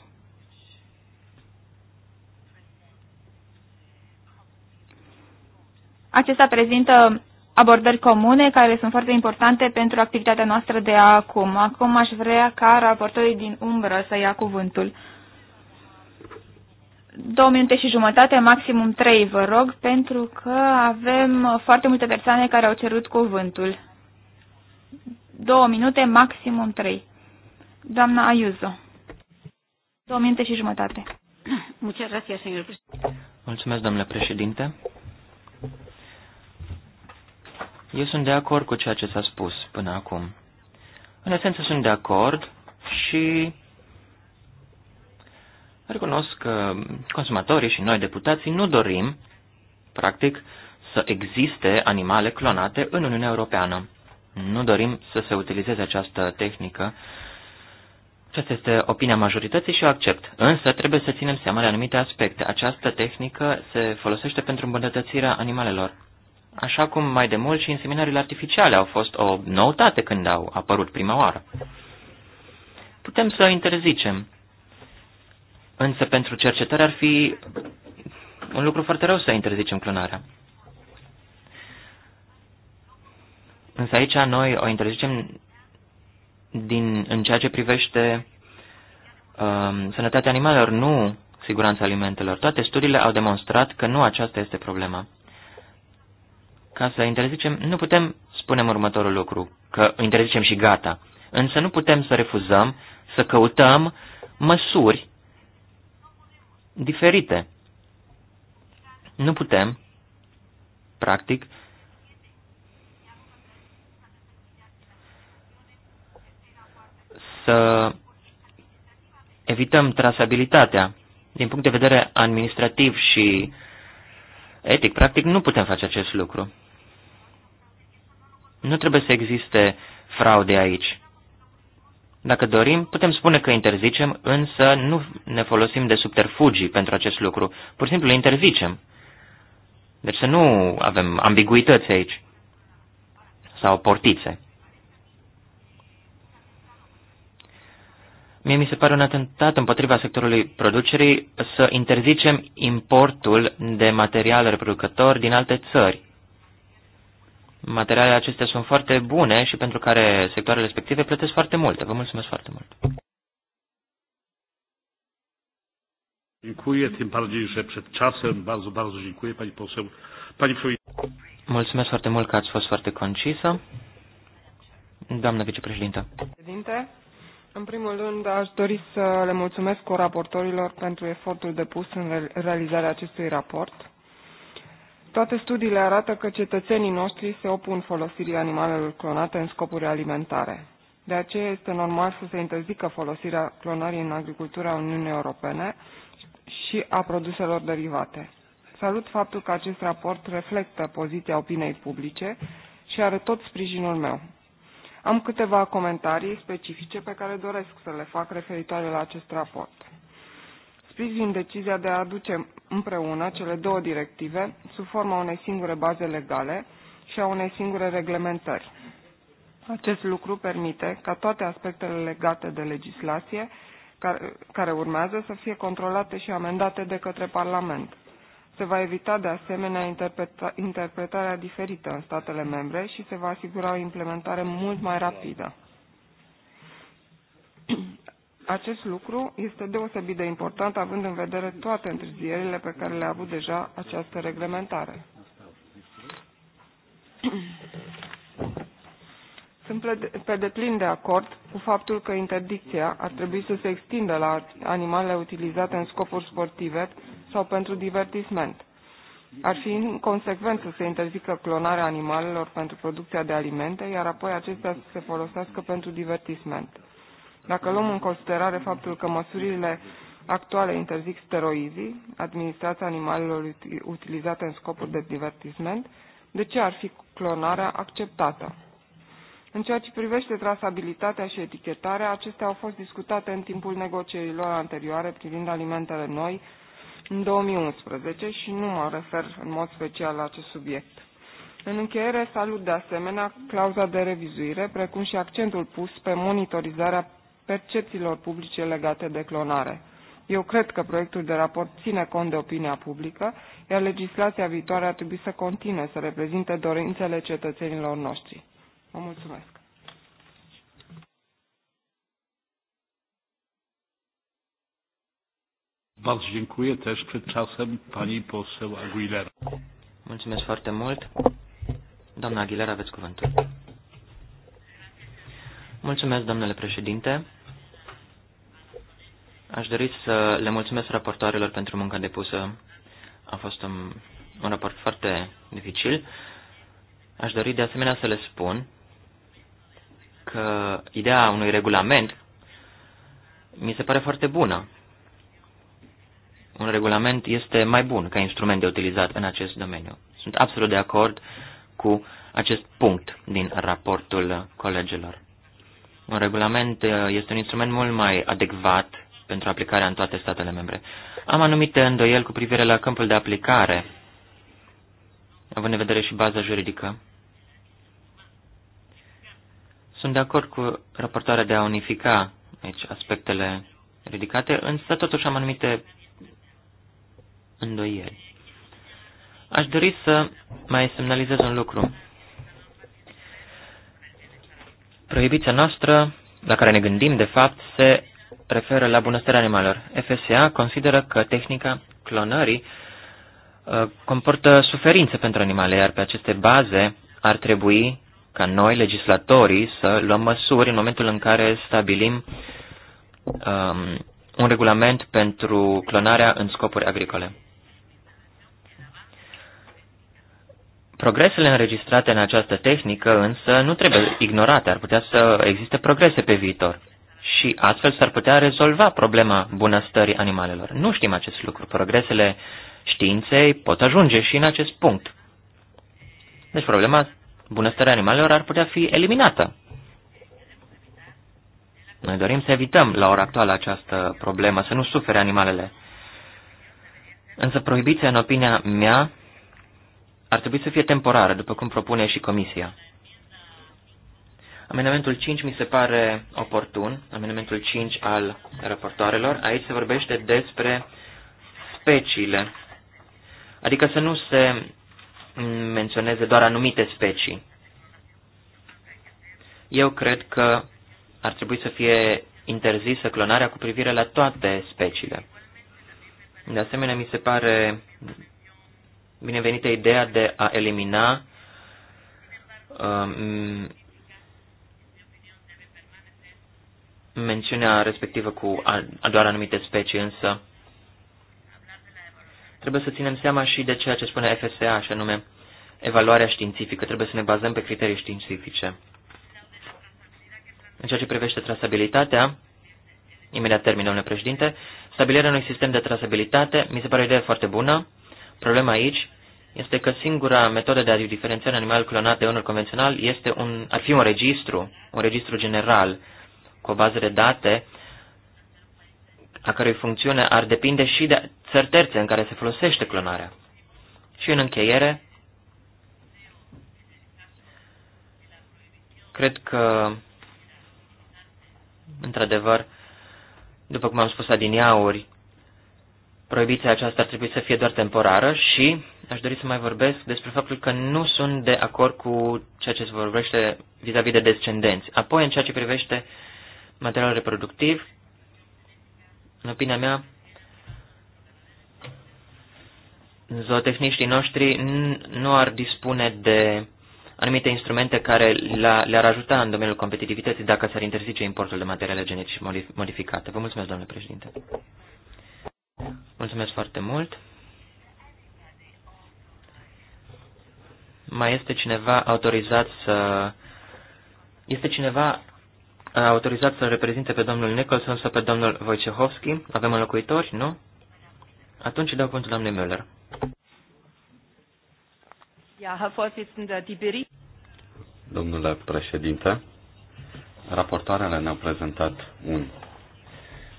Acesta prezintă abordări comune care sunt foarte importante pentru activitatea noastră de acum. Acum aș vrea ca raportorii din umbră să ia cuvântul. Două minute și jumătate, maximum trei, vă rog, pentru că avem foarte multe persoane care au cerut cuvântul. Două minute, maximum trei. Doamna Ayuso. Două minute și jumătate. Muchas gracias, señor presidente. Mulțumesc, domnule președinte. Eu sunt de acord cu ceea ce s-a spus până acum. În esență sunt de acord și recunosc că consumatorii și noi deputații nu dorim, practic, să existe animale clonate în Uniunea Europeană. Nu dorim să se utilizeze această tehnică aceasta este opinia majorității și o accept. Însă trebuie să ținem seama de anumite aspecte. Această tehnică se folosește pentru îmbunătățirea animalelor. Așa cum mai de mult și inseminările artificiale au fost o noutate când au apărut prima oară. Putem să o interzicem. Însă pentru cercetare ar fi un lucru foarte rău să interzicem clonarea. Însă aici noi o interzicem din, în ceea ce privește um, sănătatea animalelor, nu siguranța alimentelor. Toate studiile au demonstrat că nu aceasta este problema. Ca să interzicem, nu putem spunem următorul lucru, că interzicem și gata. Însă nu putem să refuzăm să căutăm măsuri diferite. Nu putem, practic, să evităm trasabilitatea. Din punct de vedere administrativ și etic, practic, nu putem face acest lucru. Nu trebuie să existe fraude aici. Dacă dorim, putem spune că interzicem, însă nu ne folosim de subterfugii pentru acest lucru. Pur și simplu interzicem. Deci să nu avem ambiguități aici sau portițe. Mie mi se pare un atentat împotriva sectorului producerii să interzicem importul de material reproducător din alte țări. Materialele acestea sunt foarte bune și pentru care sectoarele respective plătesc foarte multe. Vă mulțumesc foarte mult. Mulțumesc foarte mult că ați fost foarte concisă. Doamna vicepreședintă. În primul rând, aș dori să le mulțumesc coraportorilor pentru efortul depus în realizarea acestui raport. Toate studiile arată că cetățenii noștri se opun folosirii animalelor clonate în scopuri alimentare. De aceea este normal să se interzică folosirea clonării în agricultura Uniunii Europene și a produselor derivate. Salut faptul că acest raport reflectă poziția opiniei publice și are tot sprijinul meu. Am câteva comentarii specifice pe care doresc să le fac referitoare la acest raport. Sprijin decizia de a aduce împreună cele două directive sub forma unei singure baze legale și a unei singure reglementări. Acest lucru permite ca toate aspectele legate de legislație care, care urmează să fie controlate și amendate de către Parlament. Se va evita de asemenea interpreta interpretarea diferită în statele membre și se va asigura o implementare mult mai rapidă. Acest lucru este deosebit de important având în vedere toate întârzierile pe care le-a avut deja această reglementare. Sunt pe deplin de acord cu faptul că interdicția ar trebui să se extindă la animalele utilizate în scopuri sportive sau pentru divertisment. Ar fi inconsecvent să se interzică clonarea animalelor pentru producția de alimente, iar apoi acestea să se folosească pentru divertisment. Dacă luăm în considerare faptul că măsurile actuale interzic steroizii, administrația animalelor utilizate în scopuri de divertisment, de ce ar fi clonarea acceptată? În ceea ce privește trasabilitatea și etichetarea, acestea au fost discutate în timpul negocierilor anterioare privind alimentele noi, în 2011 și nu mă refer în mod special la acest subiect. În încheiere, salut de asemenea clauza de revizuire, precum și accentul pus pe monitorizarea percepțiilor publice legate de clonare. Eu cred că proiectul de raport ține cont de opinia publică, iar legislația viitoare ar trebui să continue să reprezinte dorințele cetățenilor noștri. Vă mulțumesc! Bardzo dziękuję też przed czasem pani poseł Aguilera. Mulțumesc foarte mult. Doamna Aguilera, aveți cuvântul. Mulțumesc, domnule președinte. Aș dori să le mulțumesc raportoarelor pentru munca depusă. A fost un, un raport foarte dificil. Aș dori de asemenea să le spun că ideea unui regulament mi se pare foarte bună un regulament este mai bun ca instrument de utilizat în acest domeniu. Sunt absolut de acord cu acest punct din raportul colegilor. Un regulament uh, este un instrument mult mai adecvat pentru aplicarea în toate statele membre. Am anumite îndoieli cu privire la câmpul de aplicare, având în vedere și baza juridică. Sunt de acord cu raportarea de a unifica aici aspectele ridicate, însă totuși am anumite îndoieli. Aș dori să mai semnalizez un lucru. Prohibiția noastră, la care ne gândim, de fapt, se referă la bunăstarea animalelor. FSA consideră că tehnica clonării uh, comportă suferințe pentru animale, iar pe aceste baze ar trebui ca noi, legislatorii, să luăm măsuri în momentul în care stabilim um, un regulament pentru clonarea în scopuri agricole. Progresele înregistrate în această tehnică însă nu trebuie ignorate, ar putea să existe progrese pe viitor și astfel s-ar putea rezolva problema bunăstării animalelor. Nu știm acest lucru. Progresele științei pot ajunge și în acest punct. Deci problema bunăstării animalelor ar putea fi eliminată. Noi dorim să evităm la ora actuală această problemă, să nu sufere animalele. Însă prohibiția, în opinia mea, ar trebui să fie temporară, după cum propune și Comisia. Amendamentul 5 mi se pare oportun, amendamentul 5 al raportoarelor. Aici se vorbește despre speciile, adică să nu se menționeze doar anumite specii. Eu cred că ar trebui să fie interzisă clonarea cu privire la toate speciile. De asemenea, mi se pare binevenită ideea de a elimina um, mențiunea respectivă cu doar anumite specii, însă trebuie să ținem seama și de ceea ce spune FSA, și anume evaluarea științifică. Trebuie să ne bazăm pe criterii științifice. În ceea ce privește trasabilitatea, imediat termin, domnule președinte, stabilirea unui sistem de trasabilitate mi se pare o idee foarte bună. Problema aici este că singura metodă de a diferenția un animal clonat de unul convențional este un, ar fi un registru, un registru general cu o bază de date a cărui funcțiune ar depinde și de țări terțe în care se folosește clonarea. Și în încheiere, cred că, într-adevăr, după cum am spus adineauri, prohibiția aceasta ar trebui să fie doar temporară și aș dori să mai vorbesc despre faptul că nu sunt de acord cu ceea ce se vorbește vis-a-vis -vis de descendenți. Apoi, în ceea ce privește materialul reproductiv, în opinia mea, zootehniștii noștri nu ar dispune de anumite instrumente care le-ar ajuta în domeniul competitivității dacă s-ar interzice importul de materiale genetice modificate. Vă mulțumesc, domnule președinte. Mulțumesc foarte mult. Mai este cineva autorizat să... Este cineva uh, autorizat să reprezinte pe domnul Nicholson sau pe domnul Wojciechowski? Avem înlocuitori, nu? Atunci dau cuvântul doamnei Müller. Domnule președinte, raportoarele ne-au prezentat un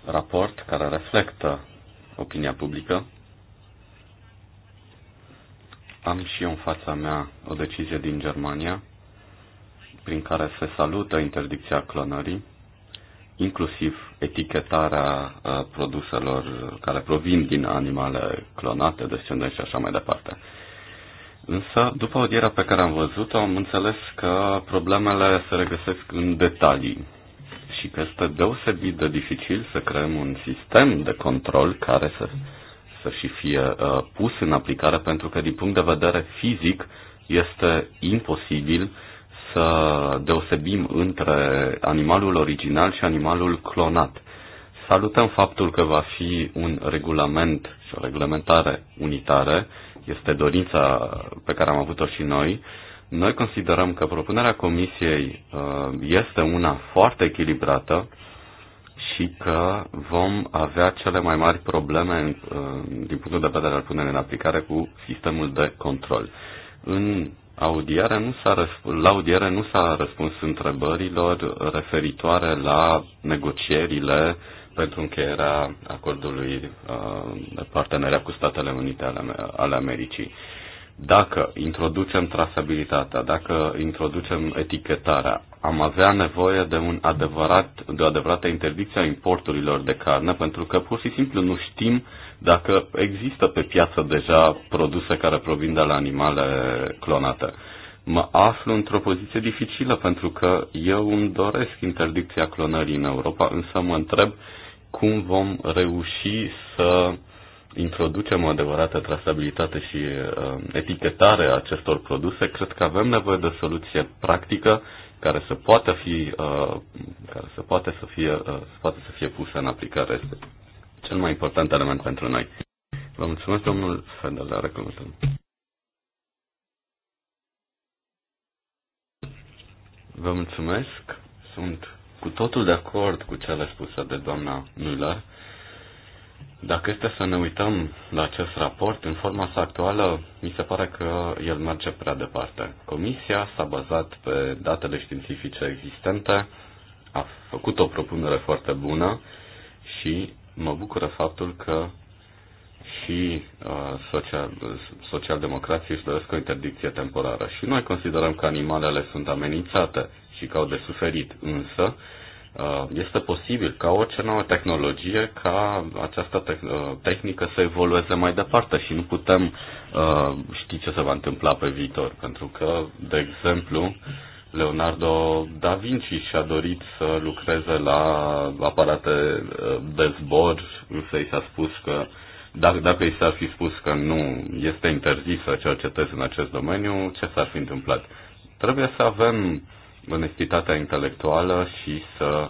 raport care reflectă opinia publică am și eu în fața mea o decizie din Germania prin care se salută interdicția clonării, inclusiv etichetarea uh, produselor care provin din animale clonate, descendenți și așa mai departe. Însă, după audierea pe care am văzut-o, am înțeles că problemele se regăsesc în detalii și că este deosebit de dificil să creăm un sistem de control care să să și fie uh, pus în aplicare, pentru că din punct de vedere fizic este imposibil să deosebim între animalul original și animalul clonat. Salutăm faptul că va fi un regulament și o reglementare unitare, este dorința pe care am avut-o și noi. Noi considerăm că propunerea Comisiei uh, este una foarte echilibrată, și că vom avea cele mai mari probleme din punctul de vedere al punerii în aplicare cu sistemul de control. În audiere nu s-a la audiere nu s-a răspuns întrebărilor referitoare la negocierile pentru încheierea acordului uh, de parteneriat cu Statele Unite ale Americii. Dacă introducem trasabilitatea, dacă introducem etichetarea, am avea nevoie de, un adevărat, de o adevărată interdicție a importurilor de carne, pentru că pur și simplu nu știm dacă există pe piață deja produse care provin de la animale clonate. Mă aflu într-o poziție dificilă pentru că eu îmi doresc interdicția clonării în Europa, însă mă întreb cum vom reuși să introducem o adevărată trasabilitate și uh, etichetare a acestor produse, cred că avem nevoie de o soluție practică care să poată fi, uh, care să poate să fie, uh, să poate să fie pusă în aplicare. Este cel mai important element pentru noi. Vă mulțumesc, domnul Fedel, la recomandări. Vă mulțumesc. Sunt cu totul de acord cu cele spuse de doamna Müller dacă este să ne uităm la acest raport, în forma sa actuală, mi se pare că el merge prea departe. Comisia s-a bazat pe datele științifice existente, a făcut o propunere foarte bună și mă bucură faptul că și uh, social, socialdemocrații își doresc o interdicție temporară. Și noi considerăm că animalele sunt amenințate și că au de suferit, însă Uh, este posibil ca orice nouă tehnologie, ca această uh, tehnică să evolueze mai departe și nu putem uh, ști ce se va întâmpla pe viitor, pentru că, de exemplu, Leonardo da Vinci și-a dorit să lucreze la aparate de zbor, însă i s-a spus că dacă, dacă i s-ar fi spus că nu este interzis să cercetezi în acest domeniu, ce s-ar fi întâmplat? Trebuie să avem onestitatea intelectuală și să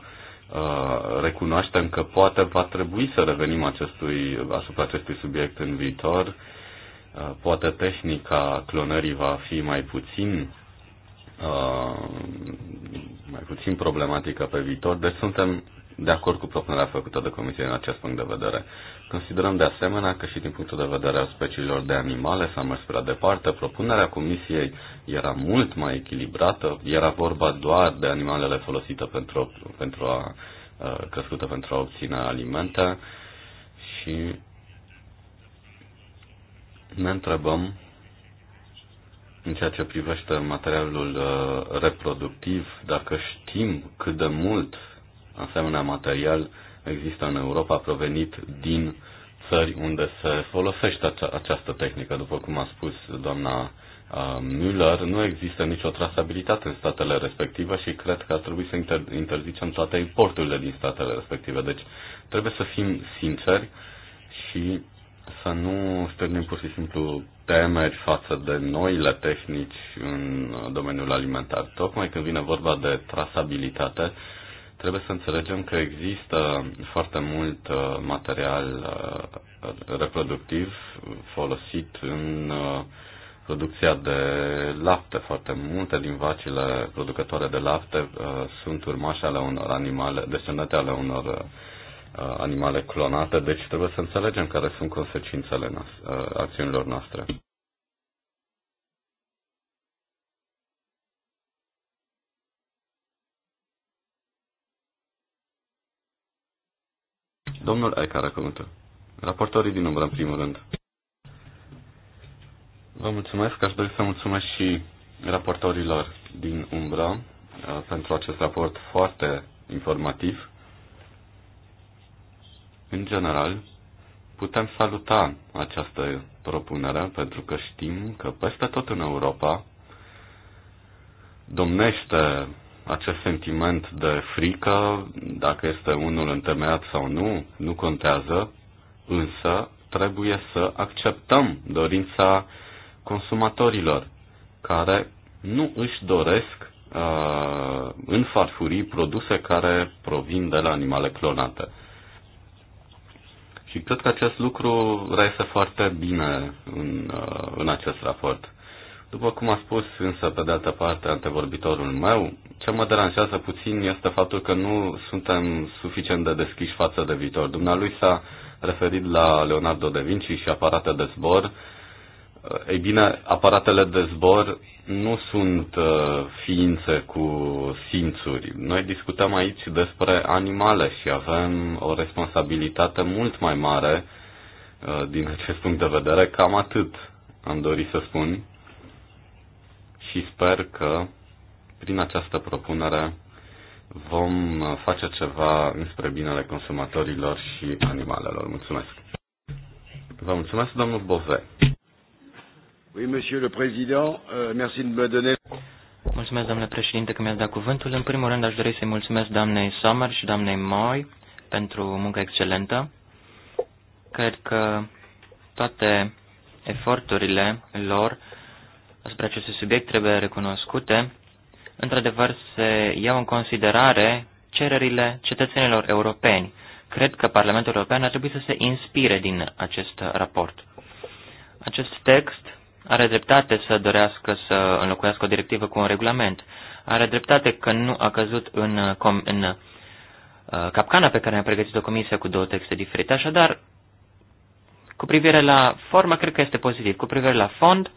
uh, recunoaștem că poate va trebui să revenim acestui, asupra acestui subiect în viitor. Uh, poate tehnica clonării va fi mai puțin uh, mai puțin problematică pe viitor, deci suntem de acord cu propunerea făcută de Comisie în acest punct de vedere. Considerăm de asemenea că și din punctul de vedere al speciilor de animale s-a mers prea departe. Propunerea Comisiei era mult mai echilibrată, era vorba doar de animalele folosite pentru, pentru a, crescute pentru a obține alimente și ne întrebăm în ceea ce privește materialul uh, reproductiv, dacă știm cât de mult asemenea material există în Europa provenit din țări unde se folosește ace- această tehnică. După cum a spus doamna Müller, nu există nicio trasabilitate în statele respective și cred că ar trebui să inter- interzicem toate importurile din statele respective. Deci trebuie să fim sinceri și să nu stârnim pur și simplu temeri față de noile tehnici în domeniul alimentar. Tocmai când vine vorba de trasabilitate, Trebuie să înțelegem că există foarte mult uh, material uh, reproductiv folosit în uh, producția de lapte. Foarte multe din vacile producătoare de lapte sunt urmași ale unor animale, descendente ale unor animale clonate, deci trebuie să înțelegem care sunt consecințele noastre, acțiunilor noastre. Domnul Eca are Raportorii din umbră, în primul rând. Vă mulțumesc. Aș dori să mulțumesc și raportorilor din umbră uh, pentru acest raport foarte informativ. În general, putem saluta această propunere pentru că știm că peste tot în Europa domnește acest sentiment de frică, dacă este unul întemeiat sau nu, nu contează, însă trebuie să acceptăm dorința consumatorilor care nu își doresc uh, în farfurii produse care provin de la animale clonate. Și cred că acest lucru reiese foarte bine în, uh, în acest raport. După cum a spus însă pe de altă parte antevorbitorul meu, ce mă deranjează puțin este faptul că nu suntem suficient de deschiși față de viitor. Dumnealui s-a referit la Leonardo da Vinci și aparate de zbor. Ei bine, aparatele de zbor nu sunt uh, ființe cu simțuri. Noi discutăm aici despre animale și avem o responsabilitate mult mai mare uh, din acest punct de vedere. Cam atât am dorit să spun și sper că prin această propunere vom face ceva înspre binele consumatorilor și animalelor. Mulțumesc. Vă mulțumesc, domnul Bove. Oui, monsieur le président, euh, merci de me donner... Mulțumesc, domnule președinte, că mi-ați dat cuvântul. În primul rând, aș dori să-i mulțumesc doamnei Sommer și doamnei Moi pentru munca excelentă. Cred că toate eforturile lor asupra acestui subiect trebuie recunoscute. Într-adevăr, se iau în considerare cererile cetățenilor europeni. Cred că Parlamentul European ar trebui să se inspire din acest raport. Acest text are dreptate să dorească să înlocuiască o directivă cu un regulament. Are dreptate că nu a căzut în, în uh, capcana pe care ne-a pregătit-o Comisia cu două texte diferite. Așadar, cu privire la formă, cred că este pozitiv. Cu privire la fond,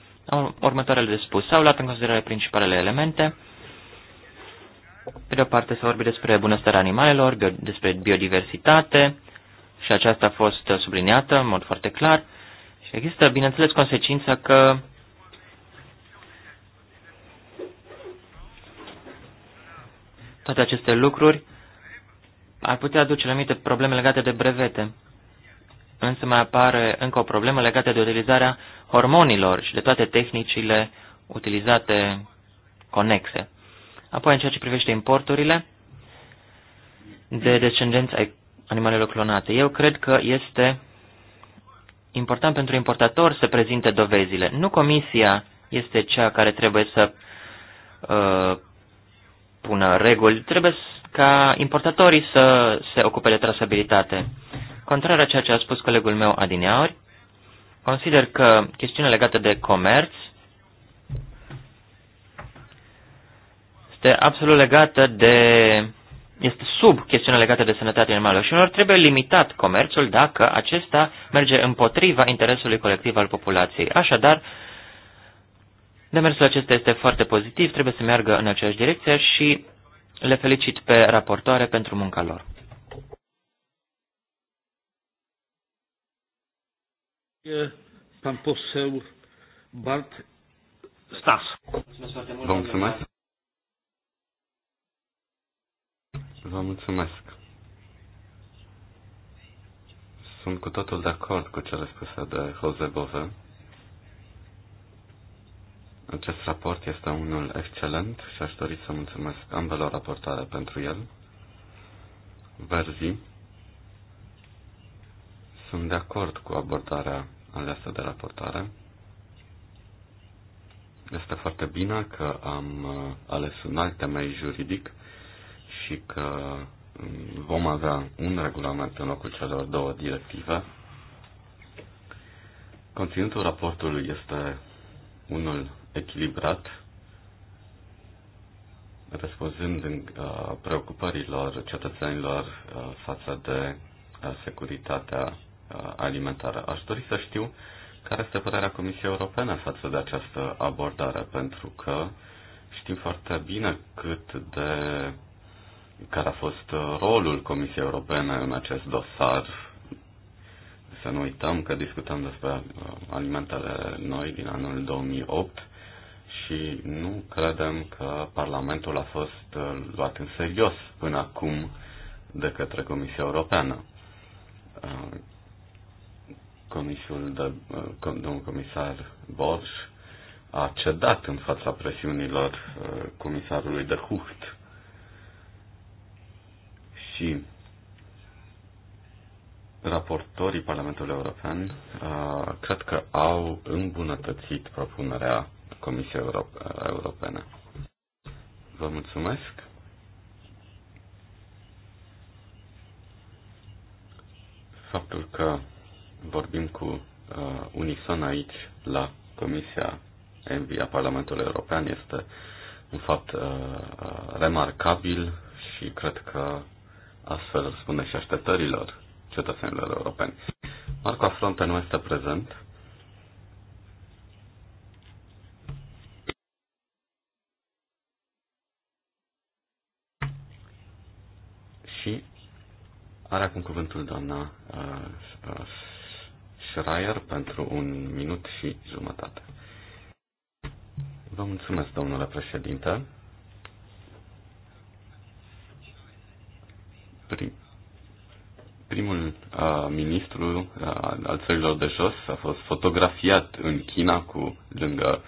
următoarele de spus. S-au luat în considerare principalele elemente. Pe de o parte s-a vorbit despre bunăstarea animalelor, bio, despre biodiversitate și aceasta a fost subliniată în mod foarte clar. Și există, bineînțeles, consecința că toate aceste lucruri ar putea aduce la probleme legate de brevete însă mai apare încă o problemă legată de utilizarea hormonilor și de toate tehnicile utilizate conexe. Apoi, în ceea ce privește importurile de descendenți ai animalelor clonate, eu cred că este important pentru importator să prezinte dovezile. Nu comisia este cea care trebuie să uh, pună reguli, trebuie ca importatorii să se ocupe de trasabilitate. Contrar a ceea ce a spus colegul meu adineauri, consider că chestiunea legată de comerț este absolut legată de este sub chestiunea legată de sănătatea animalelor și unor trebuie limitat comerțul dacă acesta merge împotriva interesului colectiv al populației. Așadar, demersul acesta este foarte pozitiv, trebuie să meargă în aceeași direcție și le felicit pe raportoare pentru munca lor. Pan poseł Bart Stas. Vă mulțumesc. Vă mulțumesc. Sunt cu totul de acord cu cele spuse de Jose Bove. Acest raport este unul excelent și aș dori să mulțumesc ambelor raportare pentru el. Verzi. Sunt de acord cu abordarea aleasă de raportare. Este foarte bine că am uh, ales un alt temei juridic și că um, vom avea un regulament în locul celor două directive. Conținutul raportului este unul echilibrat, răspunzând în, uh, preocupărilor cetățenilor uh, față de securitatea alimentară. Aș dori să știu care este părerea Comisiei Europene față de această abordare, pentru că știm foarte bine cât de care a fost rolul Comisiei Europene în acest dosar. Să nu uităm că discutăm despre uh, alimentele noi din anul 2008 și nu credem că Parlamentul a fost uh, luat în serios până acum de către Comisia Europeană. Uh, comisul de, uh, domnul comisar Borș a cedat în fața presiunilor uh, comisarului de Hucht și raportorii Parlamentului European uh, cred că au îmbunătățit propunerea Comisiei Europene. Vă mulțumesc! Faptul că vorbim cu uh, unison aici la Comisia Envi a Parlamentului European este un fapt uh, uh, remarcabil și cred că astfel răspunde și așteptărilor cetățenilor europeni. Marco Afronte nu este prezent. Și are acum cuvântul doamna uh, uh, Schreier pentru un minut și jumătate. Vă mulțumesc, domnule președinte. Prim, primul uh, ministru uh, al țărilor de jos a fost fotografiat în China cu lângă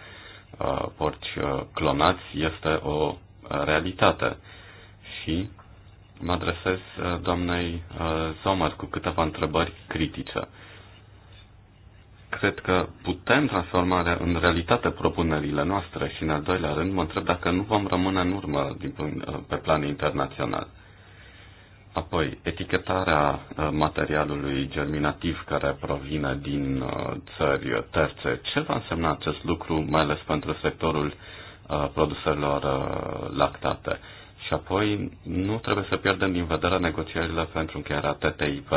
uh, porci uh, clonați. Este o uh, realitate. Și mă adresez uh, doamnei uh, Sommer cu câteva întrebări critice. Cred că putem transforma în realitate propunerile noastre și, în al doilea rând, mă întreb dacă nu vom rămâne în urmă din, uh, pe plan internațional. Apoi, etichetarea uh, materialului germinativ care provine din uh, țări terțe. Ce va însemna acest lucru, mai ales pentru sectorul produselor lactate? Și apoi, nu trebuie să pierdem din vedere negocierile pentru încheierea TTIP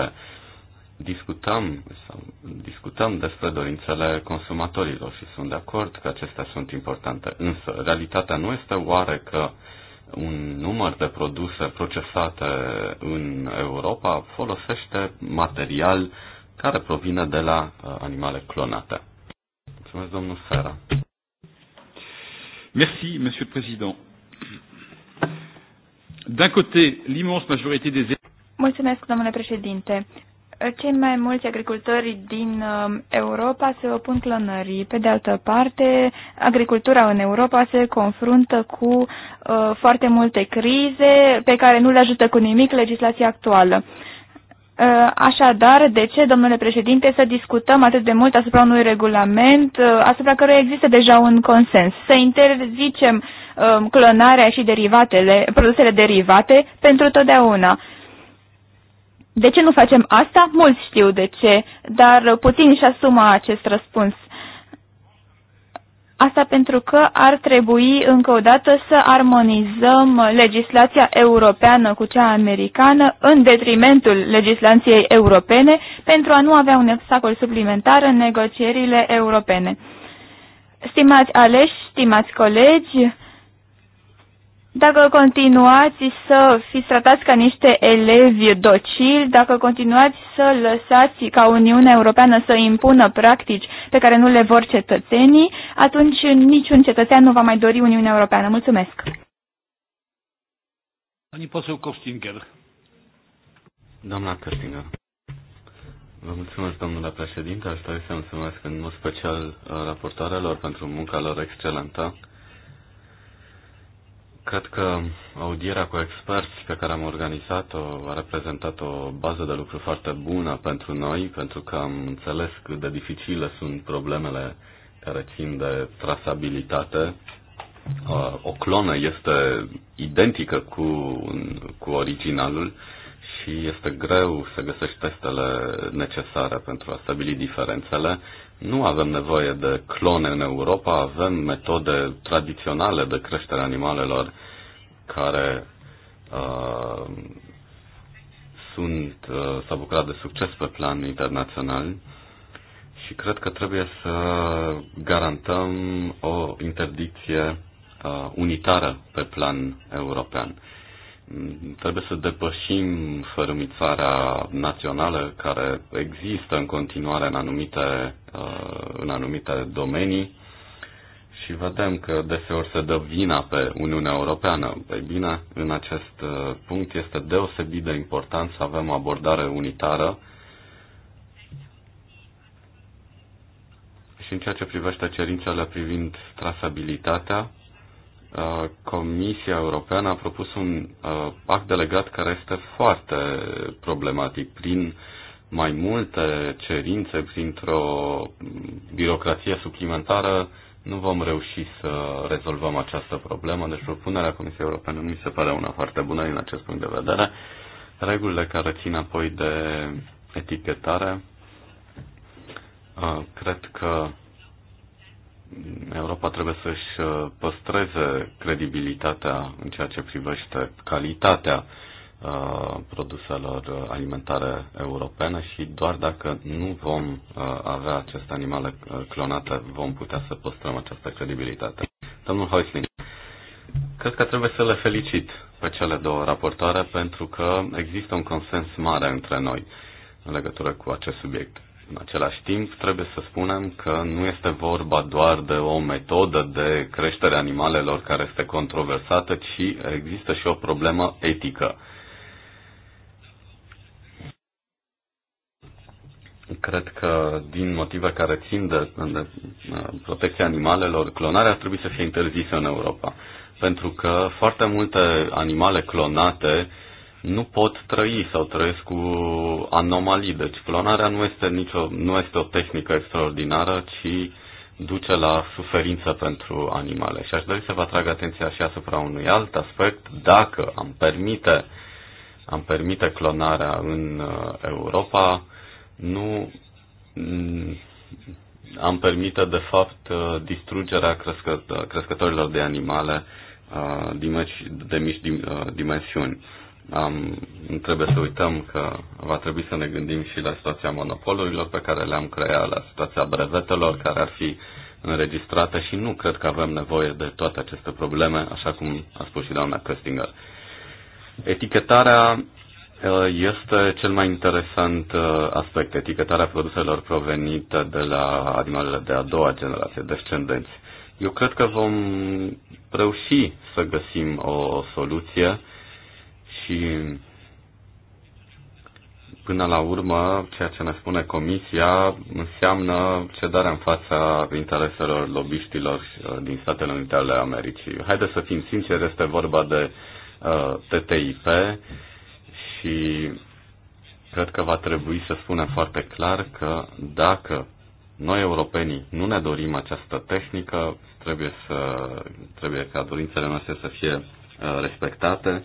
discutăm, sau discutăm despre dorințele consumatorilor și sunt de acord că acestea sunt importante. Însă, realitatea nu este oare că un număr de produse procesate în Europa folosește material care provine de la uh, animale clonate. Mulțumesc, domnul Sera. Merci, Monsieur le Président. D'un côté, l'immense majorité des Mulțumesc, domnule președinte cei mai mulți agricultori din um, Europa se opun clonării. Pe de altă parte, agricultura în Europa se confruntă cu uh, foarte multe crize pe care nu le ajută cu nimic legislația actuală. Uh, așadar, de ce, domnule președinte, să discutăm atât de mult asupra unui regulament uh, asupra căruia există deja un consens? Să interzicem um, clonarea și derivatele, produsele derivate pentru totdeauna de ce nu facem asta? Mulți știu de ce, dar puțin își asumă acest răspuns. Asta pentru că ar trebui încă o dată să armonizăm legislația europeană cu cea americană în detrimentul legislației europene pentru a nu avea un obstacol suplimentar în negocierile europene. Stimați aleși, stimați colegi, dacă continuați să fiți tratați ca niște elevi docili, dacă continuați să lăsați ca Uniunea Europeană să impună practici pe care nu le vor cetățenii, atunci niciun cetățean nu va mai dori Uniunea Europeană. Mulțumesc! Ani poseu Costinger. Doamna Costinger. Vă mulțumesc, domnule președinte. Aș dori să mulțumesc în mod special uh, raportoarelor pentru munca lor excelentă Cred că audierea cu experți pe care am organizat-o a reprezentat o bază de lucru foarte bună pentru noi, pentru că am înțeles cât de dificile sunt problemele care țin de trasabilitate. O clonă este identică cu, cu originalul și este greu să găsești testele necesare pentru a stabili diferențele. Nu avem nevoie de clone în Europa, avem metode tradiționale de creștere animalelor care uh, sunt, uh, s-au bucurat de succes pe plan internațional și cred că trebuie să garantăm o interdicție uh, unitară pe plan european. Trebuie să depășim fărâmițarea națională care există în continuare în anumite, uh, în anumite domenii și vedem că deseori se dă vina pe Uniunea Europeană. Ei bine, în acest uh, punct este deosebit de important să avem o abordare unitară și în ceea ce privește cerințele privind trasabilitatea, Uh, Comisia Europeană a propus un uh, act delegat care este foarte problematic prin mai multe cerințe, printr-o birocrație suplimentară, nu vom reuși să rezolvăm această problemă, deci propunerea Comisiei Europene nu mi se pare una foarte bună din acest punct de vedere. Regulile care țin apoi de etichetare, uh, cred că Europa trebuie să-și uh, păstreze credibilitatea în ceea ce privește calitatea uh, produselor alimentare europene și doar dacă nu vom uh, avea aceste animale clonate, vom putea să păstrăm această credibilitate. Domnul Heusling, cred că trebuie să le felicit pe cele două raportoare pentru că există un consens mare între noi în legătură cu acest subiect. În același timp, trebuie să spunem că nu este vorba doar de o metodă de creștere animalelor care este controversată, ci există și o problemă etică. Cred că din motive care țin de, de protecția animalelor, clonarea ar trebui să fie interzisă în Europa. Pentru că foarte multe animale clonate uh, nu pot trăi sau trăiesc cu anomalii. Deci clonarea nu este, nicio, nu este o tehnică extraordinară, ci duce la suferință pentru animale. Și aș dori să vă atrag atenția și asupra unui alt aspect. Dacă am permite, am permite clonarea în uh, Europa, nu mm, am permite, de fapt, uh, distrugerea crescă, crescătorilor de animale uh, de mici dimensiuni am, trebuie să uităm că va trebui să ne gândim și la situația monopolurilor pe care le-am creat, la situația brevetelor care ar fi înregistrate și nu cred că avem nevoie de toate aceste probleme, așa cum a spus și doamna Köstinger. Etichetarea uh, este cel mai interesant uh, aspect, etichetarea produselor provenite de la animalele de a doua generație, descendenți. Eu cred că vom reuși să găsim o soluție și până la urmă, ceea ce ne spune Comisia înseamnă cedarea în fața intereselor lobiștilor uh, din Statele Unite ale Americii. Haideți să fim sinceri, este vorba de uh, TTIP și cred că va trebui să spunem foarte clar că dacă noi europenii nu ne dorim această tehnică, trebuie, să, trebuie ca dorințele noastre să fie uh, respectate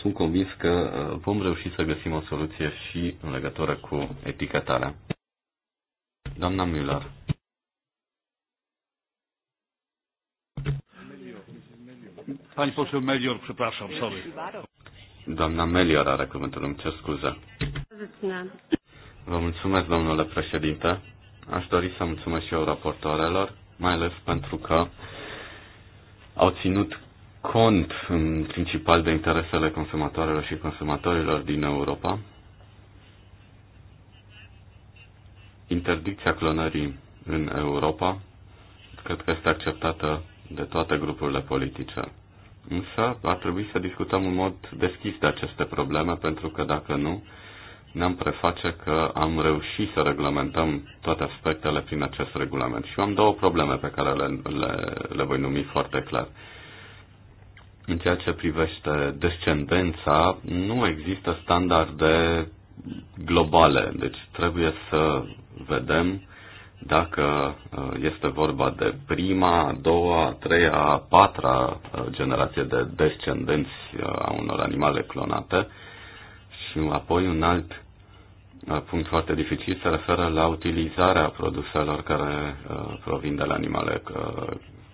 sunt convins că uh, vom reuși să găsim o soluție și în legătură cu etichetarea. Doamna Müller. Pani poseł Melior, przepraszam, sorry. Doamna Melior are cuvântul, îmi cer scuze. Vă mulțumesc, domnule președinte. Aș dori să mulțumesc și eu raportoarelor, mai ales pentru că au ținut cont în principal de interesele consumatoarelor și consumatorilor din Europa. Interdicția clonării în Europa cred că este acceptată de toate grupurile politice. Însă ar trebui să discutăm în mod deschis de aceste probleme, pentru că dacă nu, ne-am preface că am reușit să reglementăm toate aspectele prin acest regulament. Și eu am două probleme pe care le, le, le voi numi foarte clar. În ceea ce privește descendența, nu există standarde globale, deci trebuie să vedem dacă uh, este vorba de prima, a doua, a treia, a patra uh, generație de descendenți uh, a unor animale clonate și apoi un alt punct foarte dificil se referă la utilizarea produselor care provin de la animale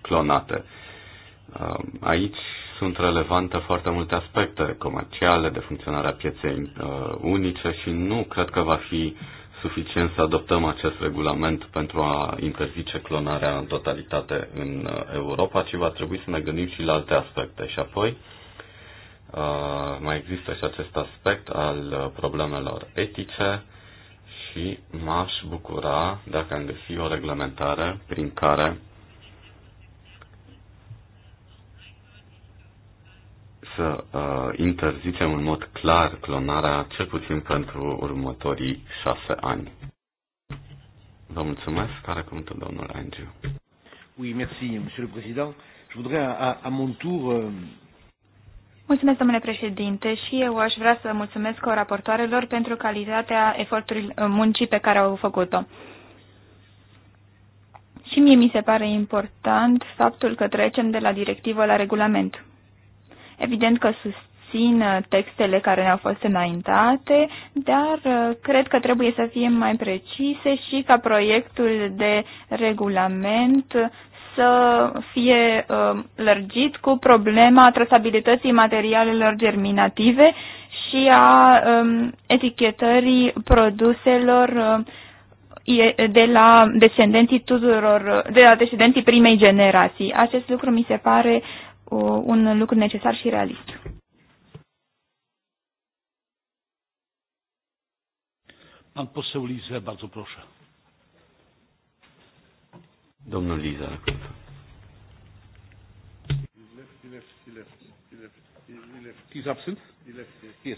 clonate. Aici sunt relevante foarte multe aspecte comerciale de funcționarea pieței uh, unice și nu cred că va fi suficient să adoptăm acest regulament pentru a interzice clonarea în totalitate în uh, Europa, ci va trebui să ne gândim și la alte aspecte. Și apoi uh, mai există și acest aspect al problemelor etice și m-aș bucura dacă am găsit o reglementare prin care să uh, interzicem în mod clar clonarea, cel puțin pentru următorii șase ani. Vă mulțumesc. Care cuvântul domnul Angiu? Oui, merci, monsieur le président. Je voudrais à, à mon tour euh... Mulțumesc, domnule președinte, și eu aș vrea să mulțumesc raportoarelor pentru calitatea eforturilor uh, muncii pe care au făcut-o. Și mie mi se pare important faptul că trecem de la directivă la regulament. Evident că susțin uh, textele care ne-au fost înaintate, dar uh, cred că trebuie să fie mai precise și ca proiectul de regulament să fie uh, lărgit cu problema trasabilității materialelor germinative și a um, etichetării produselor de la descendenții tuturor, de la descendenții primei generații. Acest lucru mi se pare un lucru necesar și realist. Pan poseł Lize, bardzo proszę. Domnul Liza. He's absent? Yes.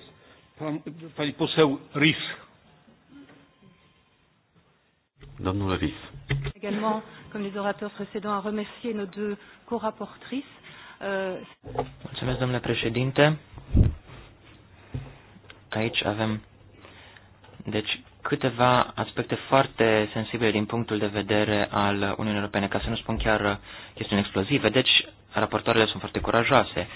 Pan, pani poseł Ris. Domnul Ris. Également, comme les orateurs précédents, à remercier nos deux co-rapportrices Mulțumesc, domnule președinte. Aici avem, deci, câteva aspecte foarte sensibile din punctul de vedere al Uniunii Europene, ca să nu spun chiar chestiuni explozive, deci raportoarele sunt foarte curajoase.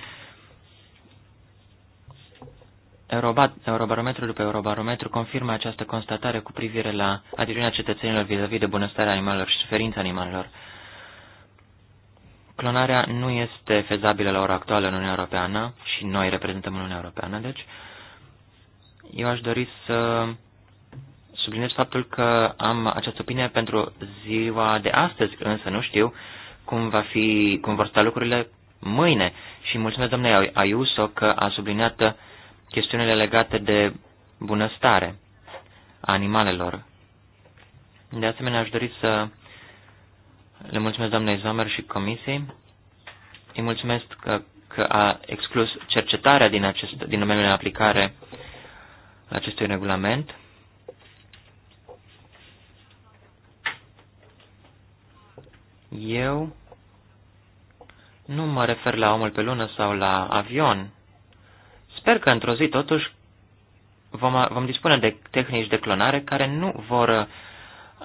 Eurobarometrul după Eurobarometru confirmă această constatare cu privire la adiunea cetățenilor vis-a-vis -vis de bunăstarea animalelor și suferința animalelor. Clonarea nu este fezabilă la ora actuală în Uniunea Europeană și noi reprezentăm Uniunea Europeană, deci eu aș dori să subliniez faptul că am această opinie pentru ziua de astăzi, însă nu știu cum, va fi, cum vor sta lucrurile mâine. Și mulțumesc domnului Ayuso că a subliniat chestiunile legate de bunăstare a animalelor. De asemenea, aș dori să le mulțumesc doamnei Zomer și comisiei. Îi mulțumesc că, că a exclus cercetarea din, acest, din domeniul de aplicare acestui regulament. Eu nu mă refer la omul pe lună sau la avion. Sper că într-o zi, totuși, vom, vom dispune de tehnici de clonare care nu vor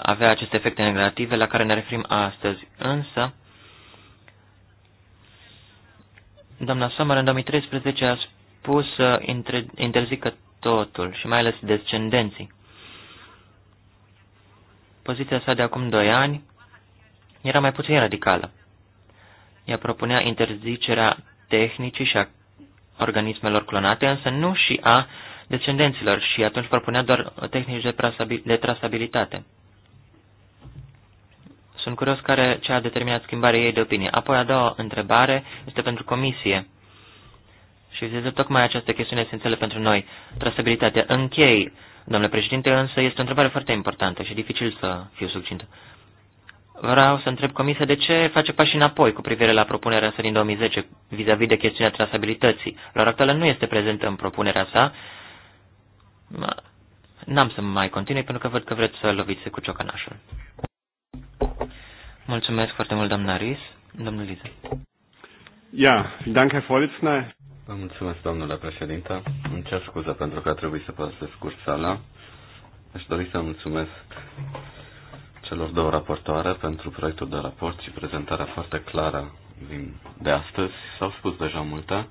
avea aceste efecte negative la care ne referim astăzi. Însă, doamna Sommer în 2013 a spus să uh, interzică totul și mai ales descendenții. Poziția sa de acum doi ani era mai puțin radicală. Ea propunea interzicerea tehnicii și a organismelor clonate, însă nu și a descendenților și atunci propunea doar tehnici de, de trasabilitate. Sunt curios care ce a determinat schimbarea ei de opinie. Apoi, a doua întrebare este pentru comisie. Și vizează tocmai această chestiune esențială pentru noi, trasabilitatea. Închei, domnule președinte, însă este o întrebare foarte importantă și dificil să fiu succintă. Vreau să întreb comisia de ce face pași înapoi cu privire la propunerea sa din 2010 vis-a-vis -vis de chestiunea trasabilității. La ora actuală nu este prezentă în propunerea sa. N-am să mai continui pentru că văd că vreți să loviți cu ciocanașul. Mulțumesc foarte mult, doamna Ris. Domnul Liza. Ia, danke, Herr Vorsitzender. Vă mulțumesc, domnule președinte. Îmi cer scuze pentru că a trebuit să scurt sala. Aș dori să mulțumesc celor două raportoare pentru proiectul de raport și prezentarea foarte clară din, de astăzi. S-au spus deja multe.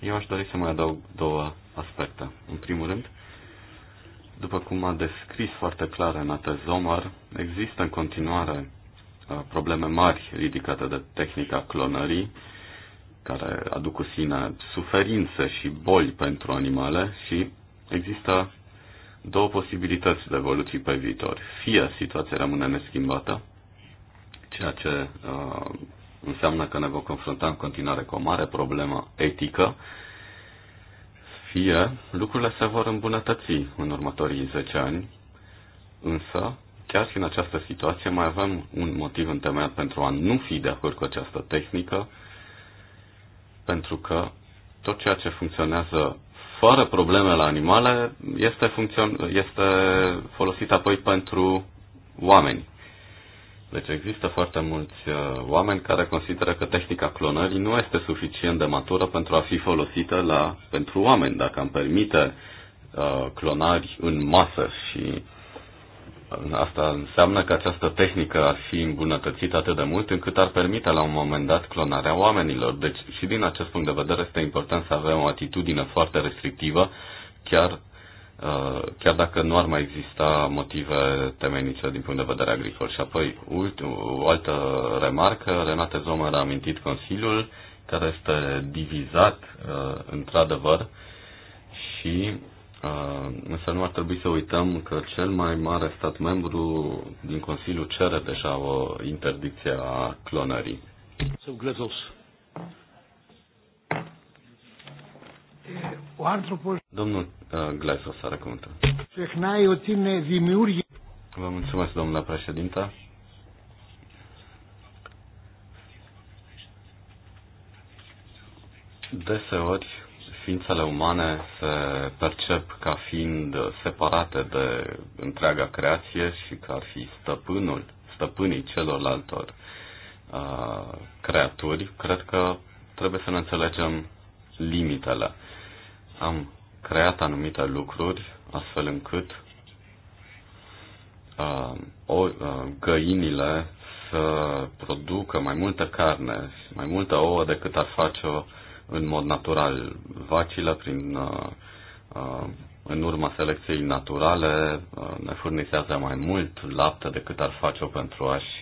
Eu aș dori să mai adaug două aspecte. În primul rând, după cum a descris foarte clar Renate Zomar, există în continuare Uh, probleme mari ridicate de tehnica clonării, care aduc cu sine suferințe și boli pentru animale și există două posibilități de evoluții pe viitor. Fie situația rămâne neschimbată, ceea ce uh, înseamnă că ne vom confrunta în continuare cu o mare problemă etică, fie lucrurile se vor îmbunătăți în următorii 10 ani, însă Chiar și în această situație mai avem un motiv întemeiat pentru a nu fi de acord cu această tehnică, pentru că tot ceea ce funcționează fără probleme la animale este, funcțion- este folosit apoi pentru oameni. Deci există foarte mulți uh, oameni care consideră că tehnica clonării nu este suficient de matură pentru a fi folosită la, pentru oameni. Dacă îmi permite uh, clonari în masă și Asta înseamnă că această tehnică ar fi îmbunătățită atât de mult încât ar permite la un moment dat clonarea oamenilor. Deci și din acest punct de vedere este important să avem o atitudine foarte restrictivă, chiar, uh, chiar dacă nu ar mai exista motive temenice din punct de vedere agricol. Și apoi o altă remarcă, Renate Zomer a amintit Consiliul, care este divizat uh, într-adevăr și Uh, însă nu ar trebui să uităm că cel mai mare stat membru din Consiliu cere deja o interdicție a clonării. Sunt glezos. Ο άνθρωπος... Domnul uh, Glezos are cuvântul. Vă mulțumesc, domnule președinte. Deseori ființele umane se percep ca fiind separate de întreaga creație și ca ar fi stăpânul, stăpânii celorlaltor uh, creaturi, cred că trebuie să ne înțelegem limitele. Am creat anumite lucruri astfel încât uh, o, uh, găinile să producă mai multă carne și mai multă ouă decât ar face o uh, în mod natural. Vacile, prin, uh, uh, în urma selecției naturale, uh, ne furnizează mai mult lapte decât ar face-o pentru a-și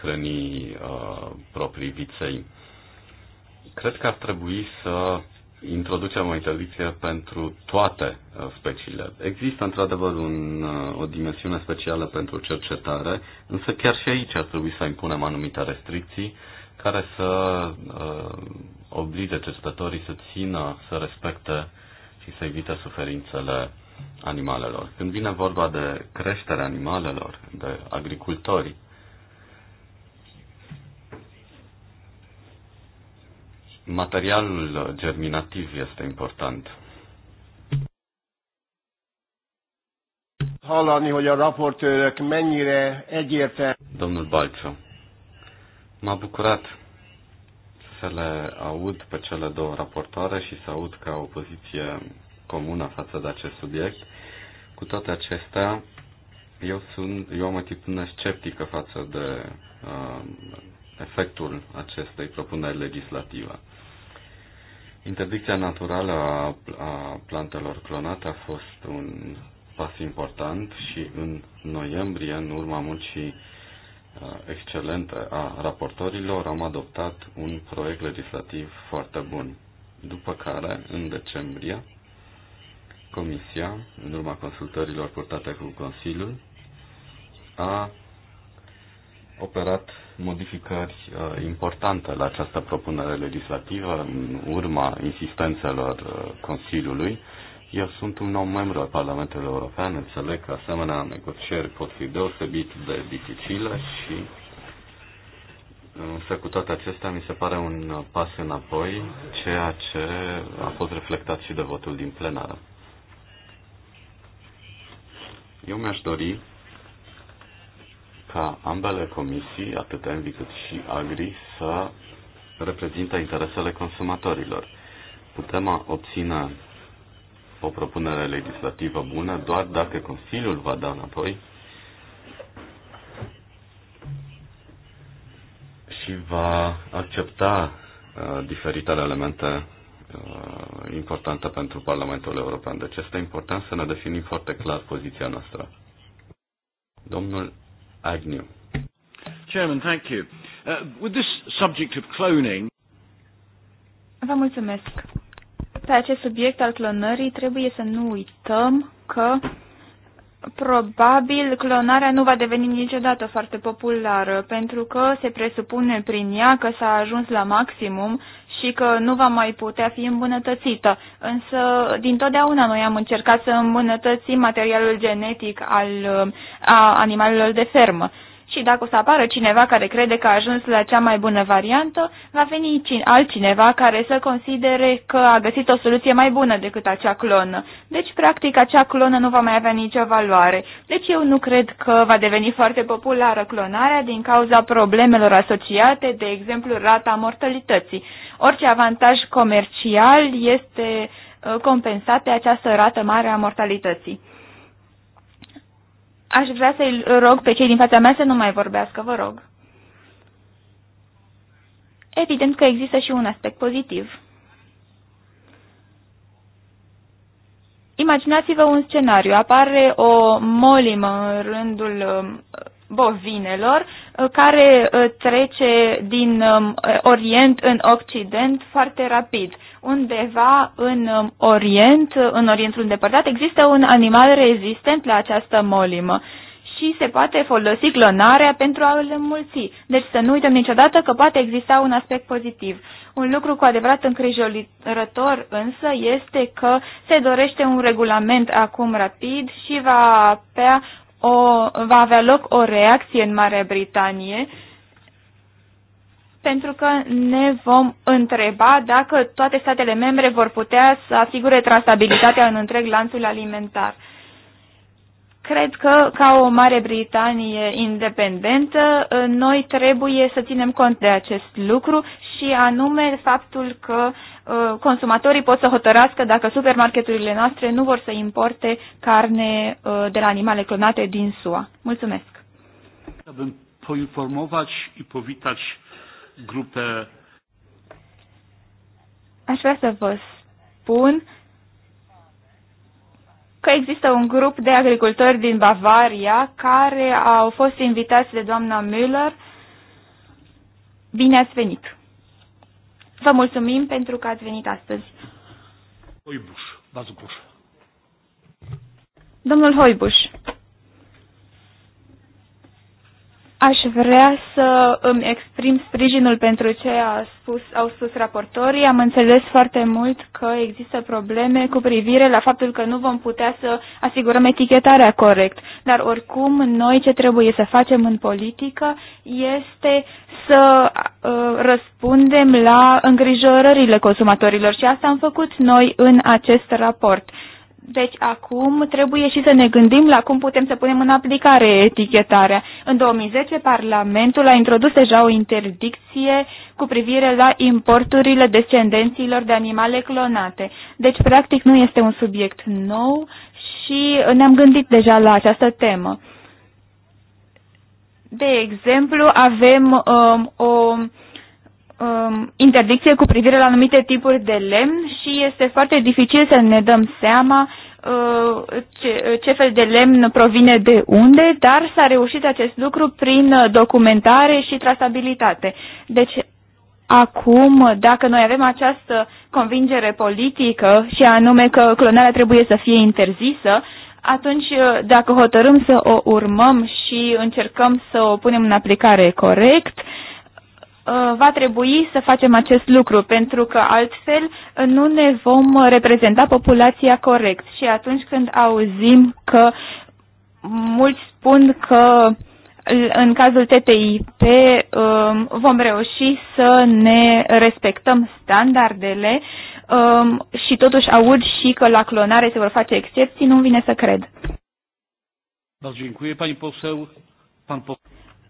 hrăni proprii viței. Cred că ar trebui să introducem o interdicție pentru toate speciile. Există într-adevăr un, o dimensiune specială pentru cercetare, însă chiar și aici ar trebui să impunem anumite restricții care să uh, oblige cercetătorii să țină, să respecte și să evite suferințele animalelor. Când vine vorba de creșterea animalelor, de agricultori, materialul germinativ este important. Hallani, hogy a raportőrök mennyire egyértelmű. Domnul Balcsó. M-a bucurat să le aud pe cele două raportoare și să aud ca o poziție comună față de acest subiect. Cu toate acestea, eu, sunt, eu am o atitudine sceptică față de uh, efectul acestei propuneri legislative. Interdicția naturală a, a plantelor clonate a fost un pas important și în noiembrie, în urma muncii Uh, excelente a raportorilor, am adoptat un proiect legislativ foarte bun. După care, în decembrie, Comisia, în urma consultărilor purtate cu Consiliul, a operat modificări uh, importante la această propunere legislativă în urma insistențelor uh, Consiliului eu sunt un nou membru al Parlamentului European, înțeleg că asemenea negocieri pot fi deosebit de dificile și Însă cu toate acestea mi se pare un pas înapoi, ceea ce a fost reflectat și de votul din plenară. Eu mi-aș dori ca ambele comisii, atât ENVI cât și AGRI, să reprezintă interesele consumatorilor. Putem obține o propunere legislativă bună doar dacă Consiliul va da înapoi și va accepta uh, diferitele elemente uh, importante pentru Parlamentul European. Deci este important să ne definim foarte clar poziția noastră. Domnul Agnew. Chairman, thank you. Uh, with this subject of cloning... Vă mulțumesc. Pe acest subiect al clonării trebuie să nu uităm că probabil clonarea nu va deveni niciodată foarte populară, pentru că se presupune prin ea că s-a ajuns la maximum și că nu va mai putea fi îmbunătățită. Însă, din totdeauna noi am încercat să îmbunătățim materialul genetic al a animalelor de fermă și dacă o să apară cineva care crede că a ajuns la cea mai bună variantă, va veni altcineva care să considere că a găsit o soluție mai bună decât acea clonă. Deci, practic, acea clonă nu va mai avea nicio valoare. Deci eu nu cred că va deveni foarte populară clonarea din cauza problemelor asociate, de exemplu, rata mortalității. Orice avantaj comercial este uh, compensat pe această rată mare a mortalității. Aș vrea să-i rog pe cei din fața mea să nu mai vorbească, vă rog. Evident că există și un aspect pozitiv. Imaginați-vă un scenariu. Apare o molimă în rândul uh, bovinelor Uh, care uh, trece din um, Orient în Occident foarte rapid. Undeva în um, Orient, uh, în Orientul îndepărtat, există un animal rezistent la această molimă și se poate folosi clonarea pentru a îl înmulți. Deci să nu uităm niciodată că poate exista un aspect pozitiv. Un lucru cu adevărat îngrijorător însă este că se dorește un regulament acum rapid și va apea o, va avea loc o reacție în Marea Britanie pentru că ne vom întreba dacă toate statele membre vor putea să asigure trasabilitatea în întreg lanțul alimentar. Cred că, ca o Mare Britanie independentă, ă, noi trebuie să ținem cont de acest lucru și anume faptul că ă, consumatorii pot să hotărască dacă supermarketurile noastre nu vor să importe carne ă, de la animale clonate din SUA. Mulțumesc! Aș vrea să vă spun că există un grup de agricultori din Bavaria care au fost invitați de doamna Müller. Bine ați venit! Vă mulțumim pentru că ați venit astăzi. Hoibuș, Domnul Hoibuș. Aș vrea să îmi exprim sprijinul pentru ce a spus, au spus raportorii. Am înțeles foarte mult că există probleme cu privire la faptul că nu vom putea să asigurăm etichetarea corect. Dar oricum, noi ce trebuie să facem în politică este să uh, răspundem la îngrijorările consumatorilor și asta am făcut noi în acest raport. Uh, deci acum trebuie și să ne gândim la cum putem să punem în aplicare etichetarea. În 2010, Parlamentul a introdus deja o interdicție cu privire la importurile descendenților de animale clonate. Deci, practic, nu este un subiect nou și ne-am gândit deja la această temă. De exemplu, avem um, o um, interdicție cu privire la anumite tipuri de lemn și este foarte dificil să ne dăm seama uh, ce, ce fel de lemn provine de unde, dar s-a reușit acest lucru prin documentare și trasabilitate. Deci acum, dacă noi avem această convingere politică și anume că clonarea trebuie să fie interzisă, atunci uh, dacă hotărâm să o urmăm și încercăm să o punem în aplicare corect, Uh, va trebui să facem acest lucru, pentru că altfel uh, nu ne vom uh, reprezenta populația corect. Și atunci când auzim că mulți spun că în cazul TTIP vom reuși să ne respectăm standardele um, și totuși aud și că la clonare se vor face excepții, nu vine să cred.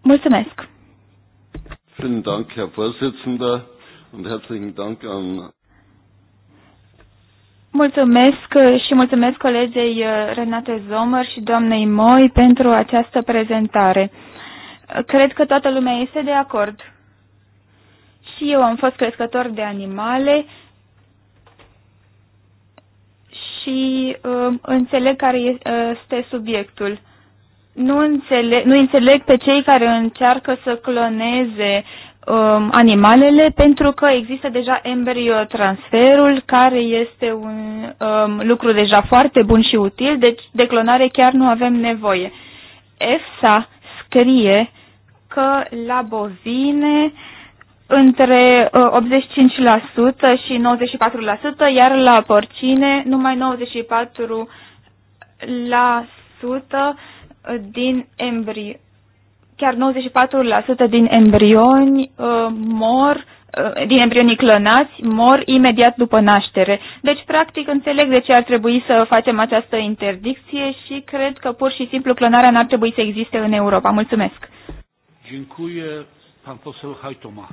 Mulțumesc. Vielen Dank, Herr Vorsitzender, und herzlichen Dank an Mulțumesc uh, și mulțumesc colegei uh, Renate Zomer și doamnei Moi pentru această prezentare. Uh, cred că toată lumea este de acord. Și eu am fost crescător de animale și uh, înțeleg care este subiectul. Nu înțeleg, nu înțeleg pe cei care încearcă să cloneze um, animalele pentru că există deja embriotransferul care este un um, lucru deja foarte bun și util, deci de clonare chiar nu avem nevoie. EFSA scrie că la bovine între 85% uh, și 94%, iar la porcine numai 94% din embri, chiar 94% din embrioni uh, mor uh, din embrionii clănați mor imediat după naștere. Deci, practic, înțeleg de ce ar trebui să facem această interdicție și cred că pur și simplu clonarea n-ar trebui să existe în Europa. Mulțumesc! Dziękuję, pan poseł Hajtoma.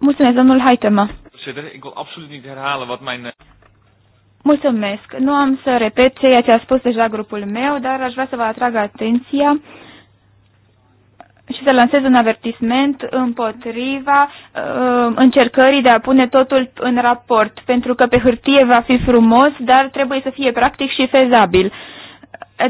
Mulțumesc, domnul Haitema. Mulțumesc. Nu am să repet ceea ce a spus deja grupul meu, dar aș vrea să vă atrag atenția și să lansez un avertisment împotriva uh, încercării de a pune totul în raport, pentru că pe hârtie va fi frumos, dar trebuie să fie practic și fezabil.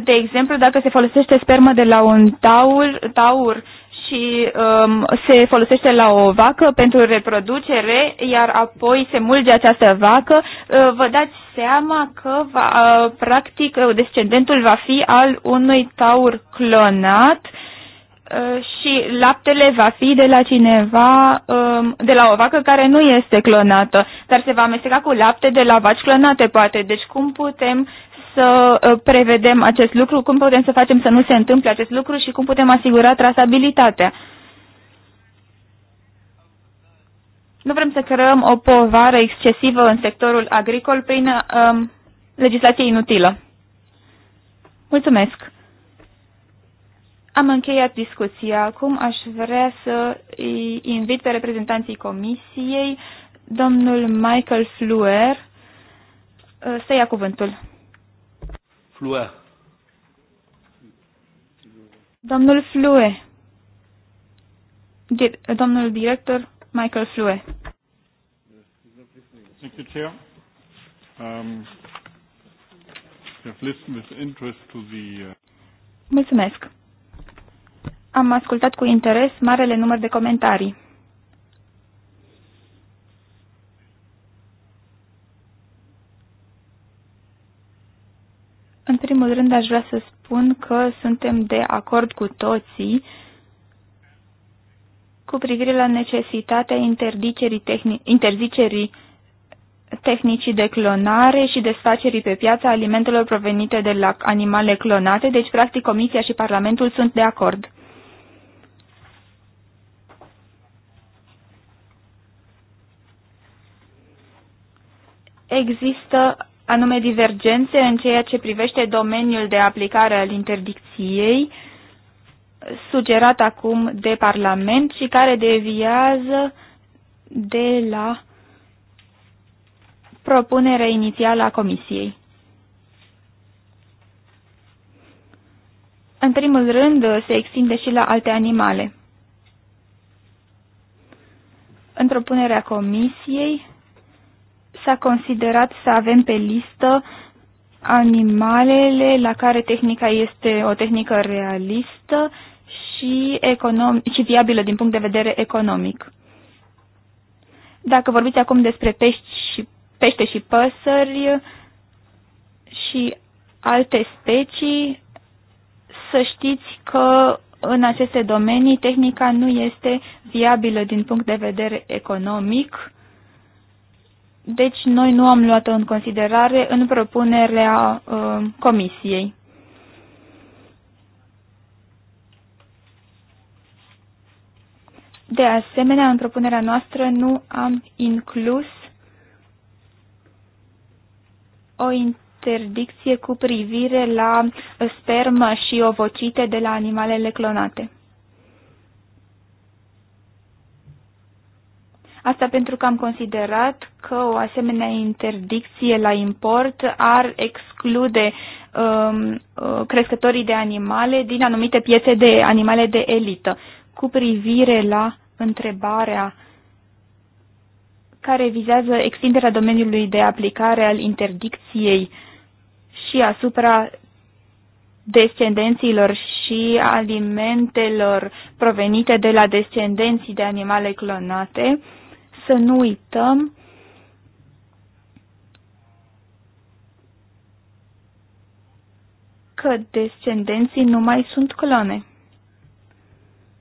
De exemplu, dacă se folosește spermă de la un taur, taur și um, se folosește la o vacă pentru reproducere, iar apoi se mulge această vacă, uh, vă dați seama că va, uh, practic uh, descendentul va fi al unui taur clonat uh, și laptele va fi de la cineva, um, de la o vacă care nu este clonată, dar se va amesteca cu lapte de la vaci clonate, poate. Deci cum putem să uh, prevedem acest lucru, cum putem să facem să nu se întâmple acest lucru și cum putem asigura trasabilitatea. Nu vrem să creăm o povară excesivă în sectorul agricol prin um, legislație inutilă. Mulțumesc! Am încheiat discuția. Acum aș vrea să îi invit pe reprezentanții comisiei, domnul Michael Fluer, uh, să ia cuvântul. Flue. Domnul Flue. Domnul director Michael Flue. Thank you, Chair. Um, have listened with interest to the, uh... Mulțumesc. Am ascultat cu interes marele număr de comentarii. În primul rând, aș vrea să spun că suntem de acord cu toții cu privire la necesitatea interzicerii, tehni- interzicerii tehnicii de clonare și desfacerii pe piața alimentelor provenite de la animale clonate, deci practic Comisia și Parlamentul sunt de acord. Există anume divergențe în ceea ce privește domeniul de aplicare al interdicției sugerat acum de Parlament și care deviază de la propunerea inițială a Comisiei. În primul rând, se extinde și la alte animale. În propunerea Comisiei, s-a considerat să avem pe listă animalele la care tehnica este o tehnică realistă și, econom- și viabilă din punct de vedere economic. Dacă vorbiți acum despre pești și, pește și păsări și alte specii, să știți că în aceste domenii tehnica nu este viabilă din punct de vedere economic deci noi nu am luat-o în considerare în propunerea uh, comisiei. De asemenea, în propunerea noastră nu am inclus o interdicție cu privire la spermă și ovocite de la animalele clonate. Asta pentru că am considerat că o asemenea interdicție la import ar exclude um, uh, crescătorii de animale din anumite piețe de animale de elită. Cu privire la întrebarea care vizează extinderea domeniului de aplicare al interdicției și asupra descendenților și alimentelor provenite de la descendenții de animale clonate, să nu uităm că descendenții nu mai sunt clone.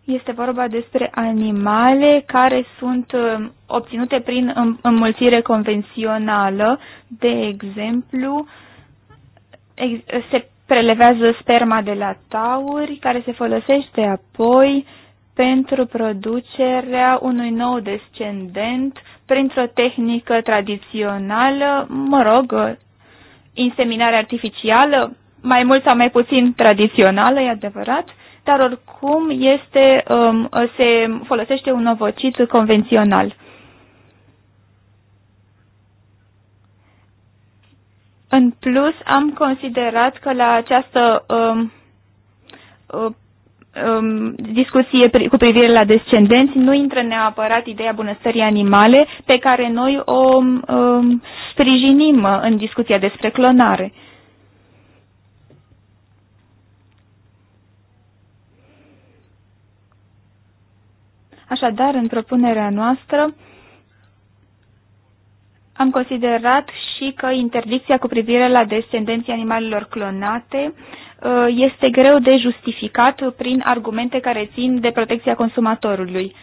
Este vorba despre animale care sunt uh, obținute prin înmulțire convențională. De exemplu, se prelevează sperma de la tauri, care se folosește apoi pentru producerea unui nou descendent printr-o tehnică tradițională, mă rog, inseminare artificială, mai mult sau mai puțin tradițională, e adevărat, dar oricum este, um, se folosește un ovocit convențional. În plus, am considerat că la această um, uh, um, discuție cu privire la descendenți nu intră neapărat ideea bunăstării animale pe care noi o um, sprijinim în discuția despre clonare. Așadar, în propunerea noastră, am considerat și că interdicția cu privire la descendenții animalelor clonate Uh, este greu de justificat prin argumente care țin de protecția consumatorului.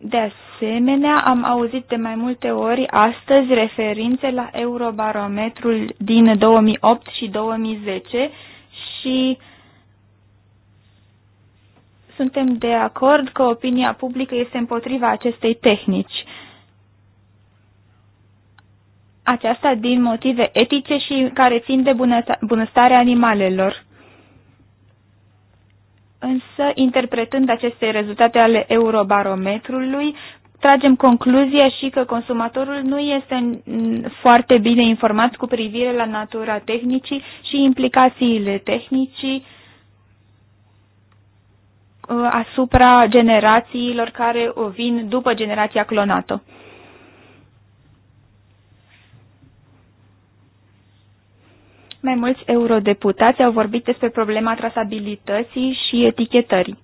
De asemenea, am auzit de mai multe ori astăzi referințe la Eurobarometrul din 2008 și 2010 și suntem de acord că opinia publică este împotriva acestei tehnici aceasta din motive etice și care țin de bunăstarea animalelor. Însă, interpretând aceste rezultate ale Eurobarometrului, tragem concluzia și că consumatorul nu este foarte bine informat cu privire la natura tehnicii și implicațiile tehnicii uh, asupra generațiilor care o vin după generația clonată. Mai mulți eurodeputați au vorbit despre problema trasabilității și etichetării.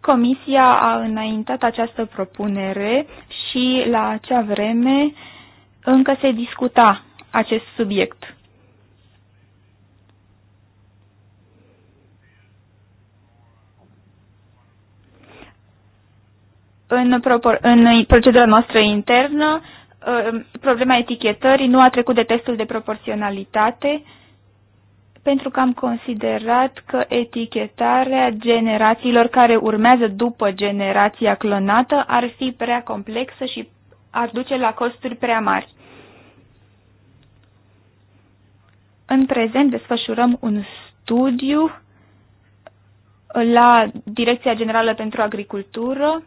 Comisia a înaintat această propunere și la acea vreme încă se discuta acest subiect. În, în procedura noastră internă Uh, problema etichetării nu a trecut de testul de proporționalitate pentru că am considerat că etichetarea generațiilor care urmează după generația clonată ar fi prea complexă și ar duce la costuri prea mari. În prezent desfășurăm un studiu la Direcția Generală pentru Agricultură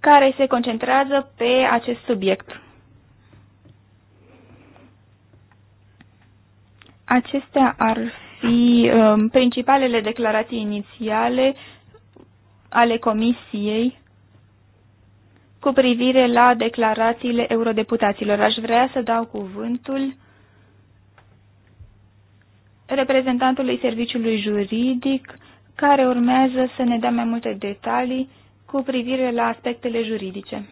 care se concentrează pe acest subiect. Acestea ar fi um, principalele declarații inițiale ale Comisiei cu privire la declarațiile eurodeputaților. Aș vrea să dau cuvântul reprezentantului Serviciului Juridic, care urmează să ne dea mai multe detalii cu privire la aspectele juridice.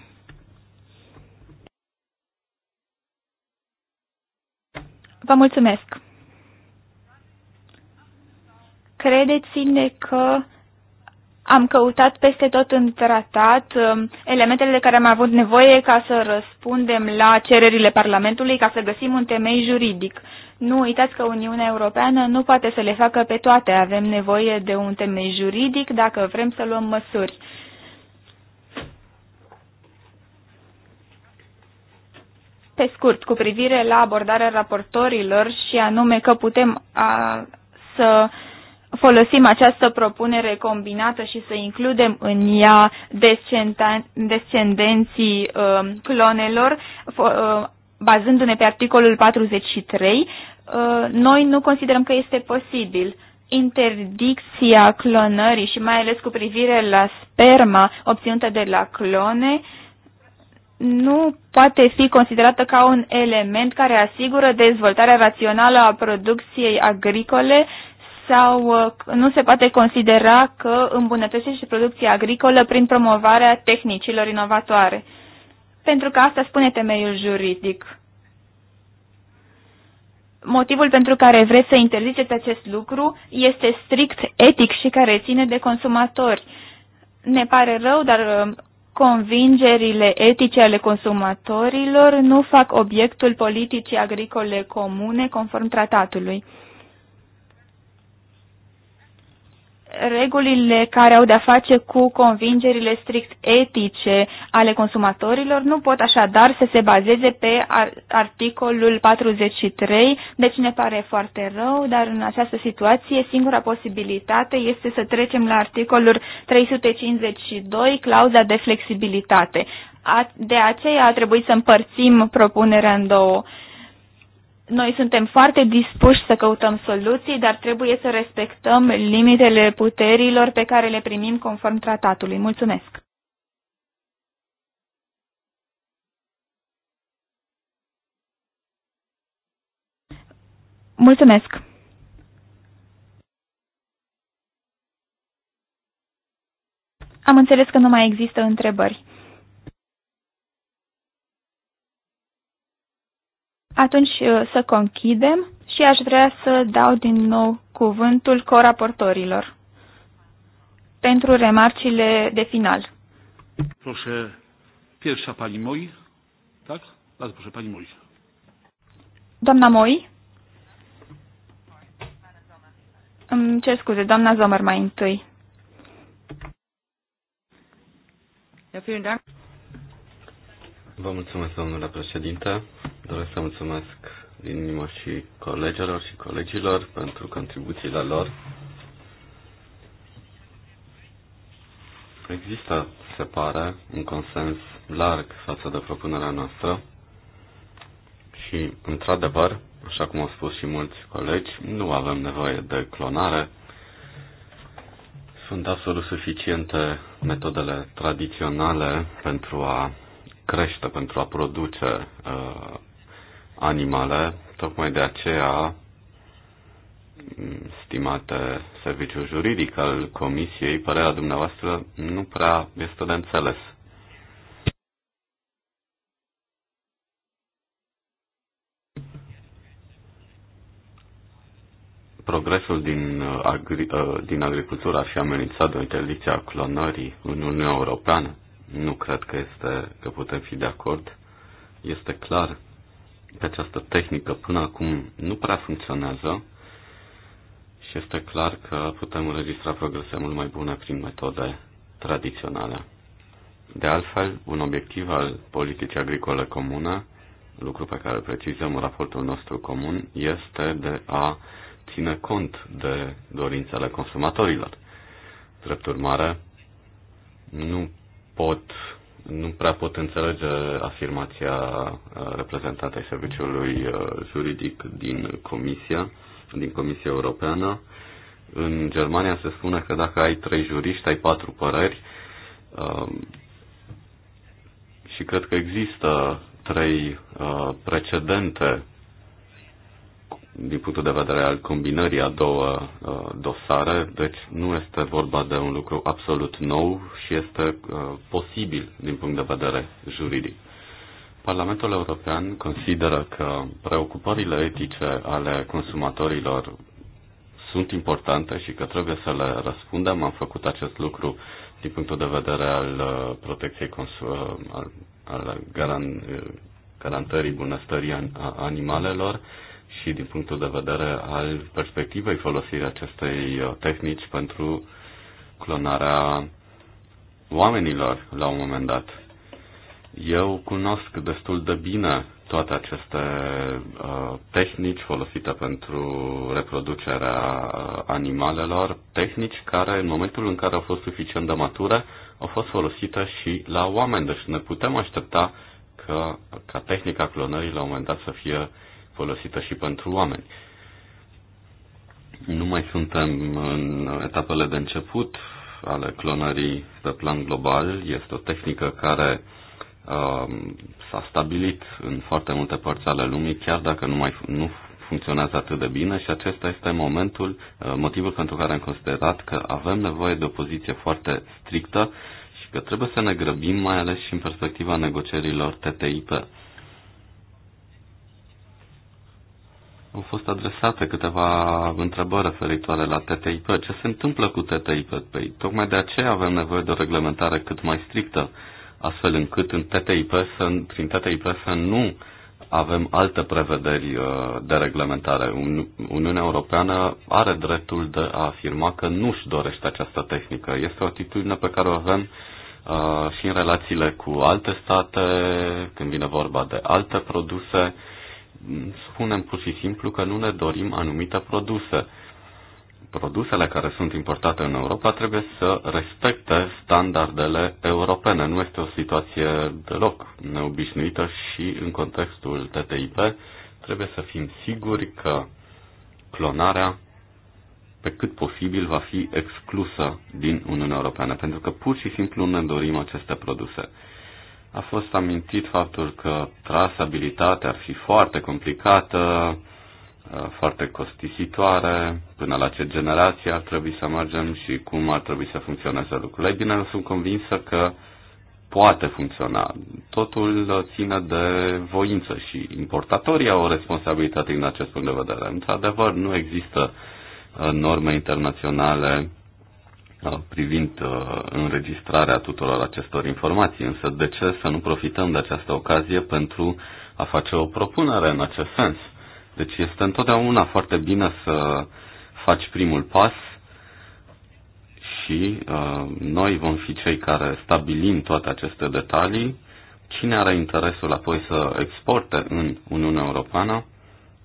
Vă mulțumesc! Credeți-ne că am căutat peste tot în tratat um, elementele de care am avut nevoie ca să răspundem la cererile Parlamentului, ca să găsim un temei juridic. Nu uitați că Uniunea Europeană nu poate să le facă pe toate. Avem nevoie de un temei juridic dacă vrem să luăm măsuri. Pe scurt, cu privire la abordarea raportorilor și anume că putem a, să folosim această propunere combinată și să includem în ea descendenții a, ă, clonelor, ă, bazându-ne pe articolul 43, a, ă, noi nu considerăm că este posibil. Interdicția clonării și mai ales cu privire la sperma obținută de la clone uh, nu poate fi considerată ca un element care asigură dezvoltarea rațională a producției agricole sau uh, nu se poate considera că îmbunătățește producția agricolă prin promovarea tehnicilor inovatoare. Pentru că asta spune temeiul juridic. Motivul pentru care vreți să interziceți acest lucru este strict etic și care ține de consumatori. Ne pare rău, dar uh, convingerile etice ale consumatorilor nu fac obiectul politicii agricole comune conform tratatului. regulile care au de-a face cu convingerile strict etice ale consumatorilor nu pot așadar să se bazeze pe articolul 43, deci ne pare foarte rău, dar în această situație singura posibilitate este să trecem la articolul 352, clauza de flexibilitate. De aceea a trebuit să împărțim propunerea în două. Noi suntem foarte dispuși să căutăm soluții, dar trebuie să respectăm limitele puterilor pe care le primim conform tratatului. Mulțumesc! Mulțumesc! Am înțeles că nu mai există întrebări. Atunci uh, să conchidem și aș vrea să dau din nou cuvântul coraportorilor pentru remarcile de final. Proșe, pierșa pani Moi, tak? Las, proșe pani Moi. Doamna Moi? Îmi cer scuze, doamna Zomer mai întâi. Vă mulțumesc, domnule președinte. Doresc să mulțumesc din inimă și colegilor și colegilor pentru contribuțiile lor. Există, se pare, un consens larg față de propunerea noastră și, într-adevăr, așa cum au spus și mulți colegi, nu avem nevoie de clonare. Sunt absolut suficiente metodele tradiționale pentru a crește, pentru a produce uh, animale. Tocmai de aceea, mm, stimate serviciul juridic al Comisiei, părerea dumneavoastră nu prea este de înțeles. progresul din, uh, agri, uh, din agricultură ar fi amenințat de o interdicție a clonării în Uniunea Europeană? Nu cred că, este, că putem fi de acord. Este clar pe această tehnică până acum nu prea funcționează și este clar că putem înregistra progrese mult mai bune prin metode tradiționale. De altfel, un obiectiv al politicii agricole comune, lucru pe care precizăm în raportul nostru comun, este de a ține cont de dorințele consumatorilor. Drept urmare, nu pot nu prea pot înțelege afirmația uh, reprezentantei serviciului uh, juridic din Comisia, din Comisia Europeană. În Germania se spune că dacă ai trei juriști, ai patru păreri um, și cred că există trei uh, precedente din punctul de vedere al combinării a două uh, dosare, deci nu este vorba de un lucru absolut nou și este uh, posibil din punct de vedere juridic. Parlamentul European consideră că preocupările etice ale consumatorilor sunt importante și că trebuie să le răspundem. Am făcut acest lucru din punctul de vedere al uh, protecției al, al garan- garantării bunăstării animalelor și din punctul de vedere al perspectivei folosirii acestei uh, tehnici pentru clonarea oamenilor la un moment dat. Eu cunosc destul de bine toate aceste uh, tehnici folosite pentru reproducerea uh, animalelor, tehnici care în momentul în care au fost suficient de mature au fost folosite și la oameni. Deci ne putem aștepta că, ca tehnica clonării la un moment dat să fie folosită și pentru oameni. Nu mai suntem în etapele de început ale clonării pe plan global. Este o tehnică care uh, s-a stabilit în foarte multe părți ale lumii, chiar dacă nu, mai, nu funcționează atât de bine și acesta este momentul, uh, motivul pentru care am considerat că avem nevoie de o poziție foarte strictă și că trebuie să ne grăbim, mai ales și în perspectiva negocierilor TTIP. Au fost adresate câteva întrebări referitoare la TTIP. Ce se întâmplă cu TTIP? Păi, tocmai de aceea avem nevoie de o reglementare cât mai strictă, astfel încât în TTIP să, prin TTIP să nu avem alte prevederi uh, de reglementare. Uniunea Europeană are dreptul de a afirma că nu își dorește această tehnică. Este o atitudine pe care o avem uh, și în relațiile cu alte state, când vine vorba de alte produse spunem pur și simplu că nu ne dorim anumite produse. Produsele care sunt importate în Europa trebuie să respecte standardele europene. Nu este o situație deloc neobișnuită și în contextul TTIP trebuie să fim siguri că clonarea pe cât posibil va fi exclusă din Uniunea Europeană, pentru că pur și simplu ne dorim aceste produse. A fost amintit faptul că trasabilitatea ar fi foarte complicată, uh, foarte costisitoare, până la ce generație ar trebui să mergem și cum ar trebui să funcționeze lucrurile. bine, eu sunt convinsă că poate funcționa. Totul ține de voință și importatorii au o responsabilitate din acest punct de vedere. Într-adevăr, nu există uh, norme internaționale Uh, privind uh, înregistrarea tuturor acestor informații, însă de ce să nu profităm de această ocazie pentru a face o propunere în acest sens? Deci este întotdeauna foarte bine să faci primul pas și uh, noi vom fi cei care stabilim toate aceste detalii. Cine are interesul apoi să exporte în Uniunea Europeană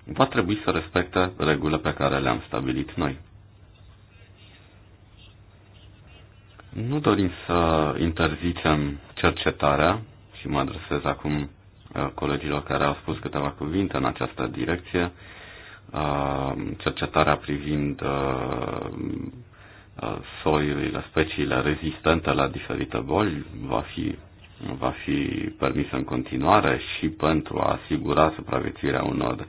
va trebui să respecte regulile pe care le-am stabilit noi. Nu dorim să interzicem cercetarea și mă adresez acum uh, colegilor care au spus câteva cuvinte în această direcție, uh, cercetarea privind uh, soiurile, speciile rezistente la diferite boli va fi, va fi permisă în continuare și pentru a asigura supraviețuirea unor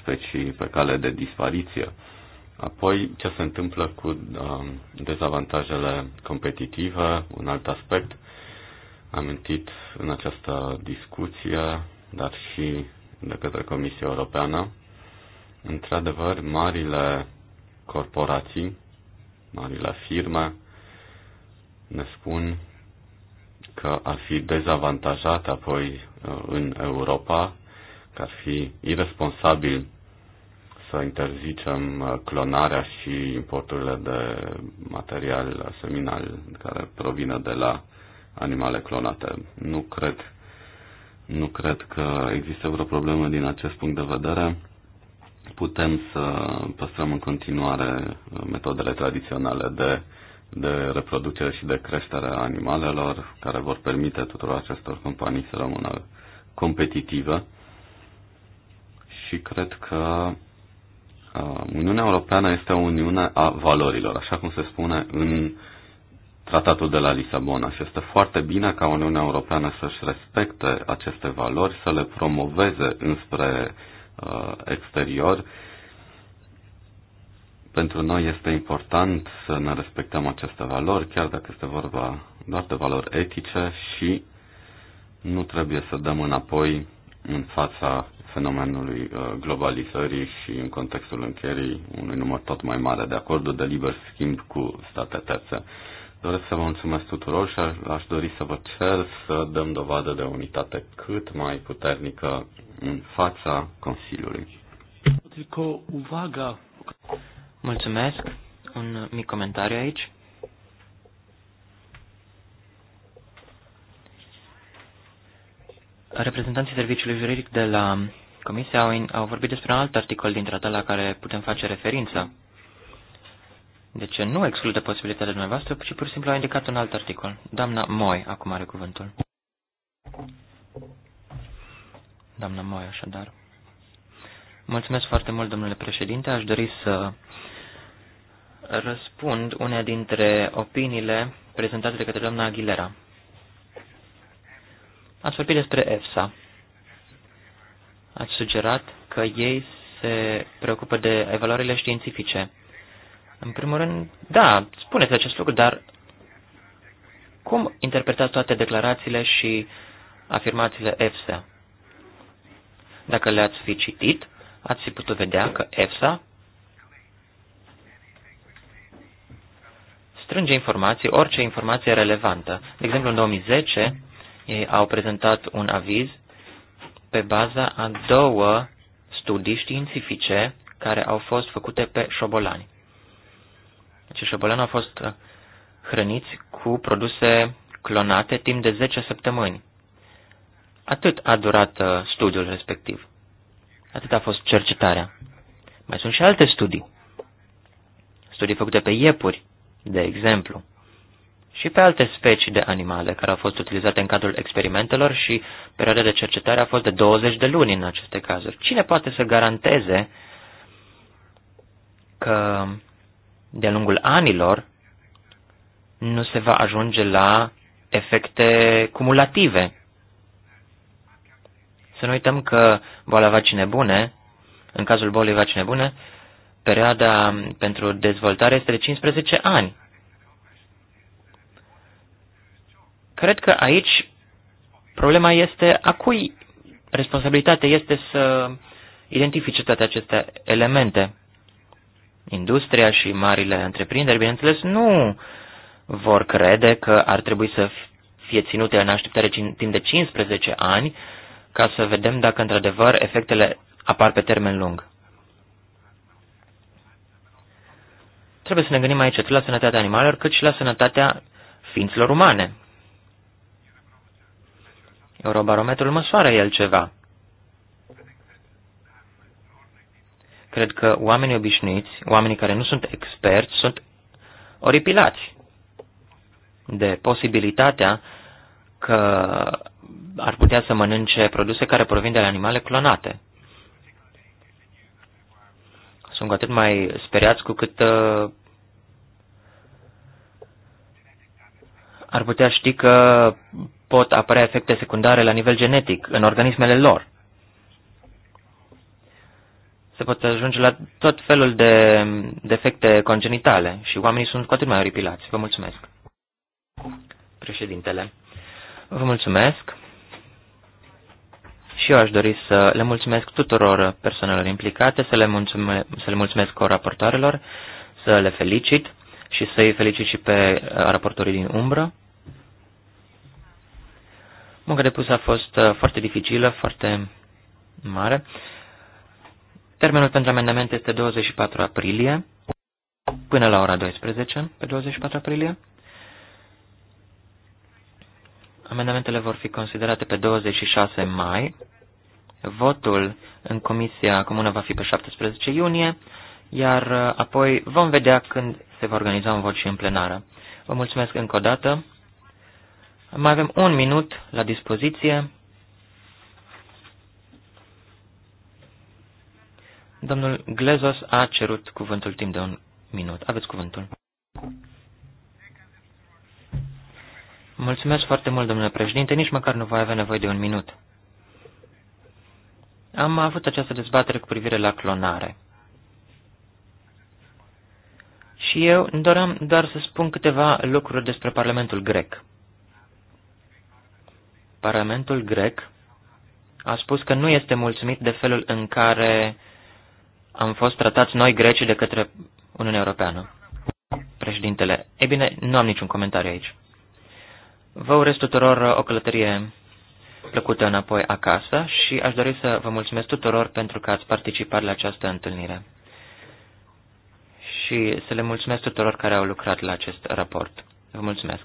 specii pe cale de dispariție. Apoi, ce se întâmplă cu um, dezavantajele competitive, un alt aspect amintit în această discuție, dar și de către Comisia Europeană. Într-adevăr, marile corporații, marile firme, ne spun că ar fi dezavantajat apoi uh, în Europa, că ar fi irresponsabil să interzicem uh, clonarea și importurile de material seminal care provine de la animale clonate. Nu cred, nu cred că există vreo problemă din acest punct de vedere. Putem să păstrăm în continuare uh, metodele tradiționale de, de reproducere și de creștere a animalelor, care vor permite tuturor acestor companii să rămână competitive și cred că Uh, Uniunea Europeană este o uniune a valorilor, așa cum se spune în tratatul de la Lisabona și este foarte bine ca Uniunea Europeană să-și respecte aceste valori, să le promoveze înspre uh, exterior. Pentru noi este important să ne respectăm aceste valori, chiar dacă este vorba doar de valori etice și nu trebuie să dăm înapoi în fața fenomenului uh, globalizării și în contextul încheierii unui număr tot mai mare de acorduri de liber schimb cu state terțe. Doresc să vă mulțumesc tuturor și aș, dori să vă cer să dăm dovadă de unitate cât mai puternică în fața Consiliului. Mulțumesc. Un mic comentariu aici. Reprezentanții serviciului juridic de la Comisia au, au vorbit despre un alt articol din tratat la care putem face referință. Deci nu exclude posibilitatea dumneavoastră, ci pur și simplu a indicat un alt articol. Doamna Moi, acum are cuvântul. Doamna Moi, așadar. Mulțumesc foarte mult, domnule președinte. Aș dori să răspund unea dintre opiniile prezentate de către doamna Aguilera. Ați vorbit despre EFSA. Ați sugerat că ei se preocupă de evaluările științifice. În primul rând, da, spuneți acest lucru, dar cum interpretați toate declarațiile și afirmațiile EFSA? Dacă le-ați fi citit, ați fi putut vedea că EFSA strânge informații, orice informație relevantă. De exemplu, în 2010, ei au prezentat un aviz pe baza a două studii științifice care au fost făcute pe șobolani. Deci șobolani au fost uh, hrăniți cu produse clonate timp de 10 săptămâni. Atât a durat uh, studiul respectiv. Atât a fost cercetarea. Mai sunt și alte studii. Studii făcute pe iepuri, de exemplu și pe alte specii de animale care au fost utilizate în cadrul experimentelor și perioada de cercetare a fost de 20 de luni în aceste cazuri. Cine poate să garanteze că de-a lungul anilor nu se va ajunge la efecte cumulative? Să nu uităm că boala vaccine bune, în cazul bolii vaccine bune, perioada pentru dezvoltare este de 15 ani Cred că aici problema este a cui responsabilitatea este să identifice toate aceste elemente. Industria și marile întreprinderi, bineînțeles, nu vor crede că ar trebui să fie ținute în așteptare timp de 15 ani ca să vedem dacă într-adevăr efectele apar pe termen lung. Trebuie să ne gândim aici atât la sănătatea animalelor cât și la sănătatea ființelor umane. Eurobarometrul măsoară el ceva. Cred că oamenii obișnuiți, oamenii care nu sunt experți, sunt oripilați de posibilitatea că ar putea să mănânce produse care provin de la animale clonate. Sunt cu atât mai speriați cu cât uh, ar putea ști că pot apărea efecte secundare la nivel genetic în organismele lor. Se pot ajunge la tot felul de defecte congenitale și oamenii sunt cu atât mai oripilați. Vă mulțumesc. Președintele, vă mulțumesc și eu aș dori să le mulțumesc tuturor persoanelor implicate, să le, mulțume, să le mulțumesc coraportoarelor, să le felicit și să-i felicit și pe raportorii din umbră. Munca depusă a fost uh, foarte dificilă, foarte mare. Termenul pentru amendamente este 24 aprilie, până la ora 12, pe 24 aprilie. Amendamentele vor fi considerate pe 26 mai. Votul în Comisia Comună va fi pe 17 iunie, iar uh, apoi vom vedea când se va organiza un vot și în plenară. Vă mulțumesc încă o dată. Mai avem un minut la dispoziție. Domnul Glezos a cerut cuvântul timp de un minut. Aveți cuvântul. Mulțumesc foarte mult, domnule președinte. Nici măcar nu voi avea nevoie de un minut. Am avut această dezbatere cu privire la clonare. Și eu doream doar să spun câteva lucruri despre Parlamentul grec. Parlamentul grec a spus că nu este mulțumit de felul în care am fost tratați noi Greci de către Uniunea Europeană. Președintele, e bine, nu am niciun comentariu aici. Vă urez tuturor o călătorie plăcută înapoi acasă și aș dori să vă mulțumesc tuturor pentru că ați participat la această întâlnire și să le mulțumesc tuturor care au lucrat la acest raport. Vă mulțumesc!